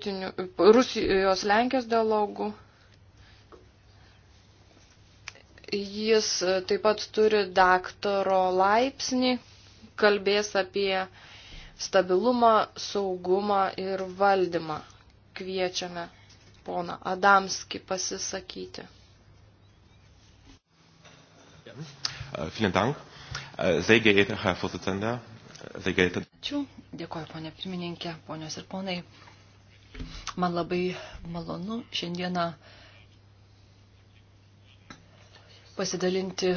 Rusijos Lenkijos dialogų. Jis taip pat turi daktaro laipsnį, kalbės apie stabilumą, saugumą ir valdymą. Kviečiame poną Adamskį pasisakyti. Äh, vielen Dank. Äh, sehr geehrter Herr Vorsitzender, äh, sehr geehrter. Ačiū. Dėkuoju, ponė pirmininkė, ponios ir ponai. Man labai malonu šiandieną pasidalinti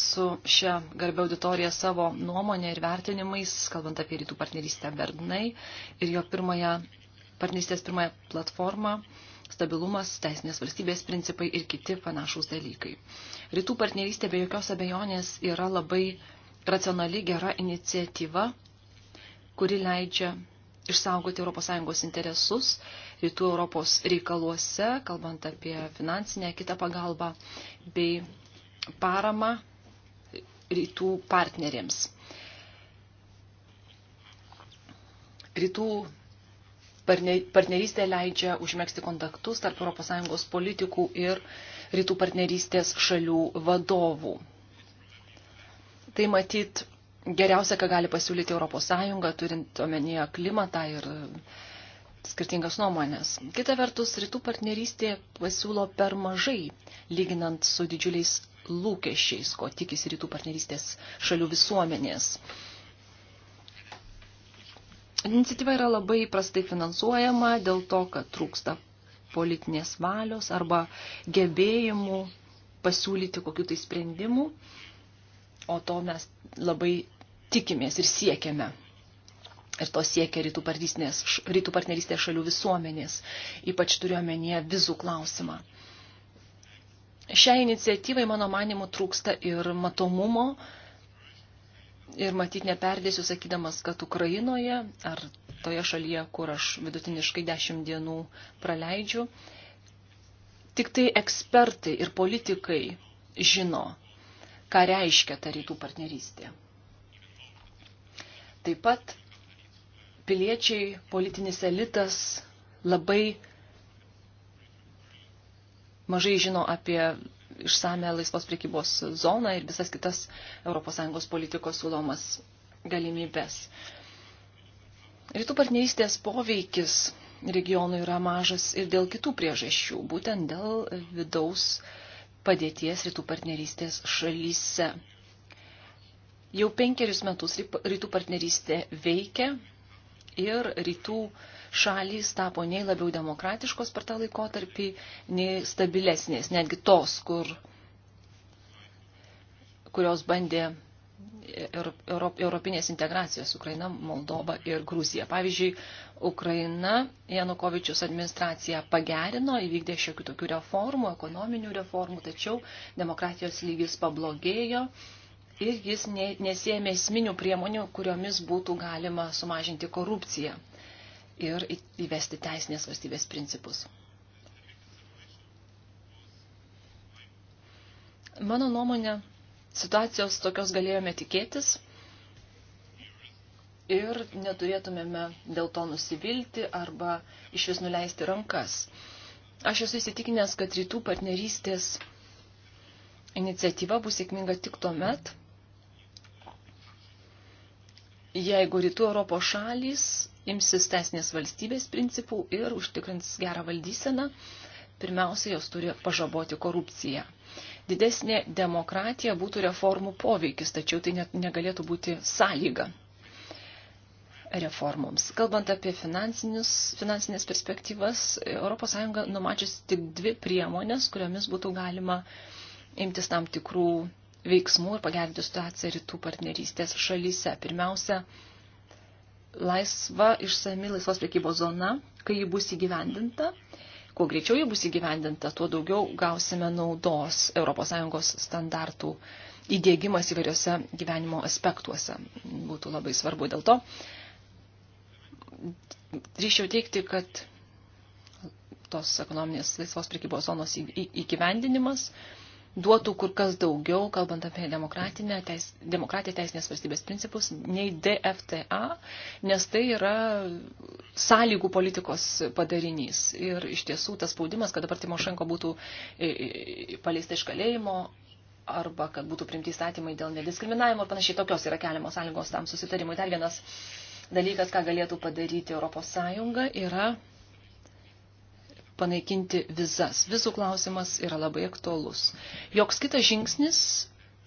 su šia garbė auditorija savo nuomonė ir vertinimais, kalbant apie rytų partnerystę Bernai ir jo pirmąją partnerystės pirmąją platformą stabilumas, teisinės valstybės principai ir kiti panašūs dalykai. Rytų partnerystė be jokios abejonės yra labai racionali gera iniciatyva, kuri leidžia išsaugoti ES interesus rytų Europos reikaluose, kalbant apie finansinę kitą pagalbą bei paramą rytų partneriams. Rytų partnerystė leidžia užmėgsti kontaktus tarp ES politikų ir rytų partnerystės šalių vadovų. Tai matyt geriausia, ką gali pasiūlyti ES, turint omenyje klimatą ir skirtingas nuomonės. Kita vertus, rytų partnerystė pasiūlo per mažai, lyginant su didžiuliais lūkesčiais, ko tikisi rytų partnerystės šalių visuomenės. Iniciatyva yra labai prastai finansuojama dėl to, kad trūksta politinės valios arba gebėjimų pasiūlyti kokiu tai sprendimu, o to mes labai tikimės ir siekiame. Ir to siekia rytų, rytų partnerystės šalių visuomenės, ypač turiuomenėje vizų klausimą. Šiai iniciatyvai, mano manimu, trūksta ir matomumo, ir matyt neperdėsiu sakydamas, kad Ukrainoje ar toje šalyje, kur aš vidutiniškai dešimt dienų praleidžiu, tik tai ekspertai ir politikai žino, ką reiškia ta rytų partnerystė. Taip pat piliečiai, politinis elitas labai mažai žino apie išsame laisvos priekybos zoną ir visas kitas ES politikos siūlomas galimybės. Rytų partnerystės poveikis regionui yra mažas ir dėl kitų priežasčių, būtent dėl vidaus padėties rytų partnerystės šalyse. Jau penkerius metus rytų partnerystė veikia ir rytų šalys tapo nei labiau demokratiškos per tą laikotarpį, nei stabilesnės, netgi tos, kur, kurios bandė Europ, europinės integracijos Ukraina, Moldova ir Gruzija. Pavyzdžiui, Ukraina Janukovičius administracija pagerino, įvykdė šiokių tokių reformų, ekonominių reformų, tačiau demokratijos lygis pablogėjo ir jis nesėmė esminių priemonių, kuriomis būtų galima sumažinti korupciją ir įvesti teisinės valstybės principus. Mano nuomonė, situacijos tokios galėjome tikėtis ir neturėtumėme dėl to nusivilti arba iš vis nuleisti rankas. Aš esu įsitikinęs, kad rytų partnerystės iniciatyva bus sėkminga tik tuo met, jeigu rytų Europos šalys imsis tesnės valstybės principų ir užtikrins gerą valdyseną, pirmiausia, jos turi pažaboti korupciją. Didesnė demokratija būtų reformų poveikis, tačiau tai negalėtų būti sąlyga reformoms. Kalbant apie finansinės perspektyvas, ES numačiusi tik dvi priemonės, kuriomis būtų galima imtis tam tikrų veiksmų ir pagerinti situaciją rytų partnerystės šalyse. Pirmiausia, laisva išsami laisvos priekybos zona, kai ji bus įgyvendinta. Kuo greičiau ji bus įgyvendinta, tuo daugiau gausime naudos ES standartų įdėgymas įvairiose gyvenimo aspektuose. Būtų labai svarbu dėl to. Drįšiau teikti, kad tos ekonominės laisvos prekybos zonos įgyvendinimas į, į duotų kur kas daugiau, kalbant apie demokratinę, teis, demokratiją teisinės valstybės principus, nei DFTA, nes tai yra sąlygų politikos padarinys. Ir iš tiesų tas spaudimas, kad dabar Timošenko būtų paleista iš kalėjimo arba kad būtų primti įstatymai dėl nediskriminavimo ir panašiai, tokios yra keliamos sąlygos tam susitarimui. Dar vienas dalykas, ką galėtų padaryti Europos Sąjunga, yra panaikinti vizas. Vizų klausimas yra labai aktuolus. Joks kitas žingsnis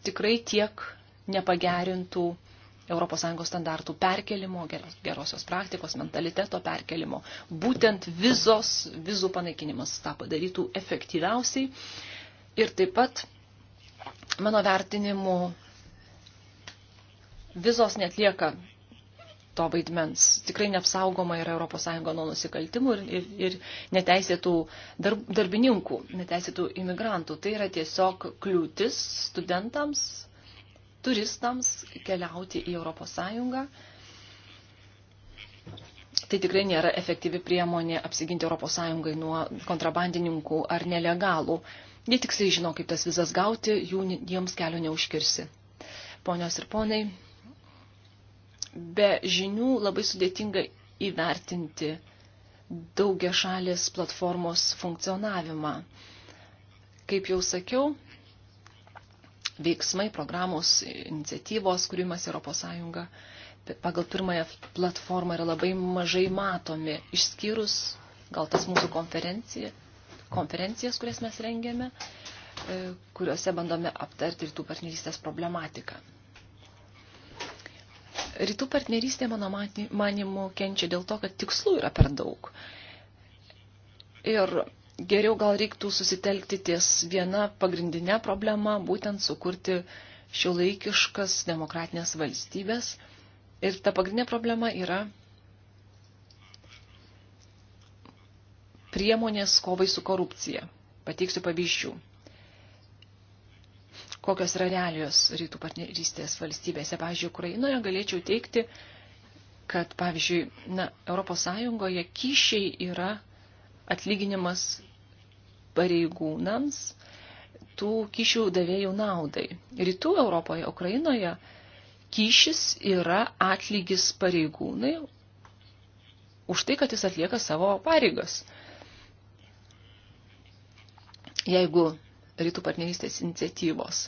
tikrai tiek nepagerintų ES standartų perkelimo, gerosios praktikos, mentaliteto perkelimo. Būtent vizos, vizų panaikinimas tą padarytų efektyviausiai. Ir taip pat, mano vertinimu, vizos netlieka to vaidmens. Tikrai neapsaugoma yra ES nuo nusikaltimų ir, ir, ir neteisėtų darb, darbininkų, neteisėtų imigrantų. Tai yra tiesiog kliūtis studentams, turistams keliauti į ES. Tai tikrai nėra efektyvi priemonė apsiginti ES nuo kontrabandininkų ar nelegalų. Jie tiksliai žino, kaip tas vizas gauti, jų, jiems kelio neužkirsi. Ponios ir ponai, be žinių labai sudėtinga įvertinti daugia šalės platformos funkcionavimą. Kaip jau sakiau, veiksmai, programos, iniciatyvos, kūrimas ES pagal pirmąją platformą yra labai mažai matomi, išskyrus gal tas mūsų konferencija, konferencijas, kurias mes rengėme, e, kuriuose bandome aptarti ir tų partnerystės problematiką. Rytų partnerystė, mano manimu, kenčia dėl to, kad tikslų yra per daug. Ir geriau gal reiktų susitelkti ties viena pagrindinė problema, būtent sukurti šiuolaikiškas demokratinės valstybės. Ir ta pagrindinė problema yra priemonės kovai su korupcija. Pateiksiu pavyzdžių kokios yra realijos rytų partnerystės valstybėse. Pavyzdžiui, Ukrainoje galėčiau teikti, kad, pavyzdžiui, na, Europos Sąjungoje kyšiai yra atlyginimas pareigūnams tų kyšių davėjų naudai. Rytų Europoje, Ukrainoje kyšis yra atlygis pareigūnai už tai, kad jis atlieka savo pareigas. Jeigu rytų partnerystės iniciatyvos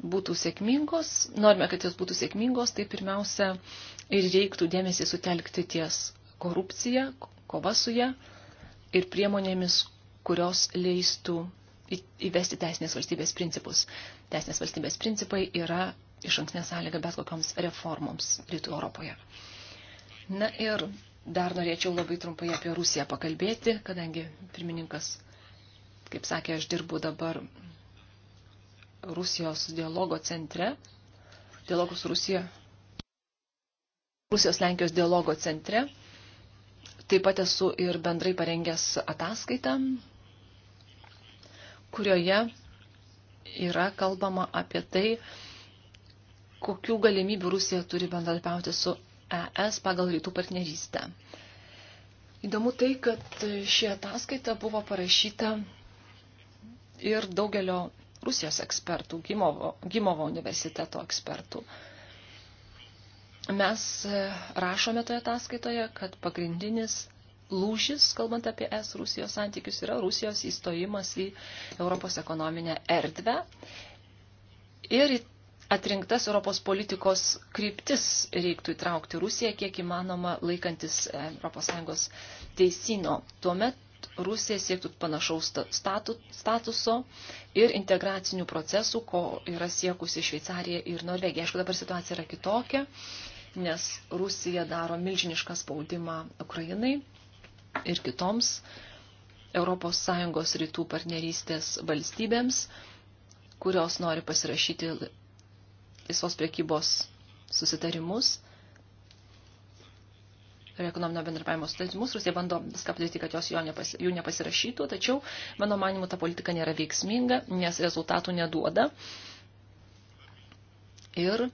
būtų sėkmingos, norime, kad jos būtų sėkmingos, tai pirmiausia ir reiktų dėmesį sutelkti ties korupcija, kova su ją ir priemonėmis, kurios leistų įvesti teisinės valstybės principus. Teisinės valstybės principai yra iš anksnė sąlyga bet kokioms reformoms Rytų Europoje. Na ir dar norėčiau labai trumpai apie Rusiją pakalbėti, kadangi pirmininkas, kaip sakė, aš dirbu dabar Rusijos dialogo centre, dialogus Rusija, Rusijos Lenkijos dialogo centre. Taip pat esu ir bendrai parengęs ataskaitą, kurioje yra kalbama apie tai, kokių galimybių Rusija turi bendradarbiauti su ES pagal rytų partnerystę. Įdomu tai, kad ši ataskaita buvo parašyta ir daugelio Rusijos ekspertų, Gimovo, Gimovo universiteto ekspertų. Mes e, rašome toje ataskaitoje, kad pagrindinis lūžis, kalbant apie es Rusijos santykius, yra Rusijos įstojimas į Europos ekonominę erdvę ir atrinktas Europos politikos kryptis reiktų įtraukti Rusiją, kiek įmanoma laikantis ES teisino. Tuomet Rusija siektų panašaus statu, statuso ir integracinių procesų, ko yra siekusi Šveicarija ir Norvegija. Aišku, dabar situacija yra kitokia, nes Rusija daro milžinišką spaudimą Ukrainai ir kitoms ES rytų partnerystės valstybėms, kurios nori pasirašyti laisvos priekybos susitarimus ir ekonominio bendrapavimo sutarimus. Rusija bando viską padaryti, kad jos nepas, jų nepasirašytų, tačiau, mano manimu, ta politika nėra veiksminga, nes rezultatų neduoda. Ir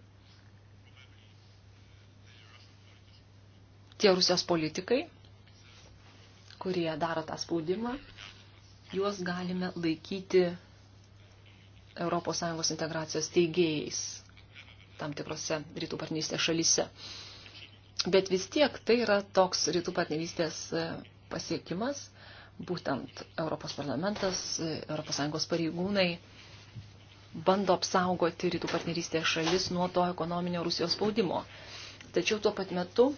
tie Rusijos politikai, kurie daro tą spaudimą, juos galime laikyti ES integracijos teigėjais tam tikrose rytų partnerystės šalyse. Bet vis tiek tai yra toks rytų partnerystės e, pasiekimas, būtent Europos parlamentas, ES pareigūnai bando apsaugoti rytų partnerystės šalis nuo to ekonominio Rusijos spaudimo. Tačiau tuo pat metu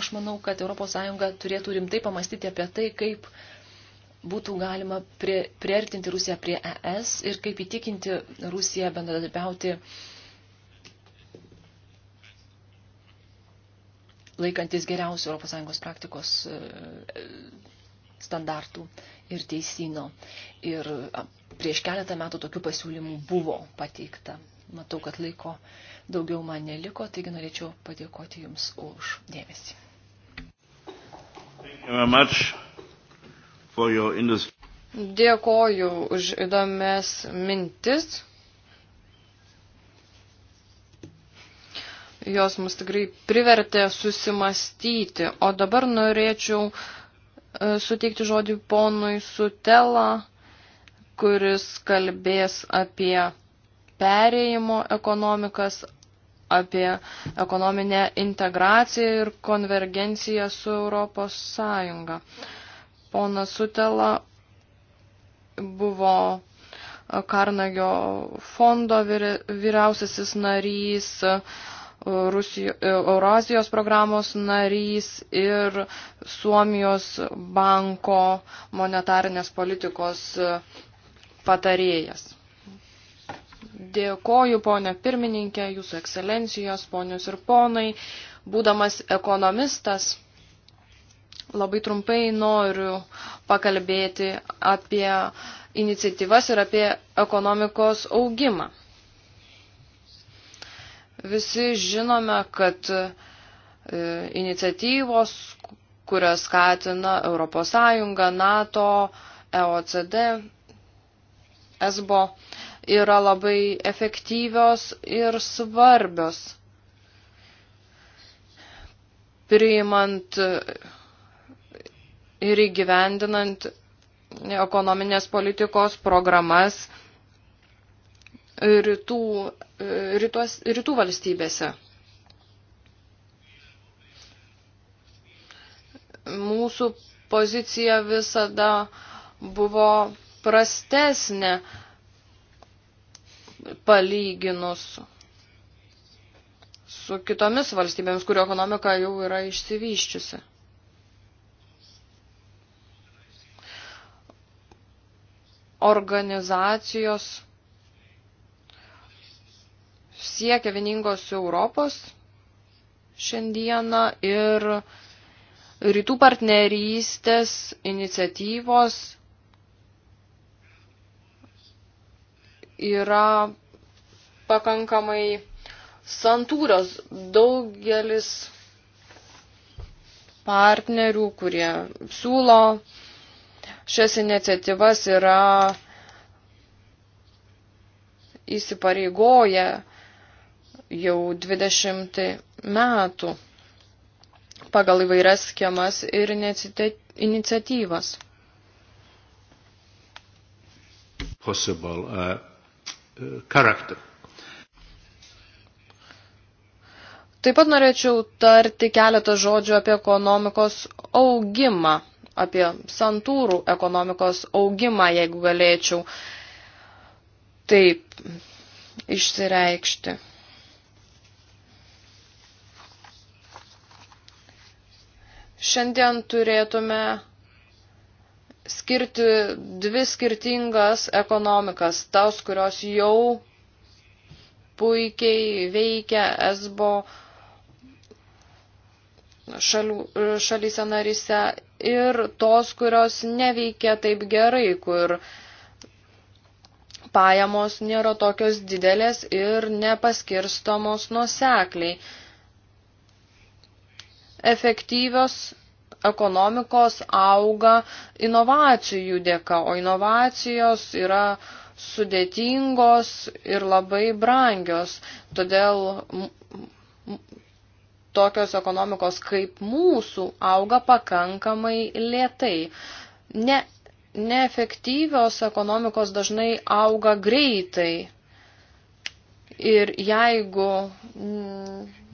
aš manau, kad ES turėtų rimtai pamastyti apie tai, kaip būtų galima prie, priartinti Rusiją prie ES ir kaip įtikinti Rusiją bendradarbiauti uh, laikantis geriausių ES praktikos e, standartų ir teisino. Ir prieš keletą metų tokių pasiūlymų buvo pateikta. Matau, kad laiko daugiau man neliko, taigi norėčiau padėkoti Jums už dėmesį. Dėkoju už įdomias mintis. jos mus tikrai privertė susimastyti. O dabar norėčiau e, suteikti žodį ponui Sutela, kuris kalbės apie perėjimo ekonomikas, apie ekonominę integraciją ir konvergenciją su Europos Sąjunga. Ponas Sutela buvo Karnagio fondo vyriausiasis narys, Rusijo, e, Eurazijos programos narys ir Suomijos banko monetarinės politikos e, patarėjas. Dėkoju, ponė pirmininkė, jūsų ekscelencijos, ponius ir ponai. Būdamas ekonomistas, labai trumpai noriu pakalbėti apie iniciatyvas ir apie ekonomikos augimą. Visi žinome, kad e, iniciatyvos, kurias skatina ES, NATO, EOCD, ESBO, yra labai efektyvios ir svarbios. Priimant ir įgyvendinant ekonominės politikos programas rytų, e, rytuos, rytų valstybėse. Mūsų pozicija visada buvo prastesnė palyginus su kitomis valstybėmis, kurio ekonomika jau yra išsivyščiusi. Organizacijos siekia vieningos Europos šiandieną ir rytų partnerystės iniciatyvos yra pakankamai santūrios. Daugelis partnerių, kurie siūlo šias iniciatyvas, yra įsipareigoję jau 20 metų pagal įvairias schemas ir iniciatyvas. Possible, uh, uh, character. Taip pat norėčiau tarti keletą žodžių apie ekonomikos augimą, apie santūrų ekonomikos augimą, jeigu galėčiau taip išsireikšti. Šiandien turėtume skirti dvi skirtingas ekonomikas, tas, kurios jau puikiai veikia esbo šalių, šalyse narise ir tos, kurios neveikia taip gerai, kur pajamos nėra tokios didelės ir nepaskirstomos nuosekliai efektyvios ekonomikos auga inovacijų dėka, o inovacijos yra sudėtingos ir labai brangios. Todėl tokios ekonomikos kaip mūsų auga pakankamai lietai. Ne, neefektyvios ekonomikos dažnai auga greitai. Ir jeigu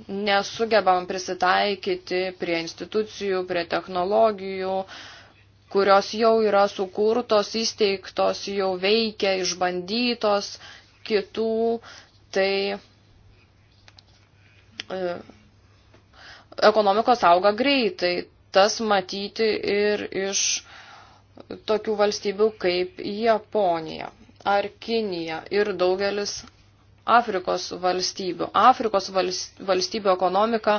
nesugebam prisitaikyti prie institucijų, prie technologijų, kurios jau yra sukurtos, įsteigtos, jau veikia, išbandytos kitų, tai e, ekonomikos auga greitai. Tas matyti ir iš tokių valstybių kaip Japonija ar Kinija ir daugelis Afrikos valstybių. Afrikos valstybių ekonomika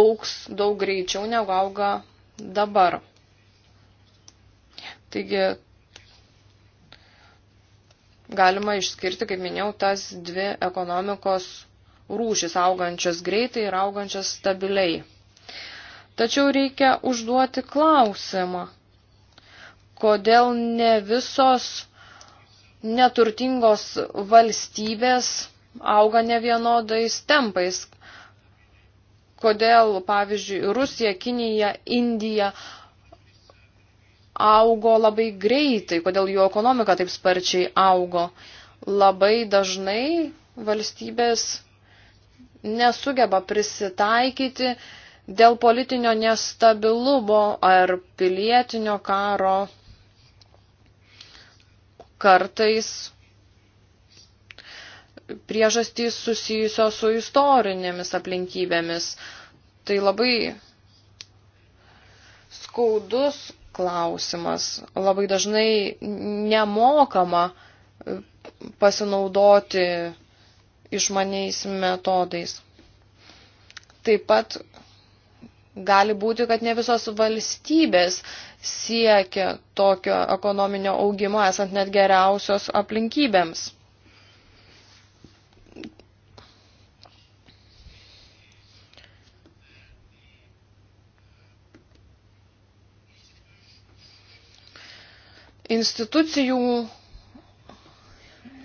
auks daug greičiau negu auga dabar. Taigi galima išskirti, kaip minėjau, tas dvi ekonomikos rūšis augančias greitai ir augančias stabiliai. Tačiau reikia užduoti klausimą, kodėl ne visos neturtingos valstybės auga nevienodais tempais. Kodėl, pavyzdžiui, Rusija, Kinija, Indija augo labai greitai, kodėl jų ekonomika taip sparčiai augo. Labai dažnai valstybės nesugeba prisitaikyti dėl politinio nestabilumo ar pilietinio karo kartais priežastys susijusios su istorinėmis aplinkybėmis. Tai labai skaudus klausimas. Labai dažnai nemokama e, pasinaudoti išmaniais metodais. Taip pat gali būti, kad ne visos valstybės siekia tokio ekonominio augimo esant net geriausios aplinkybėms. institucijų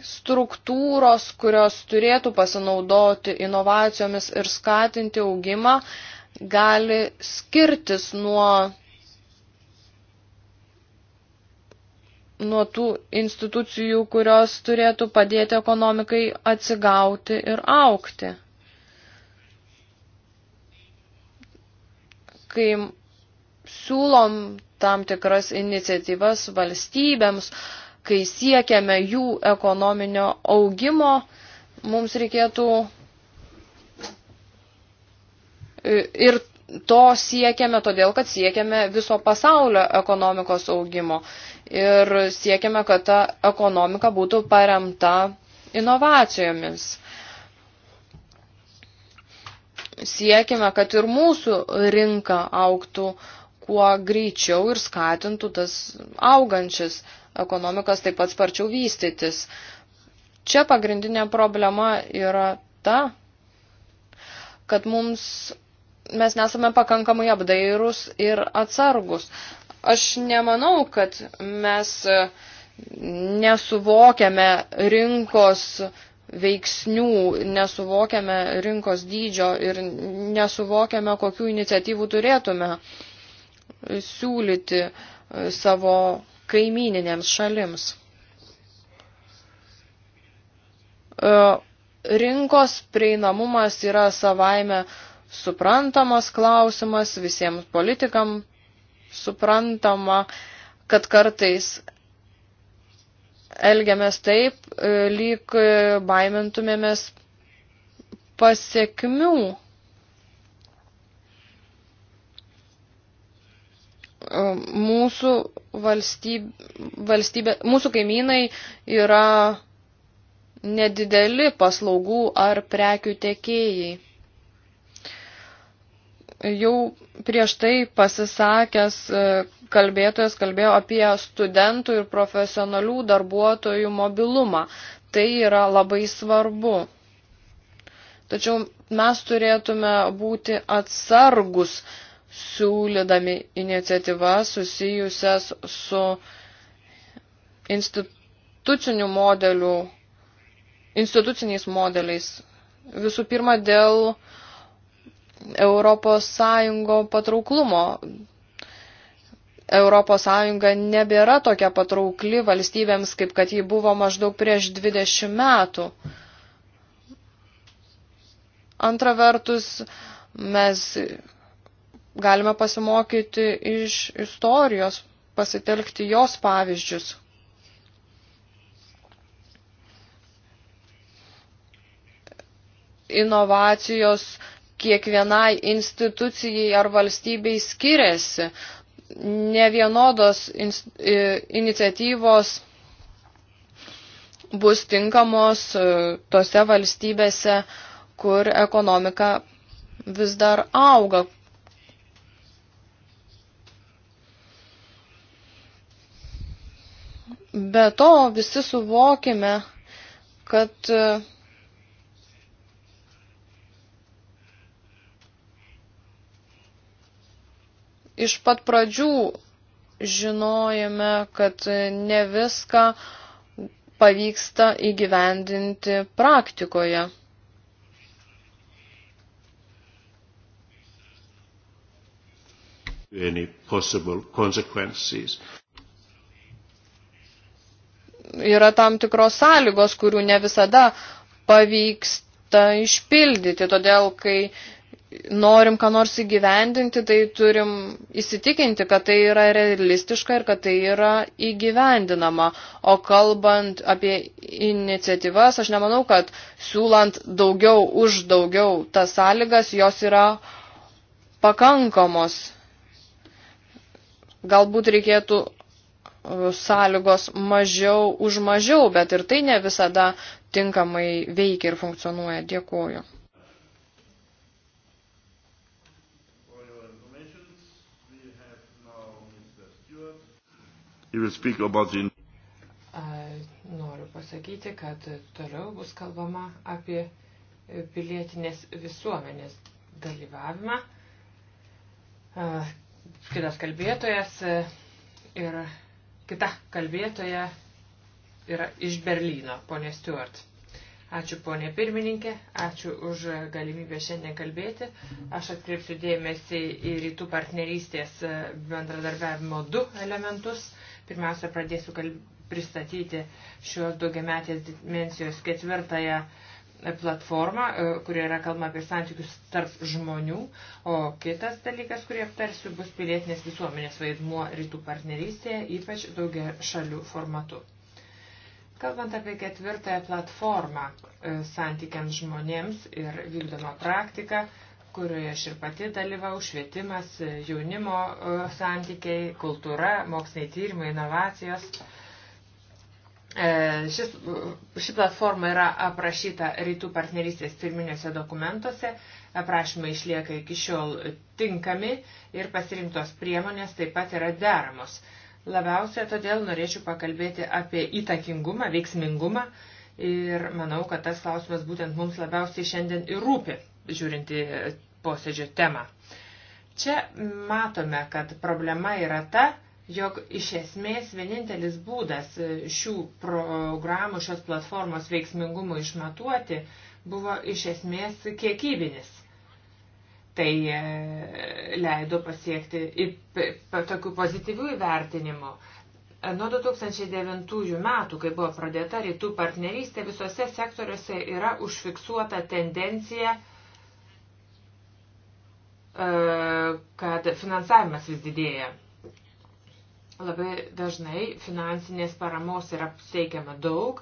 struktūros, kurios turėtų pasinaudoti inovacijomis ir skatinti augimą, gali skirtis nuo, nuo tų institucijų, kurios turėtų padėti ekonomikai atsigauti ir aukti. Kai siūlom tam tikras iniciatyvas valstybėms, kai siekiame jų ekonominio augimo, mums reikėtų e, ir to siekiame todėl, kad siekiame viso pasaulio ekonomikos augimo ir siekiame, kad ta ekonomika būtų paremta inovacijomis siekime, kad ir mūsų rinka auktų kuo greičiau ir skatintų tas augančias ekonomikas taip pat sparčiau vystytis. Čia pagrindinė problema yra ta, kad mums mes nesame pakankamai apdairūs ir atsargus. Aš nemanau, kad mes nesuvokiame rinkos veiksnių, nesuvokiame rinkos dydžio ir nesuvokiame, kokių iniciatyvų turėtume uh, siūlyti e, savo kaimininėms šalims. E, rinkos prieinamumas yra savaime suprantamas klausimas, visiems politikam suprantama, kad kartais elgiamės taip, e, lyg baimintumėmės pasiekmių mūsų valstybė, valstybė, mūsų kaimynai yra nedideli paslaugų ar prekių tiekėjai. Jau prieš tai pasisakęs e, kalbėtojas kalbėjo apie studentų ir profesionalių darbuotojų mobilumą. Tai yra labai svarbu. Tačiau mes turėtume būti atsargus, uh, siūlydami iniciatyvas susijusias su institucinių modelių, instituciniais modeliais. Visų pirma, dėl Europos Sąjungo patrauklumo. Europos Sąjunga nebėra tokia patraukli valstybėms, kaip kad ji buvo maždaug prieš 20 metų. Antra vertus, mes Galime pasimokyti iš istorijos, pasitelkti jos pavyzdžius. Inovacijos kiekvienai institucijai ar valstybei skiriasi. Ne vienodos in, iniciatyvos bus tinkamos e, tose valstybėse, kur ekonomika vis dar auga, Be to visi suvokime, kad e, iš pat pradžių žinojame, kad ne viską pavyksta įgyvendinti praktikoje. Any possible consequences yra tam tikros sąlygos, kurių ne visada pavyksta išpildyti. Todėl, kai norim ką nors įgyvendinti, tai turim įsitikinti, kad tai yra realistiška ir kad tai yra įgyvendinama. O kalbant apie iniciatyvas, aš nemanau, kad siūlant daugiau už daugiau tas sąlygas, jos yra pakankamos galbūt reikėtų sąlygos mažiau už mažiau, bet ir tai ne visada tinkamai veikia ir funkcionuoja. Dėkuoju. Noriu pasakyti, kad toliau bus kalbama apie pilietinės visuomenės dalyvavimą. Kitas kalbėtojas ir e, Kita kalbėtoja yra iš Berlyno, ponė Stuart. Ačiū ponė pirmininkė, ačiū už galimybę šiandien kalbėti. Aš atkreipsiu dėmesį į rytų partnerystės bendradarbiavimo du elementus. Pirmiausia, pradėsiu kalb... pristatyti šios daugiametės dimensijos ketvirtąją uh, platformą, e, kurioje yra kalbama apie santykius tarp žmonių, o kitas dalykas, kurį aptarsiu, bus pilietinės visuomenės vaidmuo rytų partnerystėje, ypač daugia šalių formatu. Kalbant apie ketvirtąją platformą e, santykiams žmonėms ir vykdomą praktiką, kurioje aš ir pati dalyvau, švietimas, e, jaunimo santykiai, kultūra, moksliniai tyrimai, inovacijos. E, šis, ši platforma yra aprašyta rytų partnerystės pirminėse dokumentuose, aprašymai išlieka iki šiol tinkami ir pasirinktos priemonės taip pat yra deramos. Labiausia todėl norėčiau pakalbėti apie įtakingumą, veiksmingumą ir manau, kad tas klausimas būtent mums labiausiai šiandien ir rūpi, žiūrinti posėdžio temą. Čia matome, kad problema yra ta, jog iš esmės vienintelis būdas e, šių programų, šios platformos veiksmingumų išmatuoti buvo iš esmės kiekybinis. Tai e, leido pasiekti tokių pozityvių įvertinimų. E, nuo 2009 metų, kai buvo pradėta rytų partnerystė, visose sektoriuose yra užfiksuota tendencija, kad finansavimas vis didėja Labai dažnai finansinės paramos yra teikiama daug,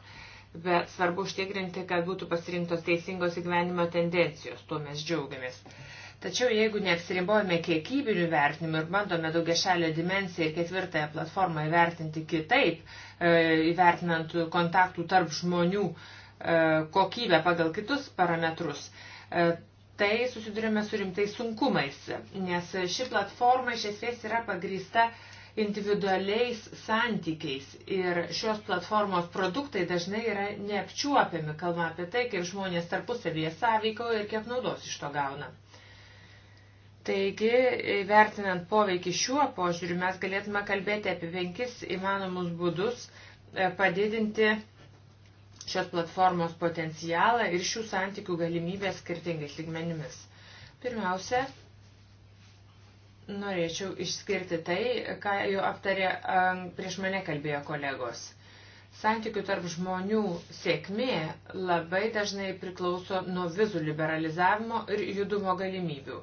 bet svarbu užtikrinti, kad būtų pasirinktos teisingos įgyvenimo tendencijos, tuo mes džiaugiamės. Tačiau jeigu neapsiribojame kiekybinių vertinimų ir bandome daugia šalę dimensiją ir ketvirtąją platformą įvertinti kitaip, e, įvertinant kontaktų tarp žmonių e, kokybę pagal kitus parametrus, e, tai susidurime su rimtais sunkumais, nes ši platforma iš esmės yra pagrįsta individualiais santykiais ir šios platformos produktai dažnai yra neapčiuopiami, kalbama apie tai, kaip žmonės tarpusavyje sąveikauja ir kiek naudos iš to gauna. Taigi, vertinant poveikį šiuo požiūriu, mes galėtume kalbėti apie penkis įmanomus būdus e, padidinti šios platformos potencialą ir šių santykių galimybės skirtingais lygmenimis. Pirmiausia, norėčiau išskirti tai, ką jau aptarė um, prieš mane kalbėjo kolegos. Santykių tarp žmonių sėkmė labai dažnai priklauso nuo vizų liberalizavimo ir judumo galimybių.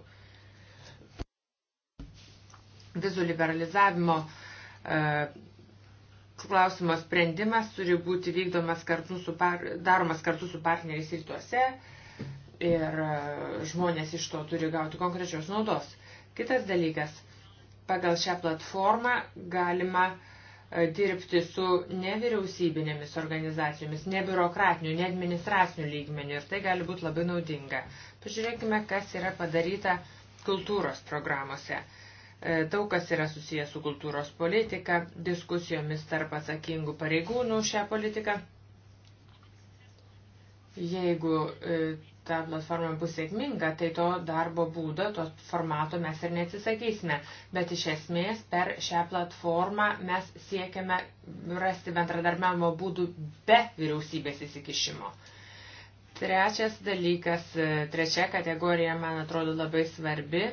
Vizų liberalizavimo uh, klausimo sprendimas turi būti vykdomas kartu su par, daromas kartu su partneriais rytuose ir uh, žmonės iš to turi gauti konkrečios naudos. Kitas dalykas, pagal šią platformą galima e, dirbti su nevyriausybinėmis organizacijomis, nebiurokratiniu, neadministraciniu lygmeniu ir tai gali būti labai naudinga. Pažiūrėkime, kas yra padaryta kultūros programuose. E, daug kas yra susijęs su kultūros politika, diskusijomis tarp atsakingų pareigūnų šią politiką. Jeigu e, ta platforma bus sėkminga, tai to darbo būdo, to formato mes ir neatsisakysime. Bet iš esmės per šią platformą mes siekiame rasti bendradarbiavimo būdų be vyriausybės įsikišimo. Trečias dalykas, e, trečia kategorija, man atrodo, labai svarbi,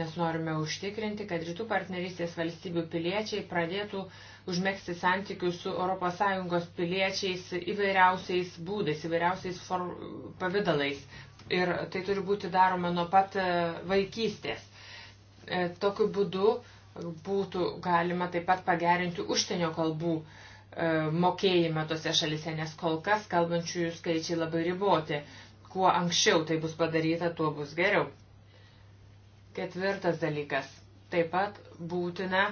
nes norime užtikrinti, kad rytų partnerystės valstybių piliečiai pradėtų uh, užmėgsti santykius su ES piliečiais įvairiausiais būdais, įvairiausiais for, pavydalais. Ir tai turi būti daroma nuo pat e, vaikystės. E, tokiu būdu būtų galima taip pat pagerinti užsienio kalbų e, mokėjimą tose šalise, nes kol kas kalbančiųjų skaičiai labai riboti. Kuo anksčiau tai bus padaryta, tuo bus geriau. Ketvirtas dalykas. Taip pat būtina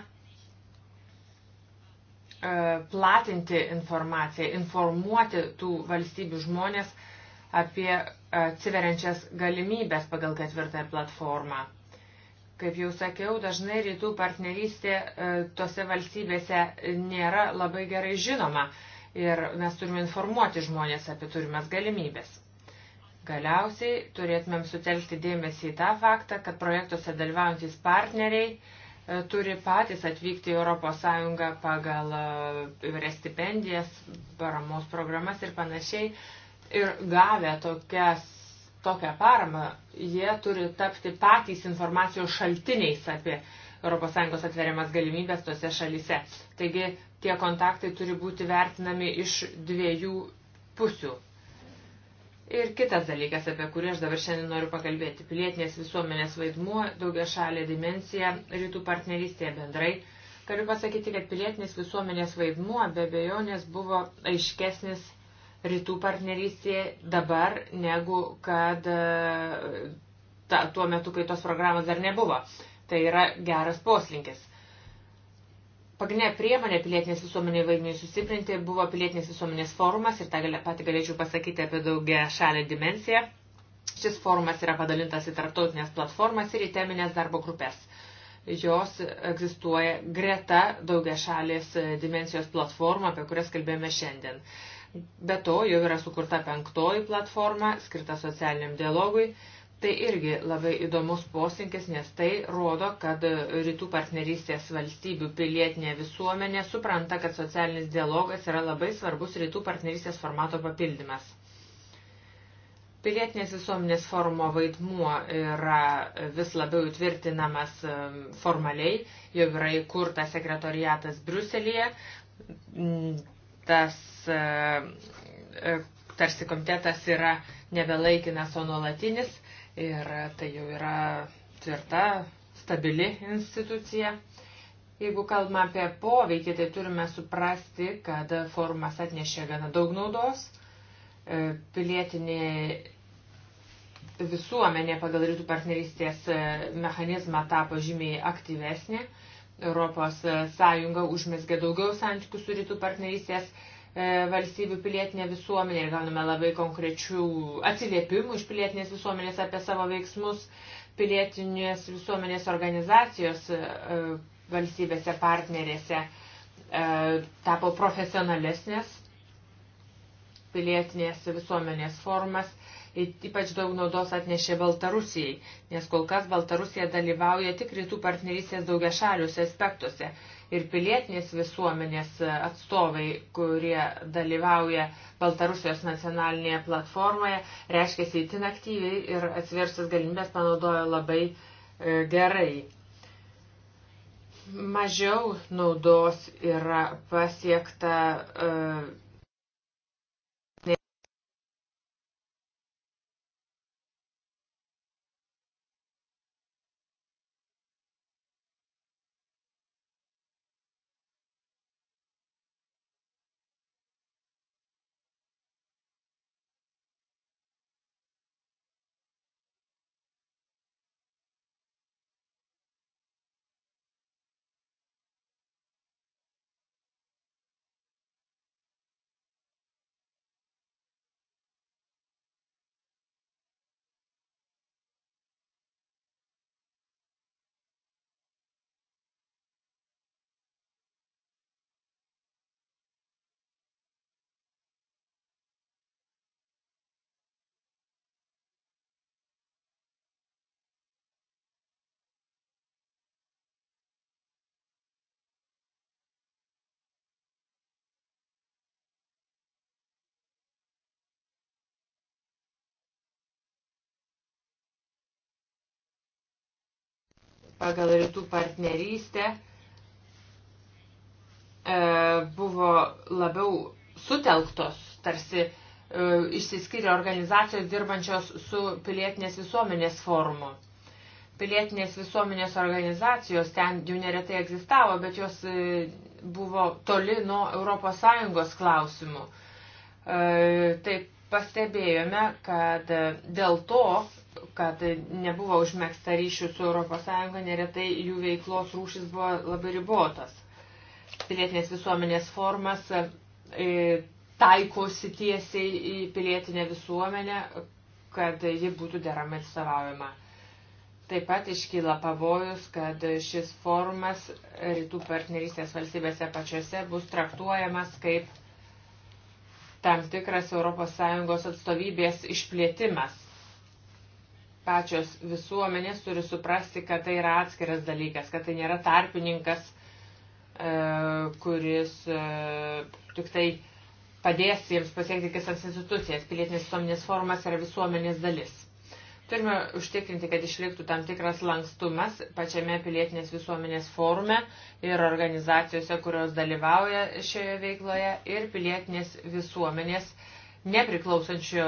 E, platinti informaciją, informuoti tų valstybių žmonės apie e, atsiveriančias galimybės pagal ketvirtąją platformą. Kaip jau sakiau, dažnai rytų partnerystė e, tose valstybėse nėra labai gerai žinoma ir mes turime informuoti žmonės apie turimas galimybės. Galiausiai turėtumėm sutelkti dėmesį į tą faktą, kad projektuose dalyvaujantys partneriai uh, E, turi patys atvykti į ES pagal e, įvairias stipendijas, paramos programas ir panašiai. Ir gavę tokias, tokią paramą, jie turi tapti patys informacijos šaltiniais apie ES atveriamas galimybės tose šalise. Taigi tie kontaktai turi būti vertinami iš dviejų pusių. Ir kitas dalykas, apie kurį aš dabar šiandien noriu pakalbėti - pilietinės visuomenės vaidmuo, daugia šalė dimencija, rytų partnerystėje bendrai. Galiu pasakyti, kad pilietinės visuomenės vaidmuo be bejonės buvo aiškesnis rytų partnerystėje dabar, negu kad e, ta, tuo metu, kai tos programos dar nebuvo. Tai yra geras poslinkis. Pagrindinė priemonė pilietinės visuomenės vaidmenį sustiprinti buvo pilietinės visuomenės forumas ir tą galia, patį galėčiau pasakyti apie daugia šalę dimensiją. Šis forumas yra padalintas į tarptautinės platformas ir į teminės darbo grupės. Jos egzistuoja greta daugia šalės dimensijos platforma, apie kurias kalbėjome šiandien. Be to jau yra sukurta penktoji platforma, skirta socialiniam dialogui, Tai irgi labai įdomus posinkis, nes tai rodo, kad rytų partnerystės valstybių pilietinė visuomenė supranta, kad socialinis dialogas yra labai svarbus rytų partnerystės formato papildymas. Pilietinės visuomenės forumo vaidmuo yra vis labiau įtvirtinamas formaliai, jau yra įkurtas sekretoriatas Bruselėje. Mm, tas e, tarsi komitetas yra nebelaikinas, o nuolatinis ir tai jau yra tvirta, stabili institucija. Jeigu kalbame apie poveikį, tai turime suprasti, kad forumas atnešė gana daug naudos. E, pilietinė visuomenė pagal rytų partnerystės e, mechanizmą tapo žymiai aktyvesnė. Europos Sąjunga užmesgė daugiau santykių su rytų partnerystės E, valstybių pilietinė visuomenė ir gauname labai konkrečių atsiliepimų iš pilietinės visuomenės apie savo veiksmus. Pilietinės visuomenės organizacijos e, valstybėse partnerėse e, tapo profesionalesnės pilietinės visuomenės formas. Ypač daug naudos atnešė Baltarusijai, nes kol kas Baltarusija dalyvauja tik rytų partnerystės daugiašaliuose aspektuose ir pilietinės visuomenės atstovai, kurie dalyvauja Baltarusijos nacionalinėje platformoje, reiškia įtin aktyviai ir atsiverštas galimybės panaudojo labai e, gerai. Mažiau naudos yra pasiekta e, pagal rytų partnerystę e, buvo labiau sutelktos, tarsi e, išsiskiria organizacijos dirbančios su pilietinės visuomenės forumu. Pilietinės visuomenės organizacijos ten jau neretai egzistavo, bet jos e, buvo toli nuo ES klausimų. Taip pastebėjome, kad dėl to kad nebuvo užmėgsta ryšių su ES, neretai jų veiklos rūšis buvo labai ribotas. Pilietinės visuomenės formas e, taikosi tiesiai į pilietinę visuomenę, kad ji būtų deramai atstovaujama. Taip pat iškyla pavojus, kad šis formas rytų partnerystės valstybėse pačiose bus traktuojamas kaip tam tikras ES atstovybės išplėtimas pačios visuomenės turi suprasti, kad tai yra atskiras dalykas, kad tai nėra tarpininkas, e, kuris e, tik tai padės jiems pasiekti kitas institucijas. Pilietinės visuomenės formas yra visuomenės dalis. Turime užtikrinti, kad išliktų tam tikras lankstumas pačiame pilietinės visuomenės forume ir organizacijose, kurios dalyvauja šioje veikloje ir pilietinės visuomenės uh, nepriklausančių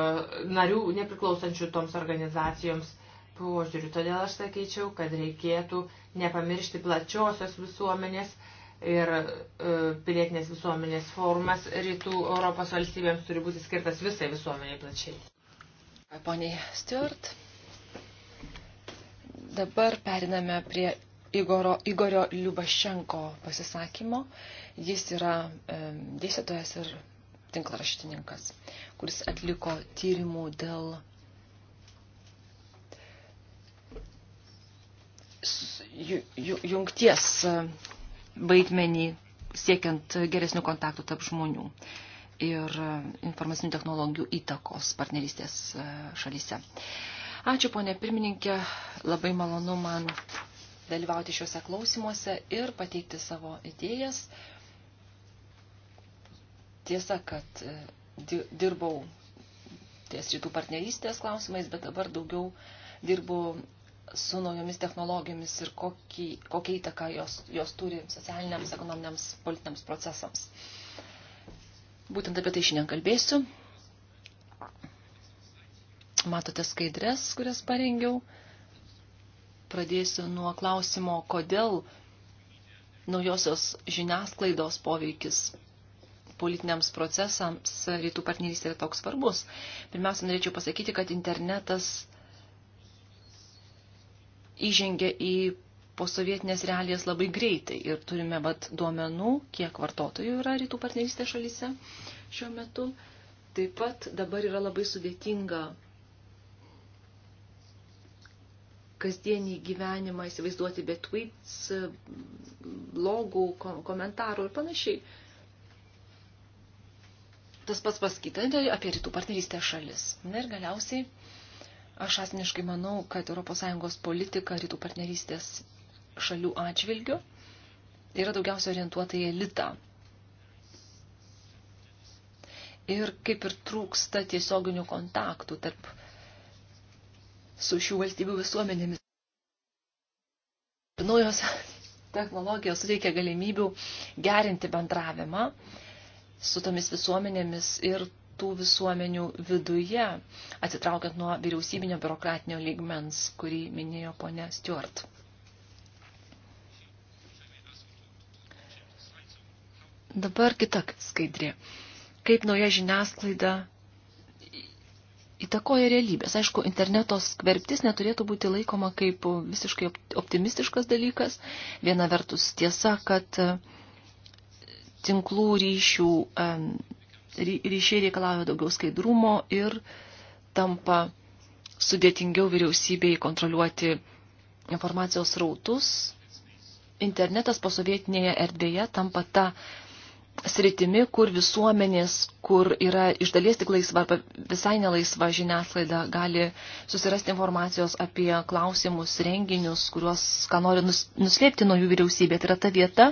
narių, nepriklausančių toms organizacijoms požiūrių. Todėl aš sakyčiau, kad reikėtų nepamiršti plačiosios visuomenės ir e, pilietinės visuomenės forumas rytų Europos valstybėms turi būti skirtas visai visuomeniai plačiai. Pone Stuart, dabar periname prie Igoro, Igorio Liubašenko pasisakymo. Jis yra e, dėstytojas ir tinklaraštininkas, kuris atliko tyrimų dėl jungties vaidmenį siekiant geresnių kontaktų tarp žmonių ir informacinių technologijų įtakos partnerystės e, šalyse. Ačiū, ponė pirmininkė, labai malonu man dalyvauti šiuose klausimuose ir pateikti savo idėjas. Tiesa, kad e, dirbau ties rytų partnerystės klausimais, bet dabar daugiau dirbu su naujomis technologijomis ir kokį, kokią įtaką jos, jos turi socialiniams, ekonominiams, politiniams procesams. Būtent apie tai šiandien kalbėsiu. Matote skaidres, kurias parengiau. Pradėsiu nuo klausimo, kodėl naujosios žiniasklaidos poveikis politiniams procesams rytų partnerystė yra toks svarbus. Pirmiausia, norėčiau pasakyti, kad internetas įžengia į posovietinės realijas labai greitai ir turime vat, duomenų, kiek vartotojų yra rytų partnerystės šalyse šiuo metu. Taip pat dabar yra labai sudėtinga kasdienį gyvenimą įsivaizduoti be tweets, blogų, komentarų ir panašiai. Tas pats pasakyta apie rytų partnerystės šalis. Na ir galiausiai aš asmeniškai manau, kad ES politika rytų partnerystės šalių atžvilgių yra daugiausia orientuota į elitą. Ir kaip ir trūksta tiesioginių kontaktų tarp su šių valstybių visuomenėmis. Naujos technologijos suteikia galimybių gerinti bendravimą su tomis visuomenėmis ir tų visuomenių viduje, atsitraukiant nuo vyriausybinio biurokratinio lygmens, kurį minėjo ponė Stuart. Dabar kita skaidrė. Kaip nauja žiniasklaida įtakoja realybės. Aišku, interneto skverbtis neturėtų būti laikoma kaip visiškai optimistiškas dalykas. Viena vertus tiesa, kad tinklų ryšių, ryšiai reikalauja daugiau skaidrumo ir tampa sudėtingiau vyriausybei kontroliuoti informacijos rautus. Internetas posovietinėje erdvėje tampa ta sritimi, kur visuomenės, kur yra iš dalies tik laisva arba visai nelaisva žiniasklaida, gali susirasti informacijos apie klausimus, renginius, kuriuos, ką nori nuslėpti nuo jų vyriausybė. Tai yra ta vieta,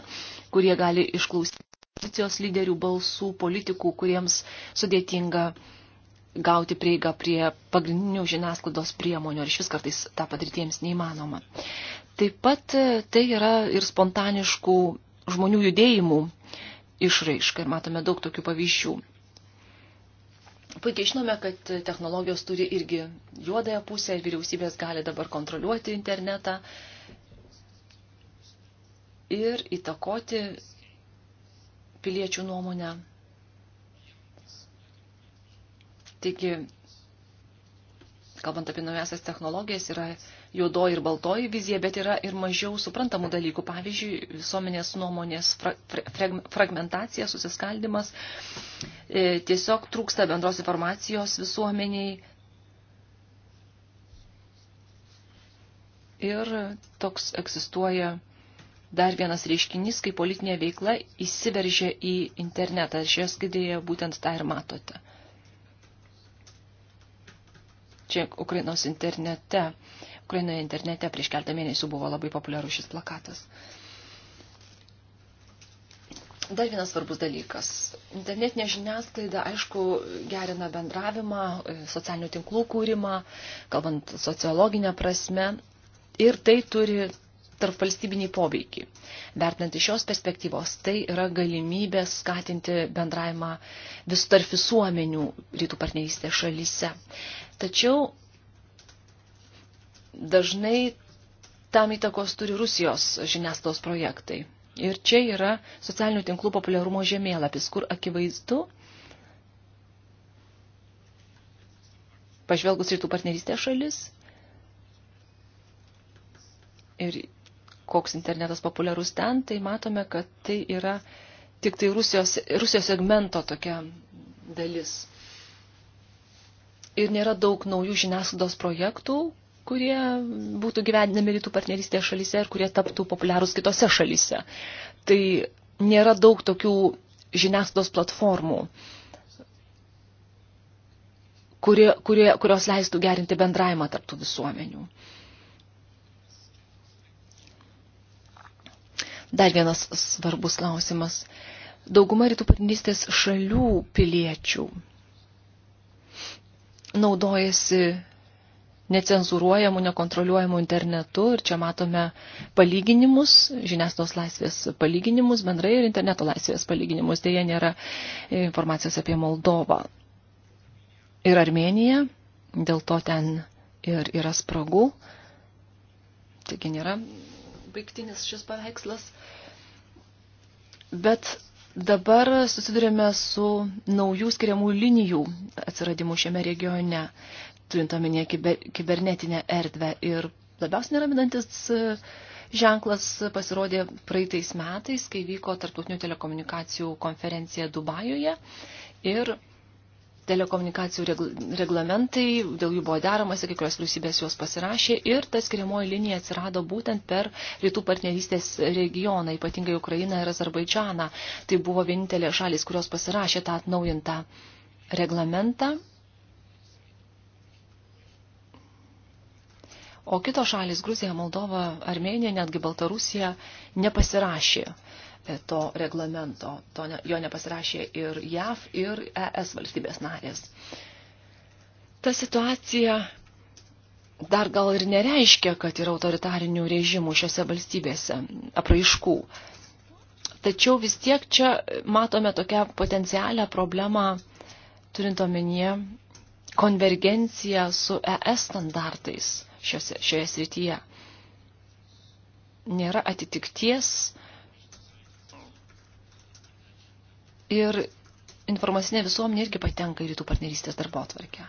kur jie gali išklausyti pozicijos lyderių balsų, politikų, kuriems sudėtinga gauti prieigą prie pagrindinių žiniasklaidos priemonių ir šis kartais tą patirtiems neįmanoma. Taip pat e, tai yra ir spontaniškų žmonių judėjimų išraiška ir matome daug tokių pavyzdžių. Puikiai žinome, kad technologijos turi irgi juodąją pusę ir vyriausybės gali dabar kontroliuoti internetą ir įtakoti piliečių nuomonę. Taigi, kalbant apie naujasias technologijas, yra juodoji ir baltoji vizija, bet yra ir mažiau suprantamų dalykų. Pavyzdžiui, visuomenės nuomonės fra, fra, fragmentacija, susiskaldimas, e, tiesiog trūksta bendros informacijos visuomeniai. Ir toks egzistuoja dar vienas reiškinys, kai politinė veikla įsiveržia į internetą. Šioje skaidrėje būtent tą ir matote. Čia Ukrainos internete, Ukrainoje internete prieš keltą mėnesių buvo labai populiarus šis plakatas. Dar vienas svarbus dalykas. Internetinė žiniasklaida, aišku, gerina bendravimą, e, socialinių tinklų kūrimą, kalbant sociologinę prasme. Ir tai turi tarpvalstybinį poveikį. Vertinant iš šios perspektyvos, tai yra galimybė skatinti bendravimą vis tarp visuomenių rytų partnerystės šalyse. Tačiau dažnai tam įtakos turi Rusijos žiniasklaidos projektai. Ir čia yra socialinių tinklų populiarumo žemėlapis, kur akivaizdu, pažvelgus rytų partnerystės šalis ir koks internetas populiarus ten, tai matome, kad tai yra tik tai Rusijos, Rusijos segmento tokia dalis. Ir nėra daug naujų žiniasklaidos projektų, kurie būtų gyvendinami rytų partnerystėje šalyse ir kurie taptų populiarūs kitose šalyse. Tai nėra daug tokių žiniasklaidos platformų, kurie, kurie, kurios leistų gerinti bendravimą tarptų visuomenių. Uh, Dar vienas svarbus klausimas. Dauguma rytų partnerystės šalių piliečių naudojasi necenzūruojamų, nekontroliuojamų internetu ir čia matome palyginimus, žiniasklaidos laisvės palyginimus, bendrai ir interneto laisvės palyginimus, dėja nėra informacijos apie Moldovą ir Armeniją, dėl to ten ir yra spragų, taigi nėra baigtinis šis paveikslas. Bet dabar susidurėme su naujų skiriamų linijų atsiradimu šiame regione, turint omenyje kiber, kibernetinę erdvę. Ir labiausiai neraminantis e, ženklas pasirodė praeitais metais, kai vyko tarptautinių telekomunikacijų konferencija Dubajoje. Ir telekomunikacijų reglamentai, dėl jų buvo deramasi, kai kurios vyriausybės juos pasirašė ir ta skiriamoji linija atsirado būtent per rytų partnerystės regioną, ypatingai Ukrainą ir Azerbaidžaną. Tai buvo vienintelė šalis, kurios pasirašė tą atnaujintą reglamentą. O kitos šalis, Gruzija, Moldova, Armenija, netgi Baltarusija, nepasirašė E, to reglamento. To ne, jo nepasirašė ir JAV, ir ES valstybės narės. Ta situacija dar gal ir nereiškia, kad yra autoritarinių režimų šiuose valstybėse apraiškų. Tačiau vis tiek čia matome tokią potencialią problemą, turint omenyje konvergenciją su ES standartais šiose, šioje srityje. Nėra atitikties Ir informacinė visuomenė irgi patenka į rytų partnerystės darbo atvarkę.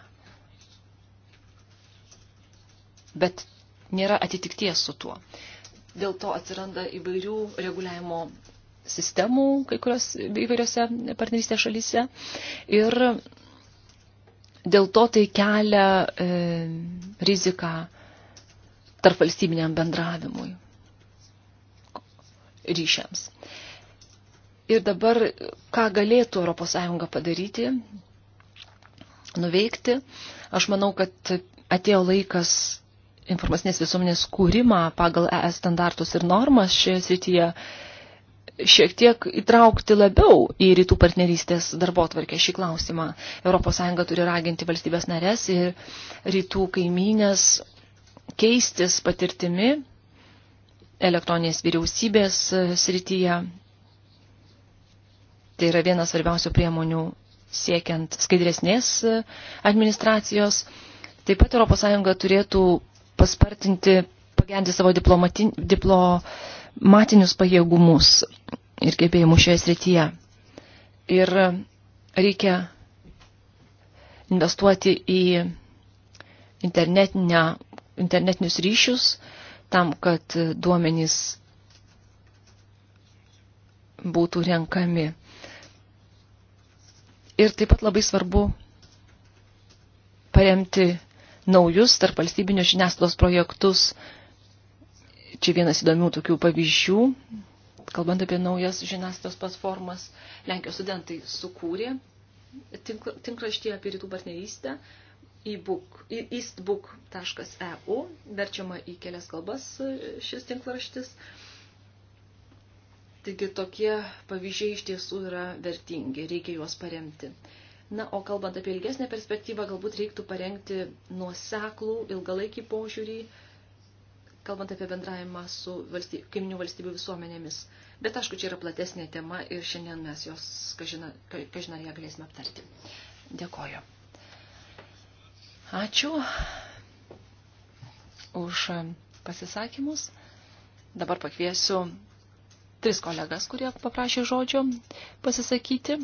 Bet nėra atitikties su tuo. Dėl to atsiranda įvairių reguliavimo sistemų kai kurios įvairiose partnerystės šalyse. Ir dėl to tai kelia e, riziką tarp valstybiniam bendravimui ryšiams. E, Ir dabar, ką galėtų ES padaryti, nuveikti, aš manau, kad atėjo laikas informacinės visuomenės kūrimą pagal ES standartus ir normas šioje srityje šiek tiek įtraukti labiau į rytų partnerystės darbotvarkę šį klausimą. ES turi raginti valstybės narės ir rytų kaimynės keistis patirtimi elektroninės vyriausybės srityje Tai yra vienas svarbiausių priemonių siekiant skaidresnės e, administracijos. Taip pat ES turėtų paspartinti, pagerinti savo diplomatinius pajėgumus ir gebėjimus šioje srityje. Ir reikia investuoti į internetinius ryšius tam, kad duomenys būtų renkami Ir taip pat labai svarbu paremti naujus tarp valstybinio žiniasklaidos projektus. Čia vienas įdomių tokių pavyzdžių, kalbant apie naujas žiniasklaidos platformas, Lenkijos studentai sukūrė tinkraštį apie rytų partnerystę e-, eastbook.eu, verčiama į kelias kalbas šis tinklaraštis. E Taigi tokie pavyzdžiai iš tiesų yra vertingi, reikia juos paremti. Na, o kalbant apie ilgesnę perspektyvą, galbūt reiktų parengti nuoseklų ilgalaikį požiūrį, kalbant apie bendravimą su valstyb, kaiminių valstybių visuomenėmis. Bet aišku, čia yra platesnė tema ir šiandien mes jos, kažina, kažina ją galėsime aptarti. Dėkoju. Ačiū už pasisakymus. Dabar pakviesiu tris kolegas, kurie paprašė žodžio pasisakyti.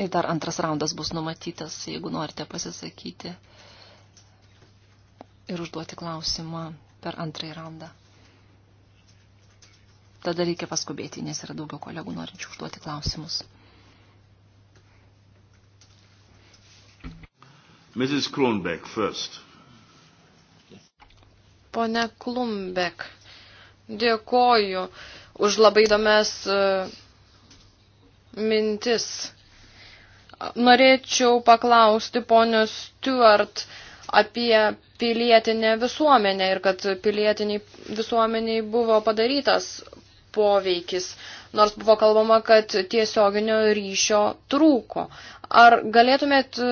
Ir dar antras raundas bus numatytas, jeigu norite pasisakyti ir užduoti klausimą per antrąjį raundą. Tada reikia paskubėti, nes yra daugiau kolegų norinčių užduoti klausimus. Mrs. Kronbeck first. Pone Klumbek, Dėkoju už labai įdomias e, mintis. Norėčiau paklausti ponios Stuart apie pilietinę visuomenę ir kad pilietiniai visuomeniai buvo padarytas poveikis, nors buvo kalbama, kad tiesioginio ryšio trūko. Ar galėtumėt e,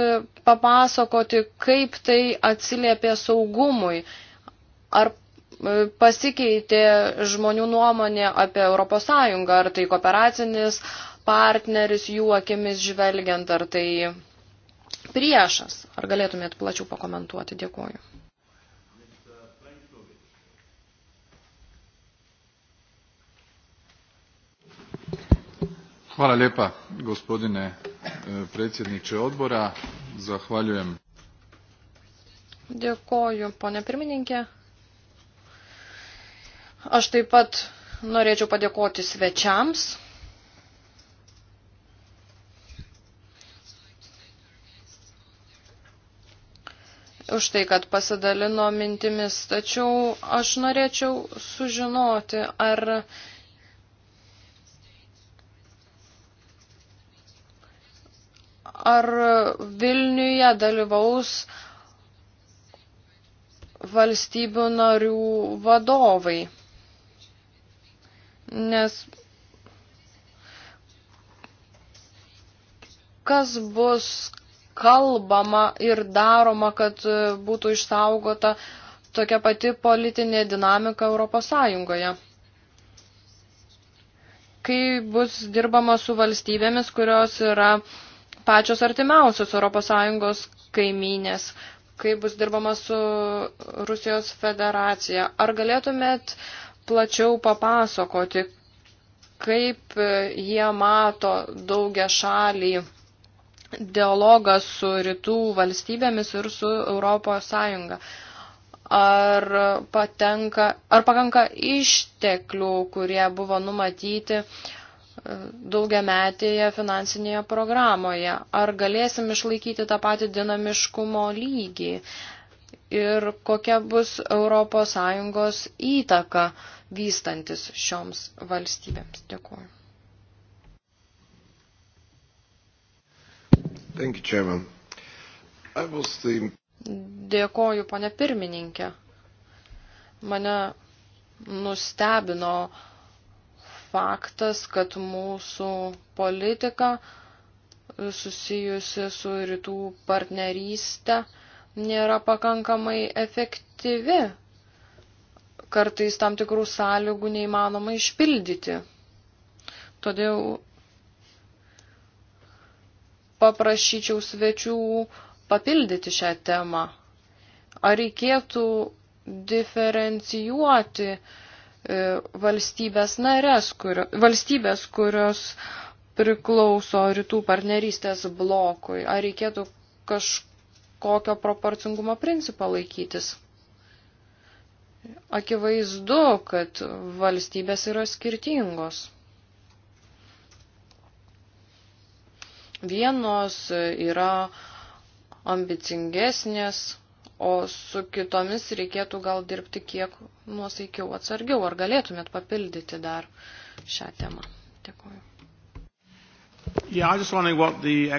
papasakoti, kaip tai atsiliepė saugumui? Ar E, pasikeitė žmonių nuomonė apie ES, ar tai kooperacinis partneris jų akimis žvelgiant, ar tai priešas. Ar galėtumėt plačiau pakomentuoti? Dėkuoju. Hvala lijepa gospodine e, predsjedniče odbora. Zahvaljujem. Dėkoju, ponė pirmininkė. Aš taip pat norėčiau padėkoti svečiams. Už tai, kad pasidalino mintimis, tačiau aš norėčiau sužinoti, ar ar Vilniuje dalyvaus valstybių narių vadovai nes kas bus kalbama ir daroma, kad būtų išsaugota tokia pati politinė dinamika Europos Sąjungoje kai bus dirbama su valstybėmis, kurios yra pačios artimiausios ES kaimynės, kai bus dirbama su Rusijos federacija. Ar galėtumėt plačiau papasakoti, kaip jie mato daugia šalį dialogą su rytų valstybėmis ir su Europos Sąjunga. Ar, patenka, ar pakanka išteklių, kurie buvo numatyti e, daugiametėje finansinėje programoje? Ar galėsim išlaikyti tą patį dinamiškumo lygį? Ir kokia bus Europos Sąjungos įtaka? vystantis šioms valstybėms. Dėkuoju. Thank you, Chairman. I was the... Dėkoju, pane pirmininkė. Mane nustebino faktas, kad mūsų politika susijusi su rytų partnerystė nėra pakankamai efektyvi kartais tam tikrų sąlygų neįmanoma išpildyti. Todėl paprašyčiau svečių papildyti šią temą. Ar reikėtų diferencijuoti e, valstybės narės, kurio, valstybės, kurios priklauso rytų partnerystės blokui? Ar reikėtų kažkokio proporcingumo principą laikytis? akivaizdu, kad valstybės yra skirtingos. Vienos yra ambicingesnės, o su kitomis reikėtų gal dirbti kiek nuosaikiau, atsargiau. Ar galėtumėt papildyti dar šią temą? Dėkuoju. Yeah,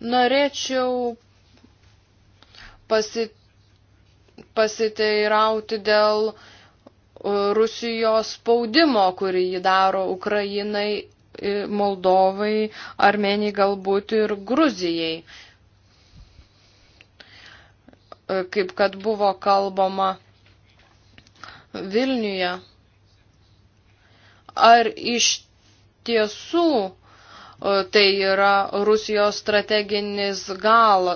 Norėčiau pasit pasiteirauti dėl e, Rusijos spaudimo, kurį jį daro Ukrainai, e, Moldovai, Armenijai galbūt ir Gruzijai. E, kaip kad buvo kalbama Vilniuje. Ar iš tiesų tai yra Rusijos strateginis gal,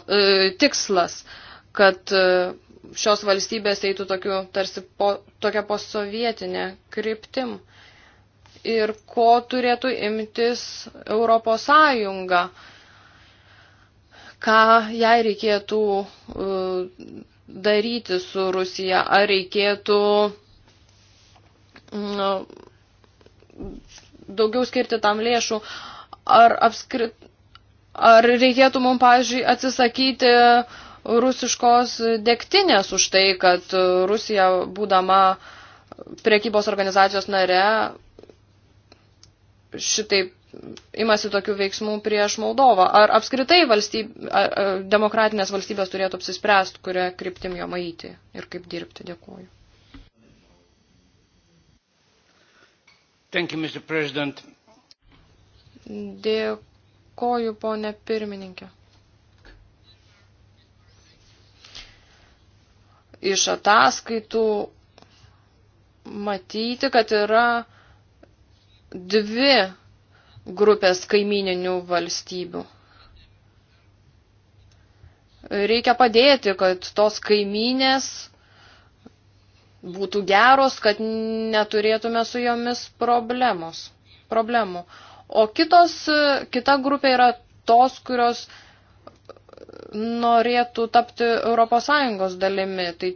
tikslas, kad šios valstybės eitų tokiu, tarsi po, tokia posovietinė kryptim. Ir ko turėtų imtis Europos Sąjunga, ką jai reikėtų uh, daryti su Rusija, ar reikėtų uh, daugiau skirti tam lėšų, ar apskrit, ar reikėtų mums, pavyzdžiui, atsisakyti uh, rusiškos degtinės už tai, kad Rusija, būdama priekybos organizacijos nare, šitaip imasi tokių veiksmų prieš Moldovą. Ar apskritai valstyb, ar, ar, demokratinės valstybės turėtų apsispręsti, kurią kryptim jo maitį ir kaip dirbti? Dėkuoju. Thank you, Mr. President. Dėkuoju, ponė pirmininkė. iš ataskaitų matyti, kad yra dvi grupės kaimininių valstybių. Reikia padėti, kad tos kaiminės būtų geros, kad neturėtume su jomis problemos, problemų. O kitos, kita grupė yra tos, kurios norėtų tapti ES dalimi. Tai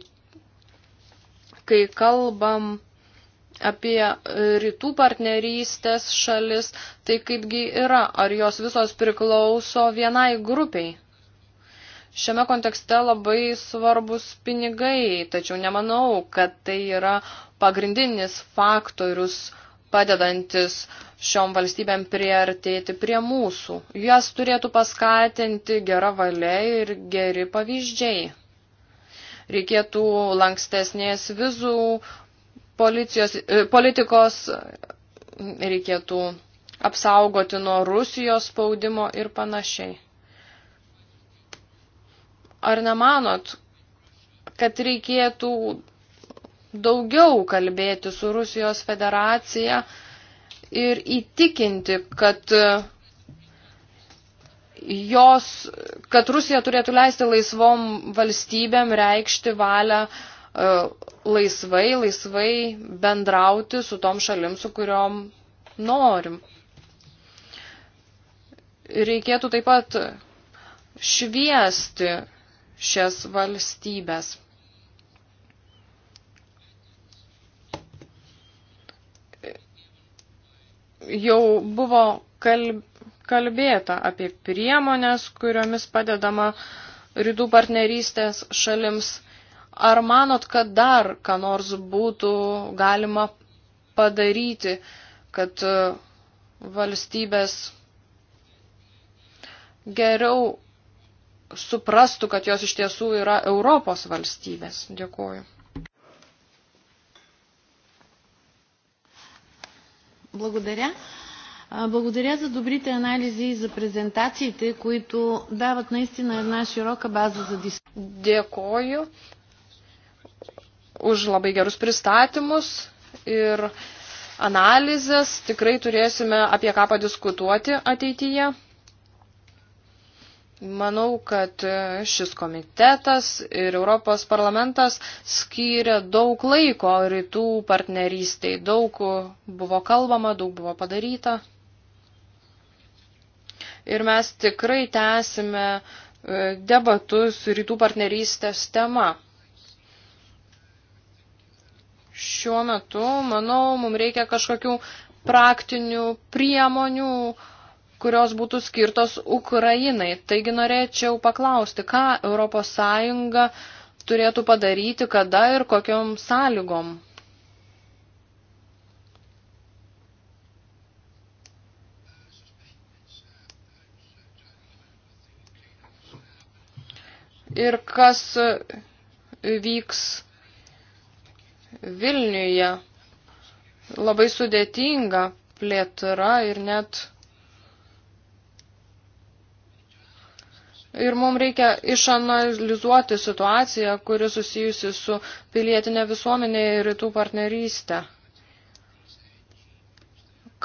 kai kalbam apie rytų partnerystės šalis, tai kaipgi yra, ar jos visos priklauso vienai grupiai. Šiame kontekste labai svarbus pinigai, tačiau nemanau, kad tai yra pagrindinis faktorius, padedantis šiom valstybėm priartėti prie mūsų. Jas turėtų paskatinti gera valia ir geri pavyzdžiai. Reikėtų lankstesnės vizų policijos, e, politikos, reikėtų apsaugoti nuo Rusijos spaudimo ir panašiai. Ar nemanot, kad reikėtų daugiau kalbėti su Rusijos federacija ir įtikinti, kad e, jos, kad Rusija turėtų leisti laisvom valstybėm reikšti valią e, laisvai, laisvai bendrauti su tom šalim, su kuriom norim. Reikėtų taip pat šviesti šias valstybės. jau buvo kalbėta apie priemonės, kuriomis padedama rytų partnerystės šalims. Ar manot, kad dar ką nors būtų galima padaryti, kad e, valstybės geriau suprastų, kad jos iš tiesų yra Europos valstybės? Dėkuoju. Благодаря. Благодаря за добрите анализи и за презентациите, които дават наистина една широка база за дискусия. Dėkoju už labai gerus pristatymus ir analizės. Tikrai turėsime apie ką padiskutuoti ateityje. Manau, kad šis komitetas ir Europos parlamentas skyrė daug laiko rytų partnerystiai. Daug buvo kalbama, daug buvo padaryta. Ir mes tikrai tęsime e, debatus rytų partnerystės tema. Šiuo metu, manau, mums reikia kažkokių praktinių priemonių, uh, kurios būtų skirtos Ukrainai. Taigi norėčiau paklausti, ką ES turėtų padaryti, kada ir kokiom sąlygom. Ir kas vyks Vilniuje. Labai sudėtinga plėtra ir net Ir mums reikia išanalizuoti situaciją, kuri susijusi su pilietinė visuomenė ir rytų partnerystė.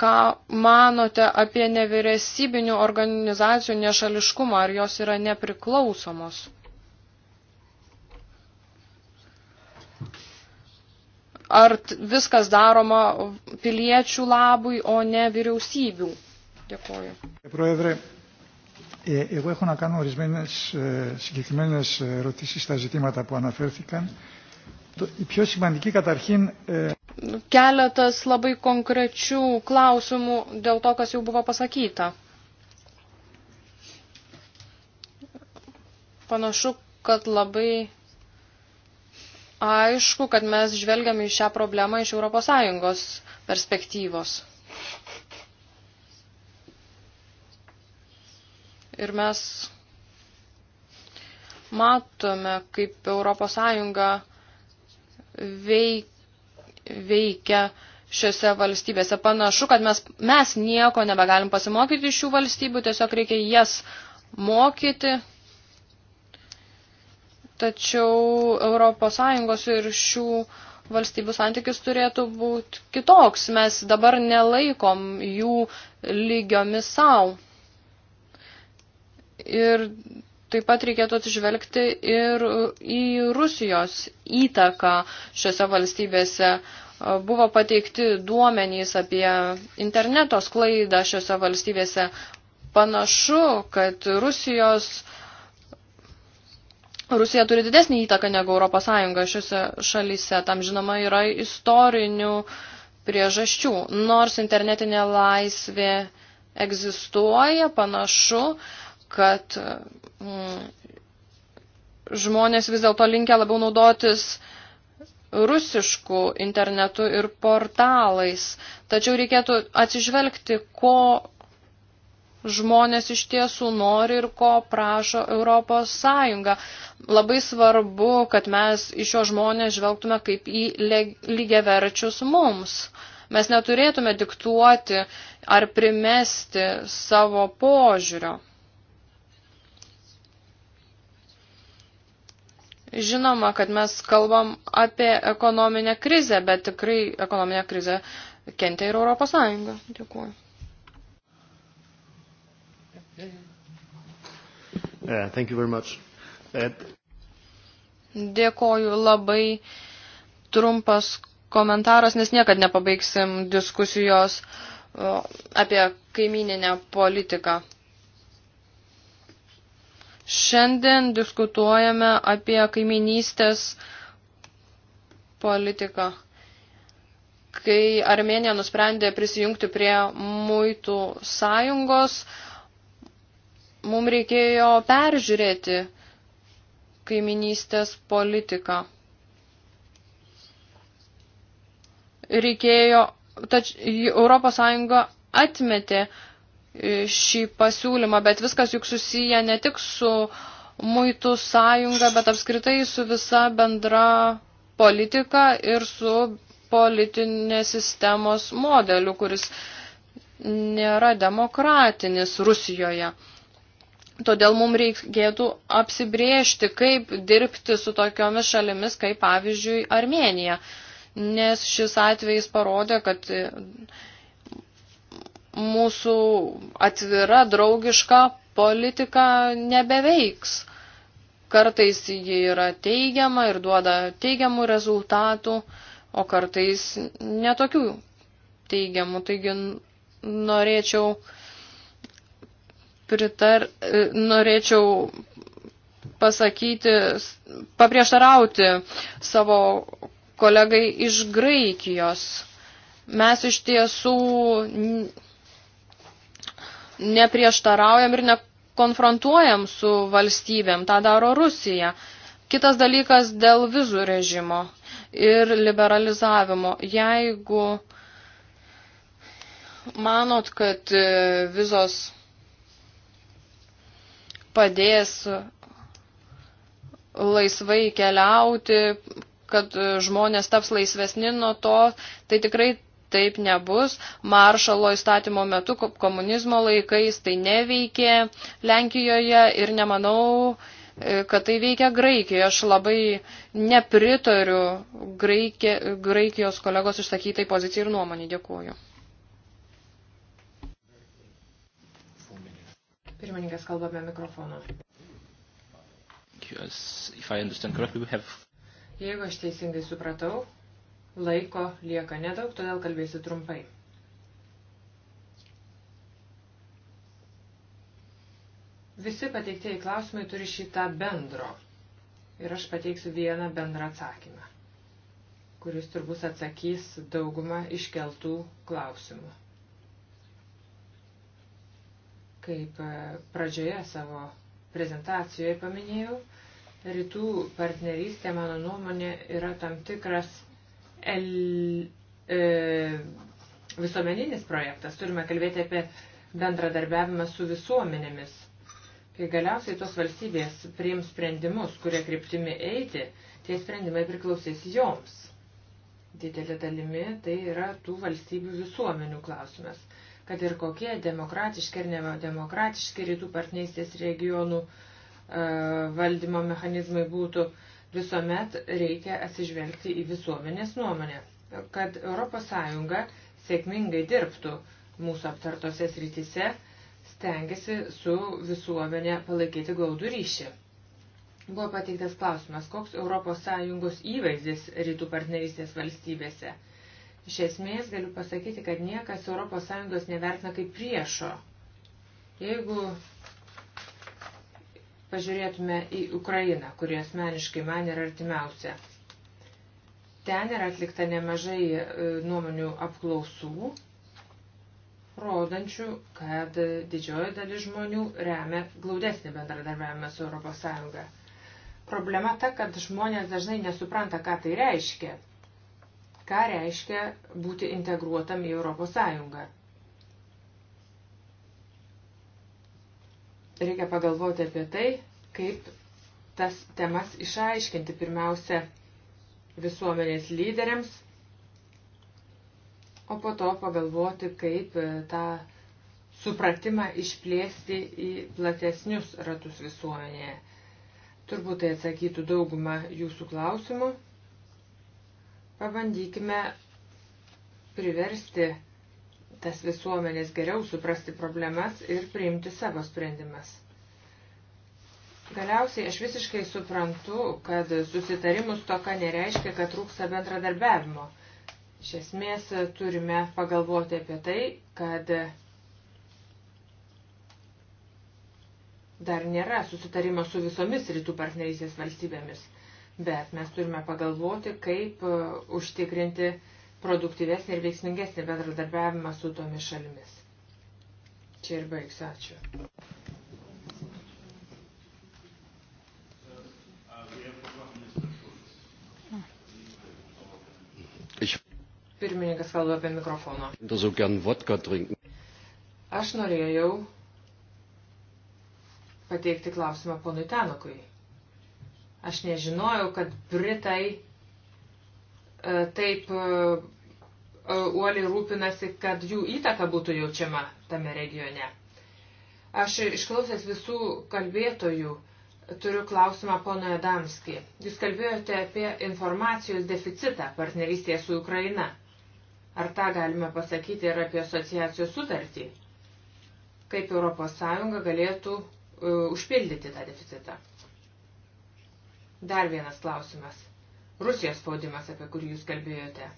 Ką manote apie nevyriausybinių organizacijų nešališkumą, ar jos yra nepriklausomos? Ar viskas daroma piliečių labui, o ne vyriausybių? Dėkuoju. Proedre, Ε, εγώ έχω να κάνω ορισμένες ε, συγκεκριμένες ερωτήσεις στα ζητήματα που αναφέρθηκαν. Το, η πιο σημαντική καταρχήν... Ε... Keletas labai konkrečių klausimų dėl to, kas jau buvo pasakyta. Panašu, kad labai aišku, kad mes žvelgiam į šią problemą iš ES perspektyvos. Ir mes matome, kaip ES veikia šiuose valstybėse. Panašu, kad mes, mes nieko nebegalim pasimokyti iš šių valstybių, tiesiog reikia jas mokyti. Tačiau ES ir šių valstybių santykis turėtų būti kitoks. Mes dabar nelaikom jų lygiomis savo. Ir taip pat reikėtų atsižvelgti ir į Rusijos įtaką šiuose valstybėse. Buvo pateikti duomenys apie interneto sklaidą šiuose valstybėse. Panašu, kad Rusijos Rusija turi didesnį įtaką negu ES šiuose šalyse. Tam žinoma yra istorinių priežasčių. Nors internetinė laisvė egzistuoja, panašu, uh, kad mm, žmonės vis dėlto linkia labiau naudotis rusiškų internetu ir portalais. Tačiau reikėtų atsižvelgti, ko žmonės iš tiesų nori ir ko prašo Europos Sąjunga. Labai svarbu, kad mes iš jo žmonės žvelgtume kaip į lygiaverčius mums. Mes neturėtume diktuoti ar primesti savo požiūrio. Žinoma, kad mes kalbam apie ekonominę krizę, bet tikrai ekonominę krizę kentė ir Europos Sąjunga. Dėkuoju. Yeah, thank you very much. Ed. Uh, Dėkoju labai trumpas komentaras, nes niekad nepabaigsim diskusijos uh, apie kaimininę politiką. Šiandien diskutuojame apie kaiminystės politiką. Kai Armenija nusprendė prisijungti prie muitų sąjungos, mums reikėjo peržiūrėti kaiminystės politiką. Reikėjo, tačiau Europos Sąjunga atmetė uh, šį pasiūlymą, bet viskas juk susiję ne tik su muitų sąjunga, bet apskritai su visa bendra politika ir su politinės sistemos modeliu, kuris nėra demokratinis Rusijoje. Todėl mums reikėtų apsibriežti, kaip dirbti su tokiomis šalimis, kaip pavyzdžiui Armenija. Nes šis atvejis parodė, kad mūsų atvira, draugiška politika nebeveiks. Kartais ji yra teigiama ir duoda teigiamų rezultatų, o kartais netokių teigiamų. Taigi norėčiau pritar, norėčiau pasakyti, paprieštarauti savo kolegai iš Graikijos. Mes iš tiesų neprieštaraujam ir nekonfrontuojam su valstybėm. Ta daro Rusija. Kitas dalykas dėl vizų režimo ir liberalizavimo. Jeigu manot, kad e, vizos padės laisvai keliauti, kad žmonės taps laisvesni nuo to, tai tikrai taip nebus. Maršalo įstatymo metu komunizmo laikais tai neveikė Lenkijoje ir nemanau, e, kad tai veikia Graikijoje. Aš labai nepritariu Graikė, Graikijos kolegos išsakytai pozicijai ir nuomonį. Dėkuoju. Pirmininkas kalbame mikrofoną. Jeigu aš teisingai supratau, Laiko lieka nedaug, todėl kalbėsiu trumpai. Visi pateiktieji klausimai turi šitą bendro. Ir aš pateiksiu vieną bendrą atsakymą, kuris turbūt atsakys daugumą iškeltų klausimų. Kaip e, pradžioje savo prezentacijoje paminėjau, rytų partnerystė, mano nuomonė, yra tam tikras el, e, visuomeninis projektas, turime kalbėti apie bendradarbiavimą su visuomenėmis. Kai galiausiai tos valstybės priims sprendimus, kurie kryptimi eiti, tie sprendimai priklausys joms. Didelė dalimi tai yra tų valstybių visuomenių klausimas. Kad ir kokie demokratiški ir nedemokratiški rytų partnerystės regionų e, valdymo mechanizmai būtų, e, Visuomet reikia atsižvelgti į visuomenės nuomonę. Kad ES sėkmingai dirbtų mūsų aptartose srityse, stengiasi su visuomenė palaikyti glaudų ryšį. Buvo pateiktas klausimas, koks ES įvaizdis rytų partnerystės valstybėse. Iš esmės galiu pasakyti, kad niekas ES nevertina kaip priešo. Jeigu pažiūrėtume į Ukrainą, kuri asmeniškai man yra artimiausia. Ten yra atlikta nemažai e, nuomonių apklausų, rodančių, kad didžioji dalis žmonių remia glaudesnį bendradarbiavimą su ES. Problema ta, kad žmonės dažnai nesupranta, ką tai reiškia. Ką reiškia būti integruotam į ES reikia pagalvoti apie tai, kaip tas temas išaiškinti pirmiausia visuomenės lyderiams, o po to pagalvoti, kaip e, tą supratimą išplėsti į platesnius ratus visuomenėje. Turbūt tai atsakytų daugumą jūsų klausimų. Pabandykime priversti tas visuomenės geriau suprasti problemas ir priimti savo sprendimas. Galiausiai aš visiškai suprantu, kad susitarimų stoka nereiškia, kad trūksta bendradarbiavimo. Iš esmės turime pagalvoti apie tai, kad dar nėra susitarimo su visomis rytų partnerysės valstybėmis, bet mes turime pagalvoti, kaip uh, užtikrinti uh, produktyvesnį ir veiksmingesnį bendradarbiavimą su tomis šalimis. Čia ir baigsiu. Ačiū. Pirmininkas kalba apie mikrofoną. Aš norėjau pateikti klausimą ponui Tenokui. Aš nežinojau, kad Britai e, taip e, E, uoliai rūpinasi, kad jų įtaka būtų jaučiama tame regione. Aš išklausęs visų kalbėtojų turiu klausimą pono Adamskį. Jūs kalbėjote apie informacijos deficitą partnerystėje su Ukraina. Ar tą galime pasakyti ir apie asociacijos sutartį? Kaip ES galėtų uh, užpildyti tą deficitą? Dar vienas klausimas. Rusijos spaudimas, apie kurį jūs kalbėjote.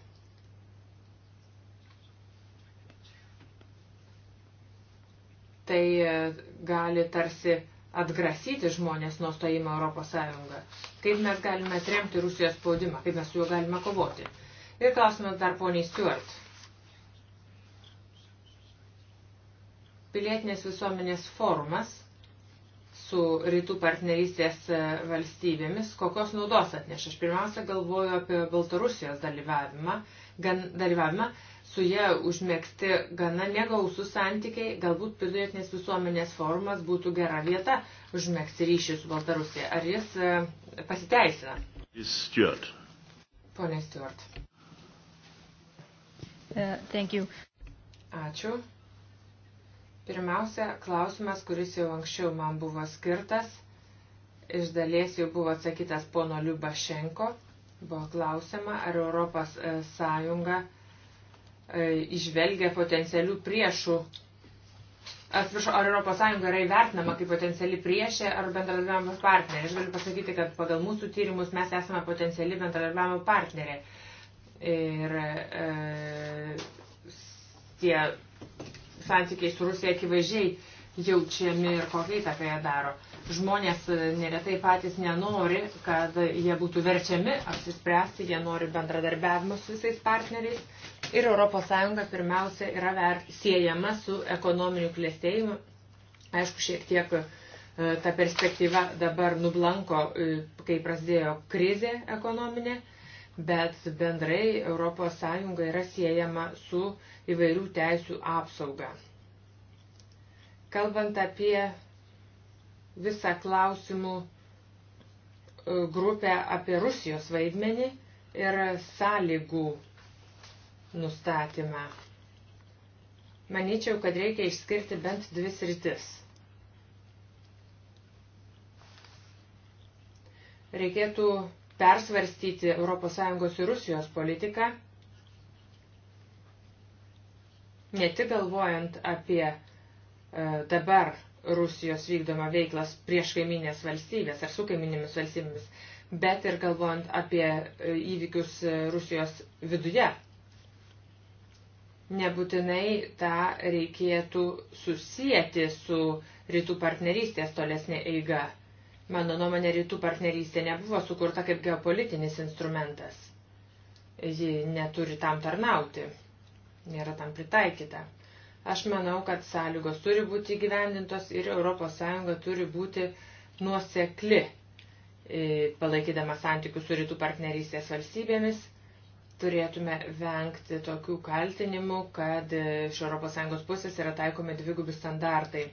tai e, gali tarsi atgrasyti žmonės nuo stojimo Europos Sąjungą. Kaip mes galime atremti Rusijos spaudimą, kaip mes su juo galime kovoti. Ir klausimas dar poniai Stuart. Pilietinės visuomenės forumas su rytų partnerystės e, valstybėmis, kokios naudos atneš. Aš pirmiausia galvoju apie Baltarusijos dalyvavimą, gan, dalyvavimą su ja užmėgsti gana negausų santykiai, galbūt pilietinės visuomenės forumas būtų gera vieta užmėgsti ryšį su Baltarusija. Ar jis e, pasiteisina? Stuart. Pone Stuart. Uh, thank you. Ačiū. Pirmiausia, klausimas, kuris jau anksčiau man buvo skirtas, iš dalies jau buvo atsakytas pono Liubašenko. Buvo klausima, ar Europos e, Sąjunga uh, E, išvelgia potencialių priešų. Atsiprašau, ar ES yra įvertinama kaip potenciali priešė ar bendradarbiavimo partnerė. Aš galiu pasakyti, kad pagal mūsų tyrimus mes esame potenciali bendradarbiavimo partnerė. Ir e, tie santykiai su Rusija akivaizdžiai jaučiami ir kokią įtaką jie daro. Žmonės e, neretai patys nenori, kad jie būtų verčiami apsispręsti, jie nori bendradarbiavimo su visais partneriais. Ir ES pirmiausia yra ver, siejama su ekonominiu klėstėjimu. Aišku, šiek tiek e, ta perspektyva dabar nublanko, e, kai prasidėjo krizė ekonominė bet bendrai ES yra siejama su įvairių teisių apsauga. Kalbant apie visą klausimų e, grupę apie Rusijos vaidmenį ir sąlygų nustatymą. Manyčiau, kad reikia išskirti bent dvi sritis. Reikėtų persvarstyti ES ir Rusijos politiką, ne tik galvojant apie e, dabar Rusijos vykdomą veiklas prieš kaiminės valstybės ar su kaiminėmis valstybėmis, bet ir galvojant apie e, įvykius e, Rusijos viduje. Nebūtinai tą reikėtų susijęti su rytų partnerystės tolesnė eiga. Mano nuomonė, rytų partnerystė nebuvo sukurta kaip geopolitinis instrumentas. Ji neturi tam tarnauti, nėra tam pritaikyta. Aš manau, kad sąlygos turi būti gyvendintos ir ES turi būti nuosekli e, palaikydama santykius su rytų partnerystės valstybėmis. Turėtume vengti tokių kaltinimų, kad e, iš ES pusės yra taikomi dvigubi standartai.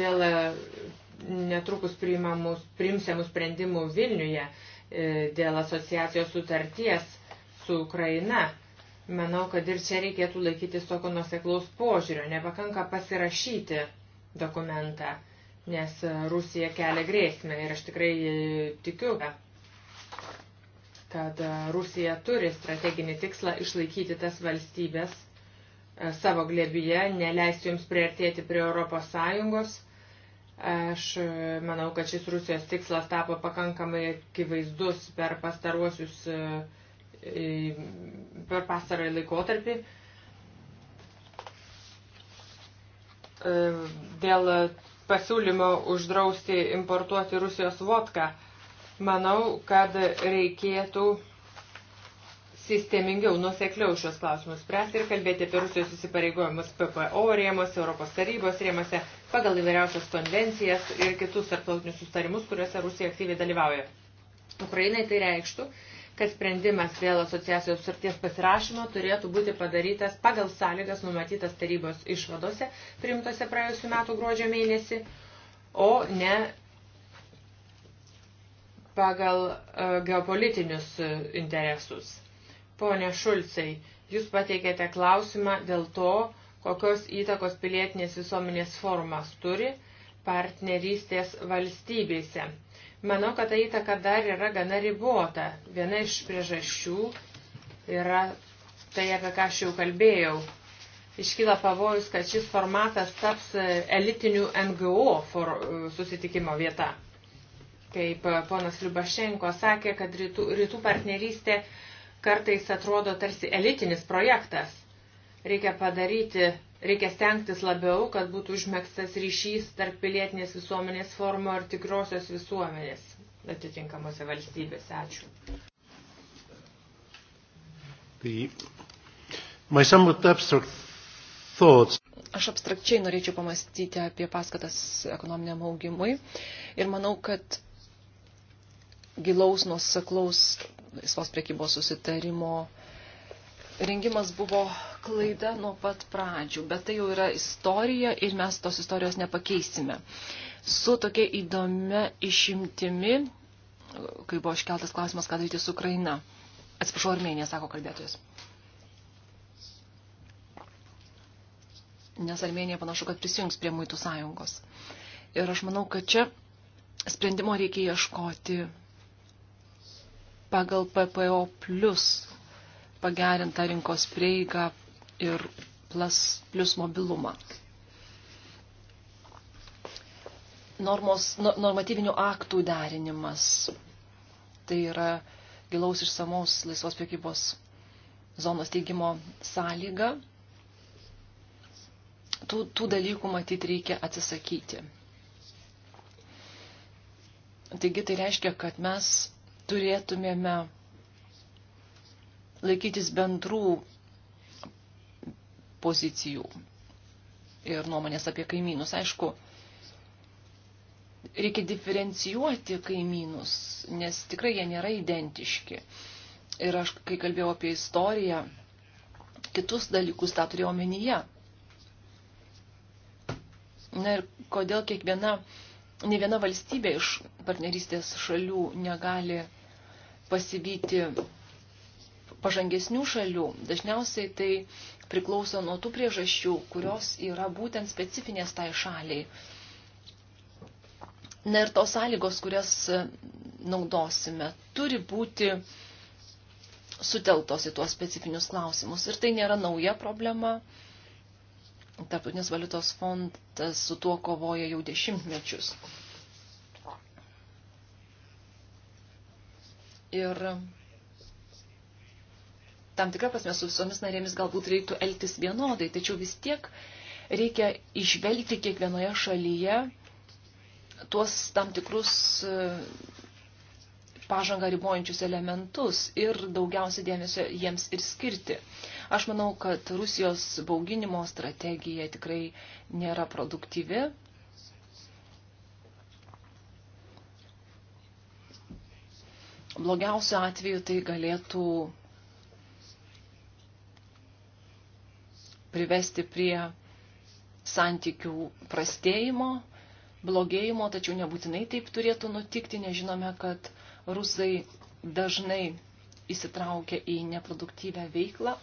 Dėl e, netrukus priimsiamų sprendimų Vilniuje dėl asociacijos sutarties su Ukraina Manau, kad ir čia reikėtų laikytis tokio nuseklaus požiūrio. Nepakanka pasirašyti dokumentą, nes e, Rusija kelia grėsmę ir aš tikrai e, tikiu, kad e, Rusija turi strateginį tikslą išlaikyti tas valstybės savo glėbyje, neleisti jums priartėti prie Europos Sąjungos. Aš manau, kad šis Rusijos tikslas tapo pakankamai akivaizdus per pastaruosius uh, per pastarąjį laikotarpį. E, dėl pasiūlymo uždrausti importuoti Rusijos vodką, manau, kad reikėtų sistemingiau, nusekliau šios klausimus spręsti ir kalbėti apie Rusijos įsipareigojimus PPO rėmose, Europos tarybos rėmose, pagal įvairiausias konvencijas ir kitus tarptautinius sustarimus, kuriuose Rusija aktyviai dalyvauja. Ukrainai tai reikštų, kad sprendimas dėl asociacijos sarties pasirašymo turėtų būti padarytas pagal sąlygas numatytas tarybos išvadose priimtose praėjusiu metu gruodžio mėnesį, o ne pagal e, geopolitinius e, interesus. Pone Šulcai, jūs pateikėte klausimą dėl to, kokios įtakos pilietinės visuomenės formas turi partnerystės valstybėse Manau, kad ta įtaka dar yra gana ribota. Viena iš priežasčių yra tai, apie ką aš jau kalbėjau. Iškyla pavojus, kad šis formatas taps elitinių NGO for, susitikimo vieta. Kaip ponas Liubašenko sakė, kad rytų, rytų partnerystė kartais atrodo tarsi elitinis projektas. Reikia padaryti Reikia stengtis labiau, kad būtų užmėgstas ryšys tarp pilietinės visuomenės formo ir tikrosios visuomenės atitinkamose valstybėse. Ačiū. The, my somewhat abstract thoughts aš abstrakčiai norėčiau pamastyti apie paskatas ekonominiam augimui ir manau, kad gilaus nuoseklaus laisvos priekybos susitarimo rengimas buvo klaida nuo pat pradžių, bet tai jau yra istorija ir mes tos istorijos nepakeisime. Su tokia įdomia išimtimi, kai buvo iškeltas klausimas, ką daryti su Ukraina. Atsiprašau, Armėnija, sako kalbėtojas. Nes Armėnija panašu, kad prisijungs prie muitų sąjungos. Ir aš manau, kad čia sprendimo reikia ieškoti pagal PPO plus pagerintą rinkos prieigą ir plus, plus mobilumą. Normos, normatyvinių aktų derinimas. Tai yra gilaus išsamaus laisvos priekybos zonos teigimo sąlyga. Tų, tų dalykų matyt reikia atsisakyti. Taigi tai reiškia, kad mes turėtumėme laikytis bendrų pozicijų ir nuomonės apie kaimynus. Aišku, reikia diferencijuoti kaimynus, nes tikrai jie nėra identiški. Ir aš, kai kalbėjau apie istoriją, kitus dalykus tą turėjau omenyje. Na ir kodėl kiekviena, ne viena valstybė iš partnerystės šalių negali pasivyti pažangesnių šalių dažniausiai tai priklauso nuo tų priežasčių, kurios yra būtent specifinės tai šaliai. Na ir tos sąlygos, kurias naudosime, turi būti suteltos į tuos specifinius klausimus. Ir tai nėra nauja problema. Tarptautinis valiutos fondas su tuo kovoja jau dešimtmečius. Ir tam tikrą prasme su visomis narėmis galbūt reiktų elgtis vienodai, tačiau vis tiek reikia išvelgti kiekvienoje šalyje tuos tam tikrus e, pažangą ribojančius elementus ir daugiausia dėmesio jiems ir skirti. Aš manau, kad Rusijos bauginimo strategija tikrai nėra produktyvi. Blogiausiu atveju tai galėtų privesti prie santykių prastėjimo, blogėjimo, tačiau nebūtinai taip turėtų nutikti, nežinome, kad rusai dažnai įsitraukia į neproduktyvę veiklą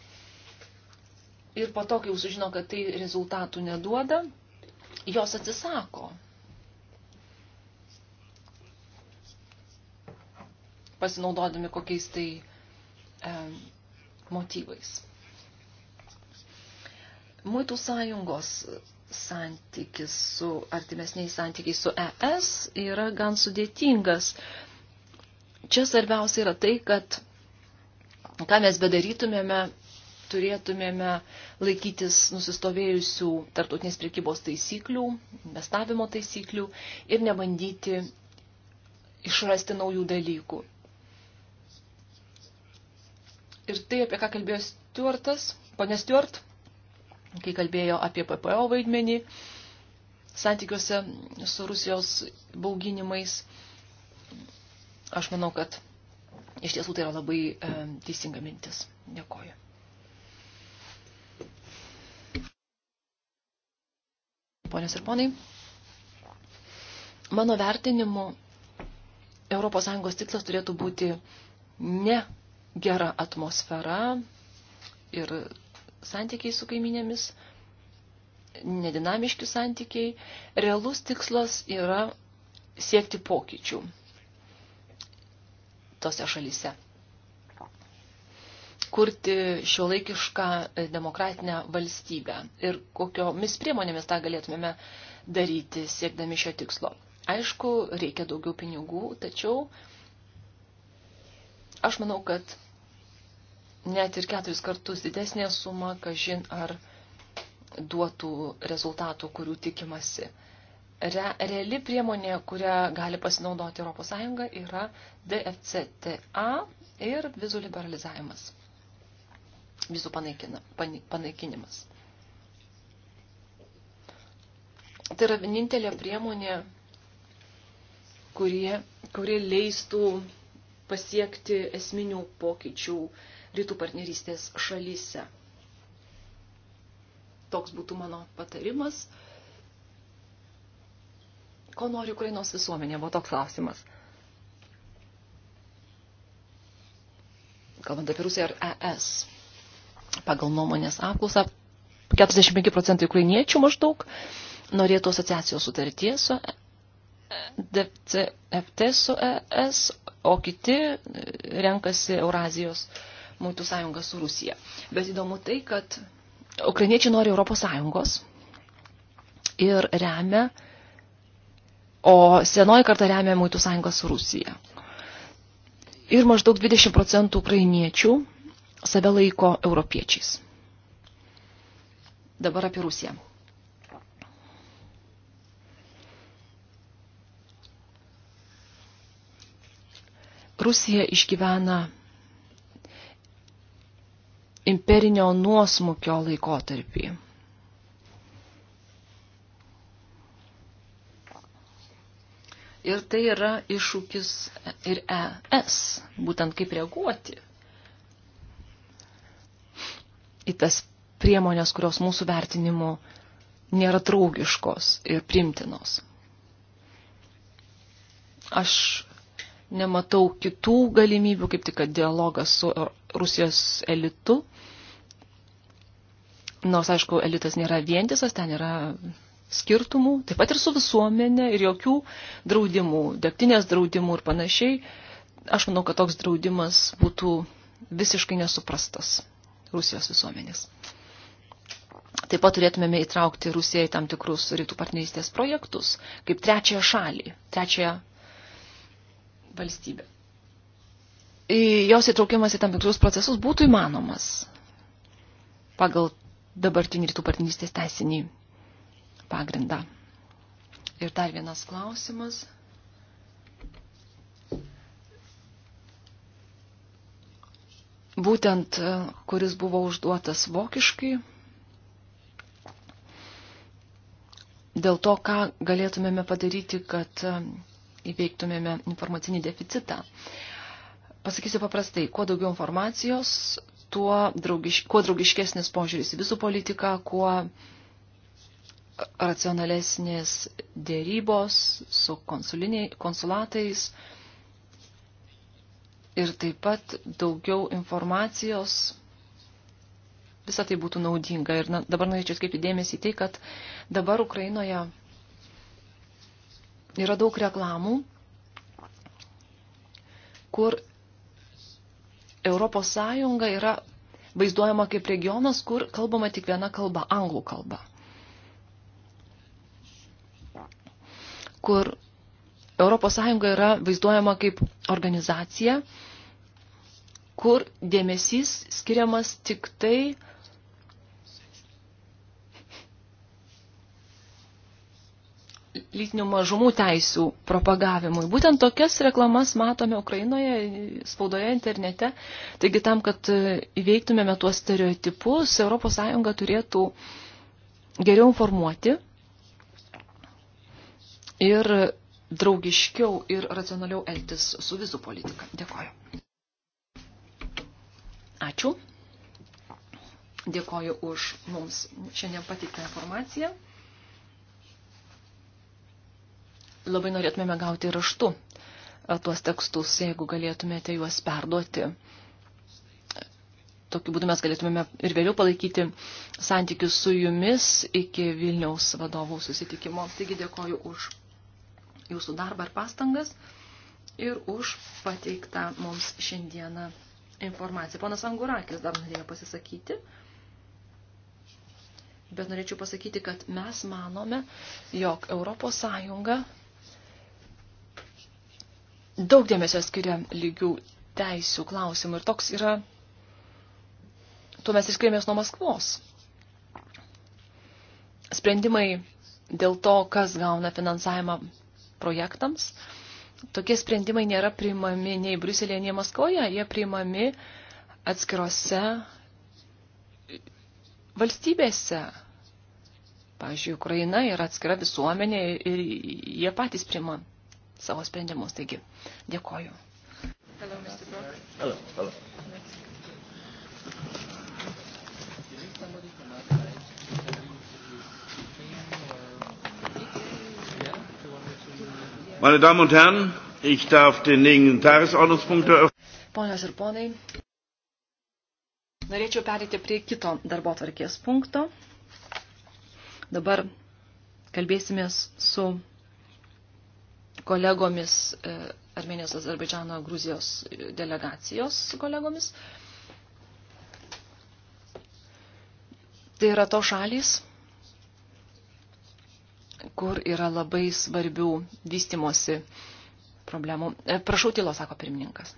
ir po to, kai jau sužino, kad tai rezultatų neduoda, jos atsisako. Pasinaudodami kokiais tai e, motyvais. Muitų sąjungos santykis su artimesniais santykiais su ES yra gan sudėtingas. Čia svarbiausia yra tai, kad ką mes bedarytumėme, turėtumėme laikytis nusistovėjusių tartutinės priekybos taisyklių, investavimo taisyklių ir nebandyti išrasti naujų dalykų. Ir tai, apie ką kalbėjo Stuartas, ponė Stuart, kai kalbėjo apie PPO vaidmenį santykiuose su Rusijos bauginimais. Aš manau, kad iš tiesų tai yra labai e, teisinga mintis. Dėkoju. Ponios ir ponai, mano vertinimu ES tikslas turėtų būti ne gera atmosfera ir santykiai su kaiminėmis, nedinamiški santykiai. Realus tikslas yra siekti pokyčių tose šalyse. Kurti šiuolaikišką demokratinę valstybę ir kokiomis priemonėmis tą galėtumėme daryti siekdami šio tikslo. Aišku, reikia daugiau pinigų, tačiau aš manau, kad net ir keturis kartus didesnė suma, kažin ar duotų rezultatų, kurių tikimasi. Re, reali priemonė, kurią gali pasinaudoti ES, yra DFCTA ir vizų liberalizavimas. Vizų panaikina, pan, panaikinimas. Tai yra vienintelė priemonė, kurie, kuri leistų pasiekti esminių pokyčių uh, rytų partnerystės šalyse. Toks būtų mano patarimas. Ko nori Ukrainos visuomenė, buvo toks klausimas. Kalbant apie Rusiją ir ES, pagal nuomonės apklausą, 45 procentai ukrainiečių maždaug norėtų asociacijos sutarties su e DCFT su ES, o kiti renkasi Eurazijos muitų sąjungą su Rusija. Bet įdomu tai, kad ukrainiečiai nori Europos sąjungos ir remia, o senoji karta remia muitų sąjungą su Rusija. Ir maždaug 20 procentų ukrainiečių save laiko europiečiais. Dabar apie Rusiją. Rusija išgyvena imperinio nuosmukio laikotarpį. Ir tai yra iššūkis ir ES, būtent kaip reaguoti į tas priemonės, kurios mūsų vertinimu nėra draugiškos ir primtinos. Aš nematau kitų galimybių, kaip tik dialogas su Rusijos elitu. Nors, aišku, elitas nėra vientisas, ten yra skirtumų, taip pat ir su visuomenė ir jokių draudimų, degtinės draudimų ir panašiai. Aš manau, kad toks draudimas būtų visiškai nesuprastas Rusijos visuomenės. Taip pat turėtumėme įtraukti Rusiją į tam tikrus rytų partnerystės projektus, kaip trečiąją šalį, trečiąją valstybė. Jos įtraukimas į tam tikrus procesus būtų įmanomas pagal dabartinį rytų partnerystės teisinį pagrindą. Ir dar vienas klausimas. Būtent, e, kuris buvo užduotas vokiškai, dėl to, ką galėtumėme padaryti, kad e, įveiktumėme informacinį deficitą. Pasakysiu paprastai, kuo daugiau informacijos, tuo draugiš, kuo draugiškesnis požiūris į visų politiką, kuo racionalesnės dėrybos su konsulatais ir taip pat daugiau informacijos visą tai būtų naudinga. Ir na, dabar norėčiau skaipti dėmesį į tai, kad dabar Ukrainoje Yra daug reklamų, kur Europos Sąjunga yra vaizduojama kaip regionas, kur kalbama tik viena kalba - anglų kalba. Kur Europos Sąjunga yra vaizduojama kaip organizacija, kur dėmesys skiriamas tik tai lytinių mažumų teisų propagavimui. Būtent tokias reklamas matome Ukrainoje, spaudoje, internete. Taigi tam, kad e, įveiktumėme tuos stereotipus, ES turėtų geriau informuoti ir draugiškiau ir racionaliau elgtis su vizų politika. Dėkoju. Ačiū. Dėkoju už mums šiandien patiktą informaciją. labai norėtumėme gauti raštu e, tuos tekstus, jeigu galėtumėte juos perduoti. Tokiu būdu mes galėtumėme ir vėliau palaikyti santykius su jumis iki Vilniaus vadovų susitikimo. Taigi dėkoju už jūsų darbą ir pastangas ir už pateiktą mums šiandieną informaciją. Ponas Angurakis dar norėjo pasisakyti. Bet norėčiau pasakyti, kad mes manome, jog Europos Sąjunga daug dėmesio skiria lygių teisių klausimų ir toks yra, tuo mes išskiriamės nuo Maskvos. Sprendimai dėl to, kas gauna finansavimą projektams, tokie sprendimai nėra priimami nei Briuselėje, nei Maskvoje, jie priimami atskirose valstybėse. Pavyzdžiui, Ukraina yra atskira visuomenė ir jie patys priima savo sprendimus. Taigi, dėkoju. Hello, Mr. Brock. Hello, hello. Meine Damen und Herren, ich darf den nächsten Tagesordnungspunkt eröffnen. Ponios ir ponai, norėčiau perėti prie kito darbo tvarkės punkto. Dabar kalbėsimės su kolegomis e, Armenijos, Azerbaidžiano, Gruzijos delegacijos kolegomis. Tai yra to šalys, kur yra labai svarbių vystimosi problemų. E, prašau tylo, sako pirmininkas.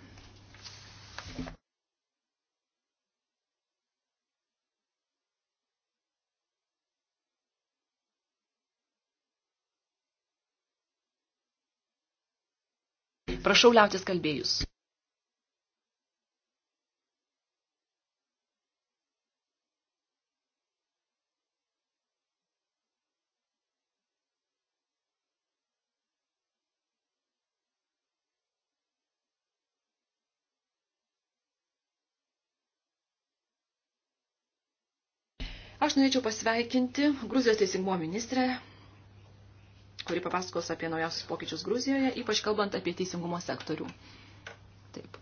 Prašau liautis kalbėjus. Aš norėčiau pasveikinti Gruzijos teisingumo ministrę kuri papasakos apie naujausius pokyčius Gruzijoje, ypač kalbant apie teisingumo sektorių. Taip.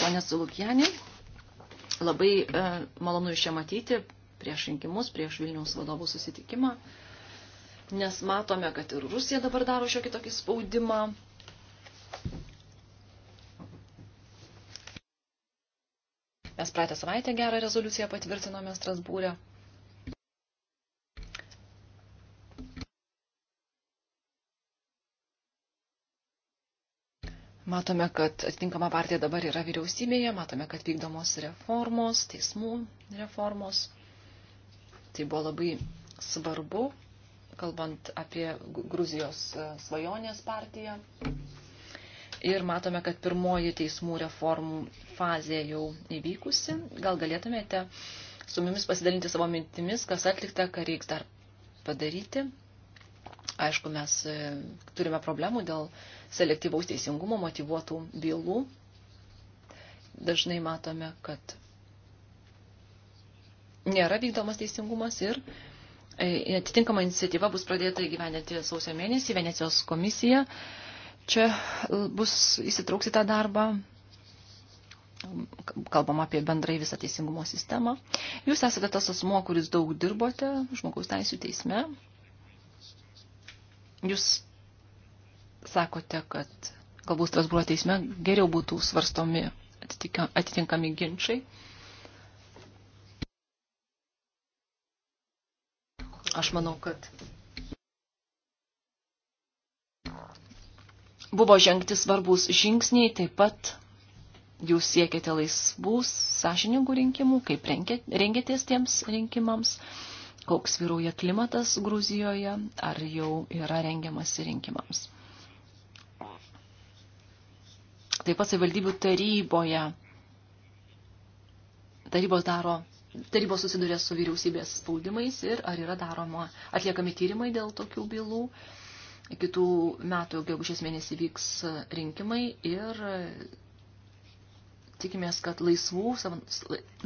Pone Zulukianė, labai e, malonu iš čia matyti prieš rinkimus, prieš Vilniaus vadovų susitikimą, nes matome, kad ir Rusija dabar daro šiokį tokį spaudimą Mes praeitą savaitę gerą rezoliuciją patvirtinome Strasbūrę. Matome, kad atitinkama partija dabar yra vyriausybėje, matome, kad vykdomos reformos, teismų reformos. Tai buvo labai svarbu, kalbant apie Gruzijos svajonės partiją. Ir matome, kad pirmoji teismų reformų fazė jau įvykusi. Gal galėtumėte su mumis pasidalinti savo mintimis, kas atlikta, ką reiks dar padaryti. Aišku, mes e, turime problemų dėl selektyvaus teisingumo motivuotų bylų. Dažnai matome, kad nėra vykdomas teisingumas ir e, atitinkama iniciatyva bus pradėta įgyvendinti sausio mėnesį Venecijos komisija čia e, bus įsitrauks į tą darbą. Kalbam apie bendrai visą teisingumo sistemą. Jūs esate tas asmo, kuris daug dirbote žmogaus teisų teisme. Jūs sakote, kad galbūt Strasbūro teisme geriau būtų svarstomi atitinkami ginčiai. Aš manau, kad Buvo žengti svarbus žingsniai, taip pat jūs siekite laisvų, sąžiningų rinkimų, kaip rengėtės tiems rinkimams, koks vyrauja klimatas Gruzijoje, ar jau yra rengiamasi rinkimams. Taip pat savivaldybių taryboje tarybos daro tarybos susiduria su vyriausybės spaudimais ir ar yra daroma atliekami tyrimai dėl tokių bylų. Uh, Kitų metų gegužės mėnesį vyks rinkimai ir tikimės, kad laisvų,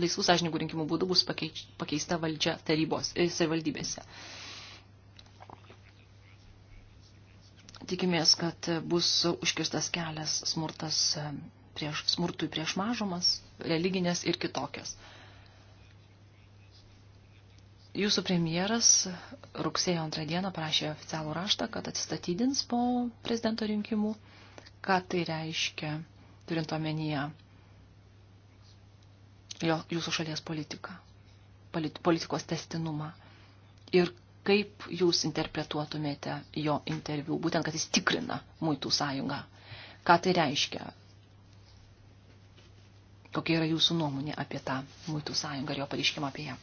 laisvų sąžininkų rinkimų būdų bus pakeista valdžia tarybos ir e, savivaldybėse. Tikimės, kad bus užkirstas kelias smurtas e, prieš, smurtui prieš mažumas, religinės ir kitokias. Jūsų premjeras rugsėjo antrą dieną parašė oficialų raštą, kad atsistatydins po prezidento rinkimų. Ką tai reiškia, turint omenyje jo, jūsų šalies politiką, politikos testinumą ir kaip jūs interpretuotumėte jo interviu, būtent, kad jis tikrina muitų sąjungą. Ką tai reiškia? Kokia yra jūsų nuomonė apie tą muitų sąjungą ir jo pareiškimą apie ją?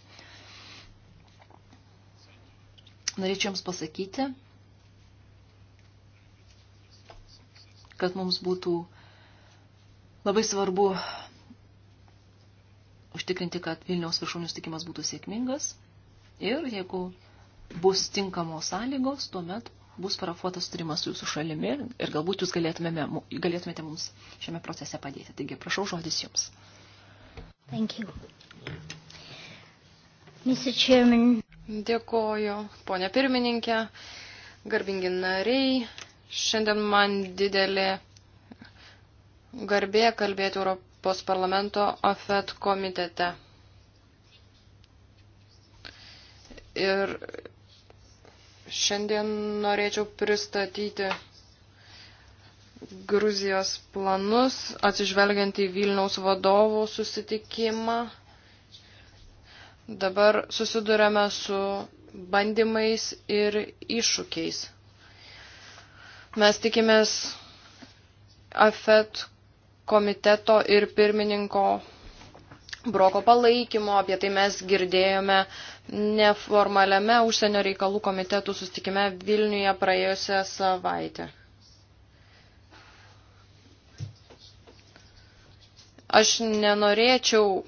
Norėčiau Jums pasakyti, kad mums būtų labai svarbu užtikrinti, kad Vilniaus viršūnių stikimas būtų sėkmingas ir jeigu bus tinkamos sąlygos, tuomet bus parafuotas sutarimas su jūsų šalimi ir galbūt jūs galėtumėte mums šiame procese padėti. Taigi, prašau žodis jums. Thank you. Mr. Chairman. Dėkoju, ponė pirmininkė, garbingi nariai. Šiandien man didelė garbė kalbėti Europos parlamento AFET komitete. Ir šiandien norėčiau pristatyti Gruzijos planus, atsižvelgiant į Vilniaus vadovų susitikimą dabar susidurėme su bandymais ir iššūkiais. Mes tikimės AFET komiteto ir pirmininko broko palaikymo, apie tai mes girdėjome neformaliame užsienio reikalų komitetų sustikime Vilniuje praėjusią savaitę. Aš nenorėčiau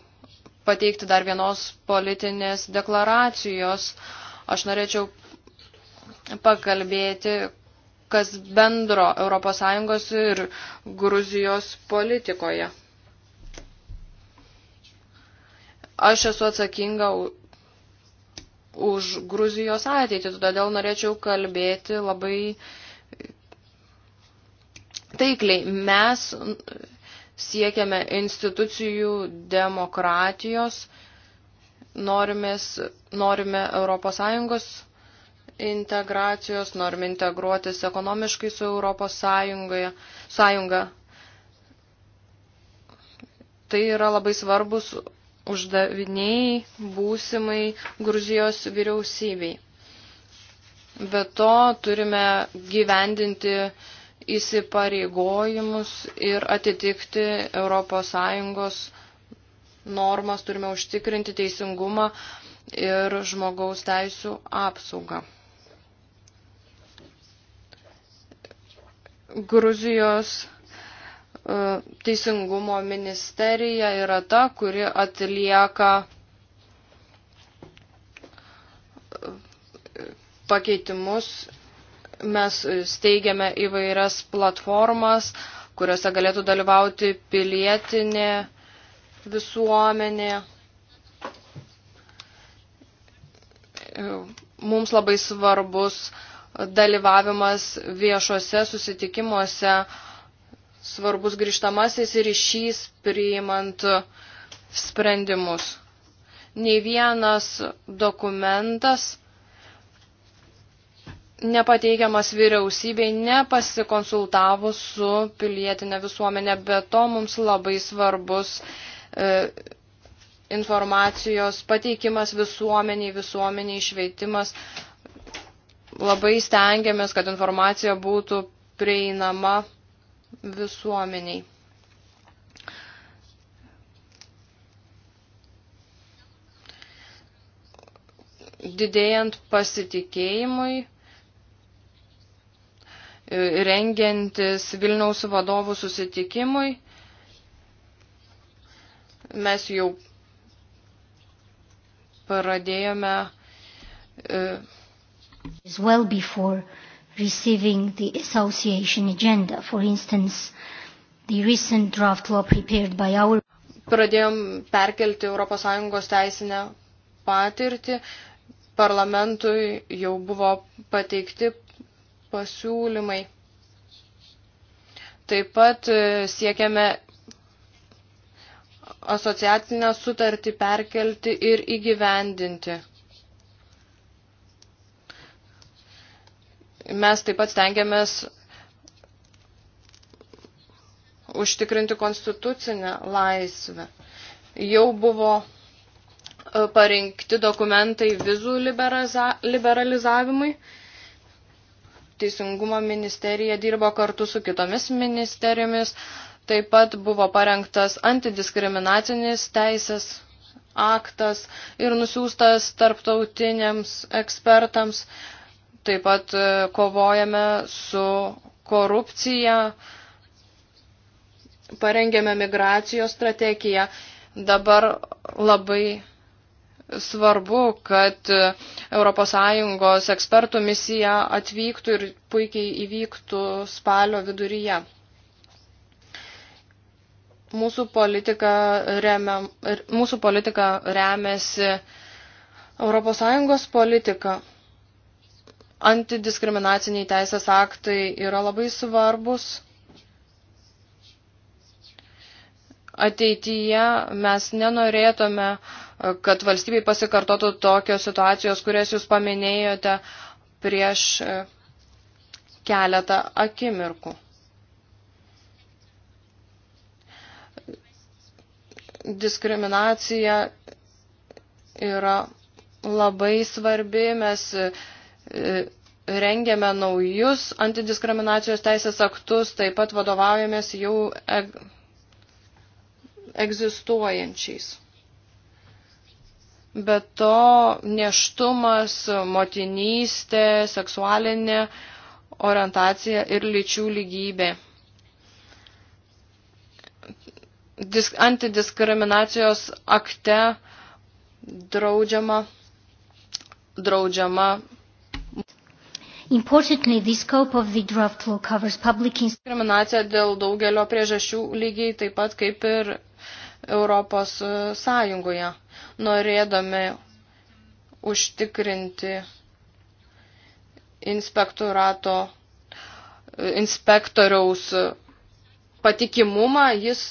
pateikti dar vienos politinės deklaracijos. Aš norėčiau pakalbėti, kas bendro ES ir Gruzijos politikoje. Aš esu atsakinga už Gruzijos ateitį, todėl norėčiau kalbėti labai taikliai. Mes siekiame institucijų demokratijos, norimės, norime ES integracijos, norime integruotis ekonomiškai su Europos Sąjungoje, sąjunga. Tai yra labai svarbus uždaviniai būsimai Gruzijos vyriausybei. Be to turime gyvendinti uh, įsipareigojimus ir atitikti ES normas, turime užtikrinti teisingumą ir žmogaus teisų apsaugą. Gruzijos e, teisingumo ministerija yra ta, kuri atlieka e, pakeitimus mes e, steigiame įvairias platformas, kuriuose galėtų dalyvauti pilietinė visuomenė. E, mums labai svarbus dalyvavimas viešuose susitikimuose, svarbus grįžtamasis ryšys priimant sprendimus. Nei vienas dokumentas nepateikiamas vyriausybei, nepasikonsultavus su pilietinė visuomenė, bet to mums labai svarbus e, informacijos pateikimas visuomeniai, visuomeniai švietimas. Labai stengiamės, kad informacija būtų prieinama visuomeniai. Didėjant pasitikėjimui, rengiantis Vilniaus vadovų susitikimui, mes jau pradėjome e, as well before receiving the association agenda. For instance, the recent draft law prepared by our Pradėjom perkelti ES teisinę patirtį. Parlamentui jau buvo pateikti pasiūlymai. Taip pat e, siekiame asociacinę sutartį perkelti ir įgyvendinti. Mes taip pat stengiamės užtikrinti konstitucinę laisvę. Jau buvo e, parinkti dokumentai vizų liberalizavimui. Teisingumo ministerija dirbo kartu su kitomis ministerijomis. Taip pat buvo parengtas antidiskriminacinis teisės aktas ir nusiųstas tarptautiniams ekspertams. Taip pat e, kovojame su korupcija, parengėme migracijos strategiją. Dabar labai svarbu, kad ES ekspertų misija atvyktų ir puikiai įvyktų spalio viduryje. Mūsų politika, remia, mūsų politika remiasi ES politika. Antidiskriminaciniai teisės aktai yra labai svarbus. Ateityje mes nenorėtume uh, kad valstybei pasikartotų tokios situacijos, kurias jūs paminėjote prieš e, keletą akimirkų. Diskriminacija yra labai svarbi, mes e, e, rengiame naujus antidiskriminacijos teisės aktus, taip pat vadovaujamės jau egzistuojančiais. Bet to neštumas, motinystė, seksualinė orientacija ir lyčių lygybė. Disk, antidiskriminacijos akte draudžiama, draudžiama Importantly, the scope of the draft law covers public diskriminacija dėl daugelio priežasčių lygiai taip pat kaip ir Europos e, Sąjungoje, norėdami užtikrinti inspektorato, e, inspektoriaus patikimumą, jis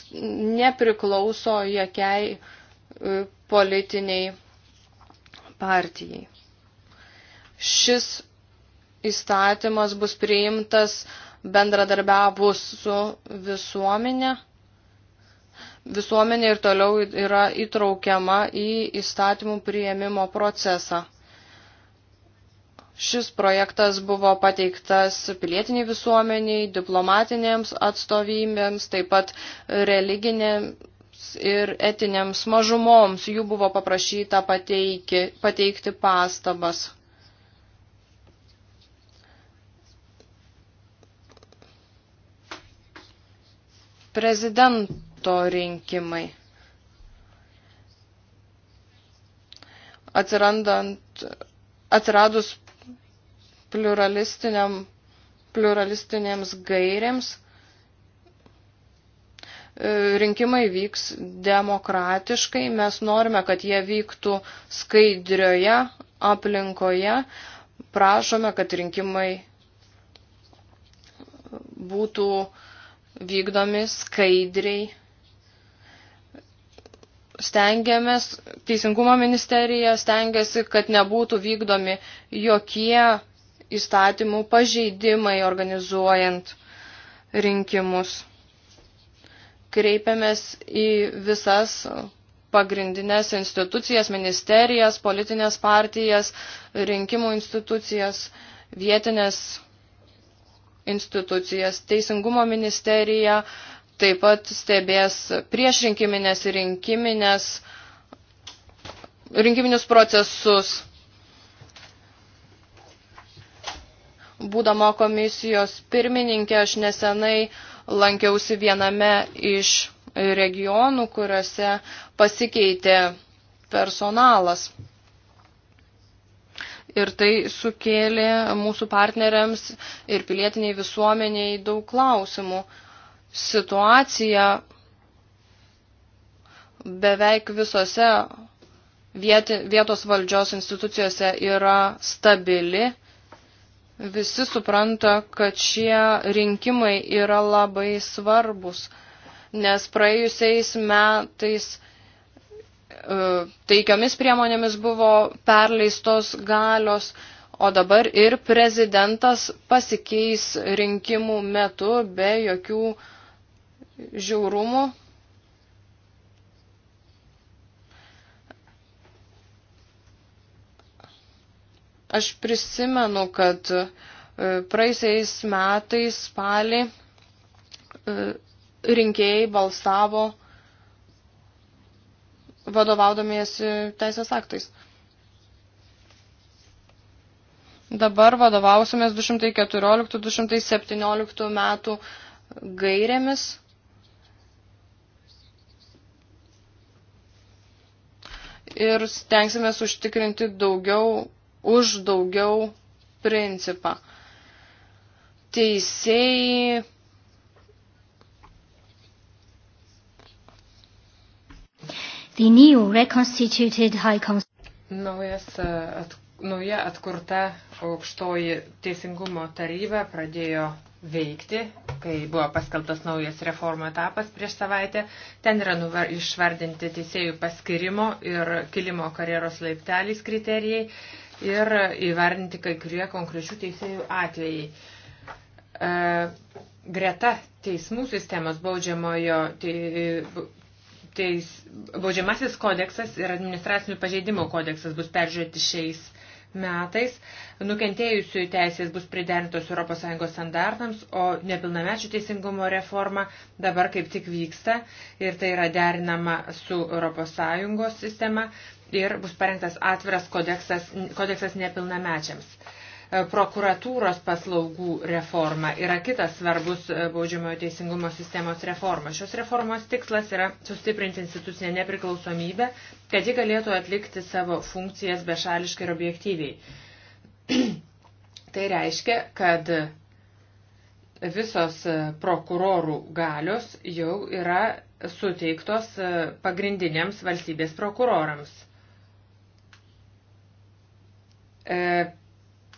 nepriklauso jokiai e, politiniai partijai. Šis įstatymas bus priimtas bendradarbiavus su visuomenė visuomenė ir toliau yra įtraukiama į įstatymų prieimimo procesą. Šis projektas buvo pateiktas pilietiniai visuomeniai, diplomatinėms atstovybėms, taip pat religinėms ir etinėms mažumoms. Jų buvo paprašyta pateiki, pateikti pastabas. Prezident parlamento rinkimai. Atsirandant, atsiradus pluralistiniam, pluralistinėms gairėms, e, rinkimai vyks demokratiškai, mes norime, kad jie vyktų skaidrioje aplinkoje, prašome, kad rinkimai būtų vykdomi skaidriai stengiamės, Teisingumo ministerija stengiasi, kad nebūtų vykdomi jokie įstatymų pažeidimai organizuojant rinkimus. Kreipiamės į visas pagrindinės institucijas, ministerijas, politinės partijas, rinkimų institucijas, vietinės institucijas, Teisingumo ministerija, taip pat stebės priešrinkiminės ir rinkiminės, rinkiminius procesus. Būdama komisijos pirmininkė, aš nesenai lankiausi viename iš regionų, kuriuose pasikeitė personalas. Ir tai sukėlė mūsų partneriams ir pilietiniai visuomeniai daug klausimų situacija beveik visose vietos valdžios institucijose yra stabili. Visi supranta, kad šie rinkimai yra labai svarbus, nes praėjusiais metais e, teikiamis priemonėmis buvo perleistos galios, o dabar ir prezidentas pasikeis rinkimų metu be jokių uh, žiaurumų. Aš prisimenu, kad e, praeisiais metais spalį e, rinkėjai balsavo vadovaudomėsi teisės aktais. Dabar vadovausimės 214-217 metų gairėmis ir stengsime užtikrinti daugiau už daugiau principą. Teisėjai. The new reconstituted high Naujas at, nauja atkurta aukštoji teisingumo taryba pradėjo veikti, kai buvo paskelbtas naujas reformų etapas prieš savaitę. Ten yra nuvar, išvardinti teisėjų paskirimo ir kilimo karjeros laipteliais kriterijai ir įvardinti kai kurie konkrečių teisėjų atvejai. E, greta teismų sistemos baudžiamojo te, teis, baudžiamasis kodeksas ir administracinių pažeidimų kodeksas bus peržiūrėti šiais metais nukentėjusių teisės bus priderintos ES standartams, o nepilnamečių teisingumo reforma dabar kaip tik vyksta ir tai yra derinama su ES sistema ir bus parengtas atviras kodeksas, kodeksas nepilnamečiams. Prokuratūros paslaugų reforma yra kitas svarbus e, baudžiamojo teisingumo sistemos reforma. Šios reformos tikslas yra sustiprinti institucinę nepriklausomybę, kad ji galėtų atlikti savo funkcijas bešališkai ir objektyviai. tai reiškia, kad visos e, prokurorų galios jau yra suteiktos e, pagrindiniams valstybės prokurorams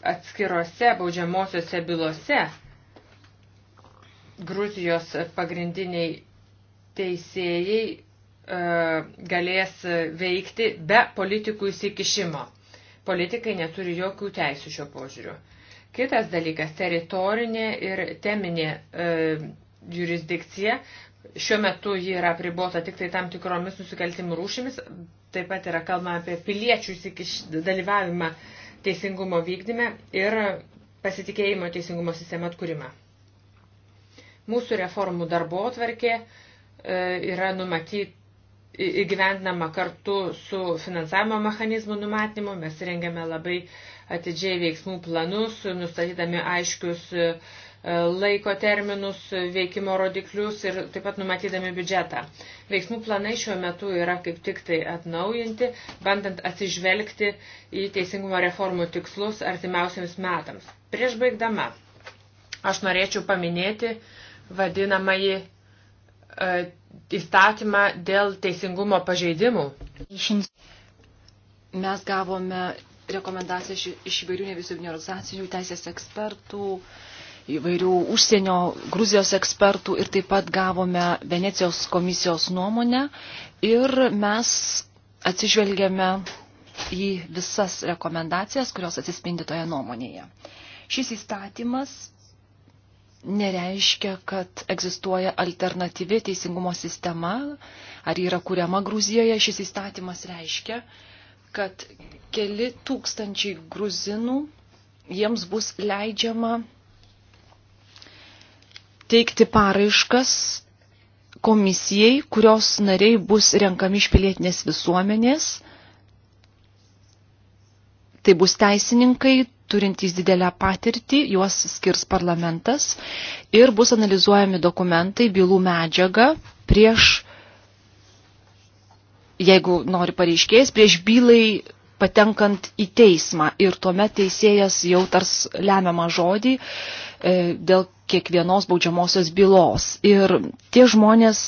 atskirose baudžiamosiose bylose Gruzijos pagrindiniai teisėjai e, galės veikti be politikų įsikišimo. Politikai neturi jokių teisų šio požiūriu. Kitas dalykas - teritorinė ir teminė e, jurisdikcija. Šiuo metu ji yra pribota tik tai tam tikromis nusikaltimų rūšimis. Taip pat yra kalbama apie piliečių dalyvavimą e, teisingumo vykdyme ir pasitikėjimo teisingumo sistema atkūrimą. Mūsų reformų darbo atvarkė e, yra numatyti įgyvendinama kartu su finansavimo mechanizmų numatymu. Mes rengiame labai atidžiai veiksmų planus, nustatydami aiškius uh, E, laiko terminus, veikimo rodiklius ir taip pat numatydami biudžetą. Veiksmų planai šiuo metu yra kaip tik tai atnaujinti, bandant atsižvelgti į teisingumo reformų tikslus artimiausiams metams. Prieš baigdama, aš norėčiau paminėti vadinamąjį e, įstatymą dėl teisingumo pažeidimų. Mes gavome rekomendacijas iš įvairių nevisybinio organizacijų, teisės ekspertų, uh, įvairių užsienio Gruzijos ekspertų ir taip pat gavome Venecijos komisijos nuomonę ir mes atsižvelgėme į visas rekomendacijas, kurios atsispindi toje nuomonėje. Šis įstatymas nereiškia, kad egzistuoja alternatyvi teisingumo sistema, ar yra kuriama Gruzijoje. Šis įstatymas reiškia, kad keli tūkstančiai gruzinų jiems bus leidžiama teikti paraiškas komisijai, kurios nariai bus renkami iš pilietinės visuomenės. Tai bus teisininkai, turintys didelę patirtį, juos skirs parlamentas ir bus analizuojami dokumentai, bylų medžiaga prieš, jeigu nori pareiškėjas, prieš bylai patenkant į teismą ir tuomet teisėjas jau tars lemiamą žodį e, dėl kiekvienos baudžiamosios bylos. Ir tie žmonės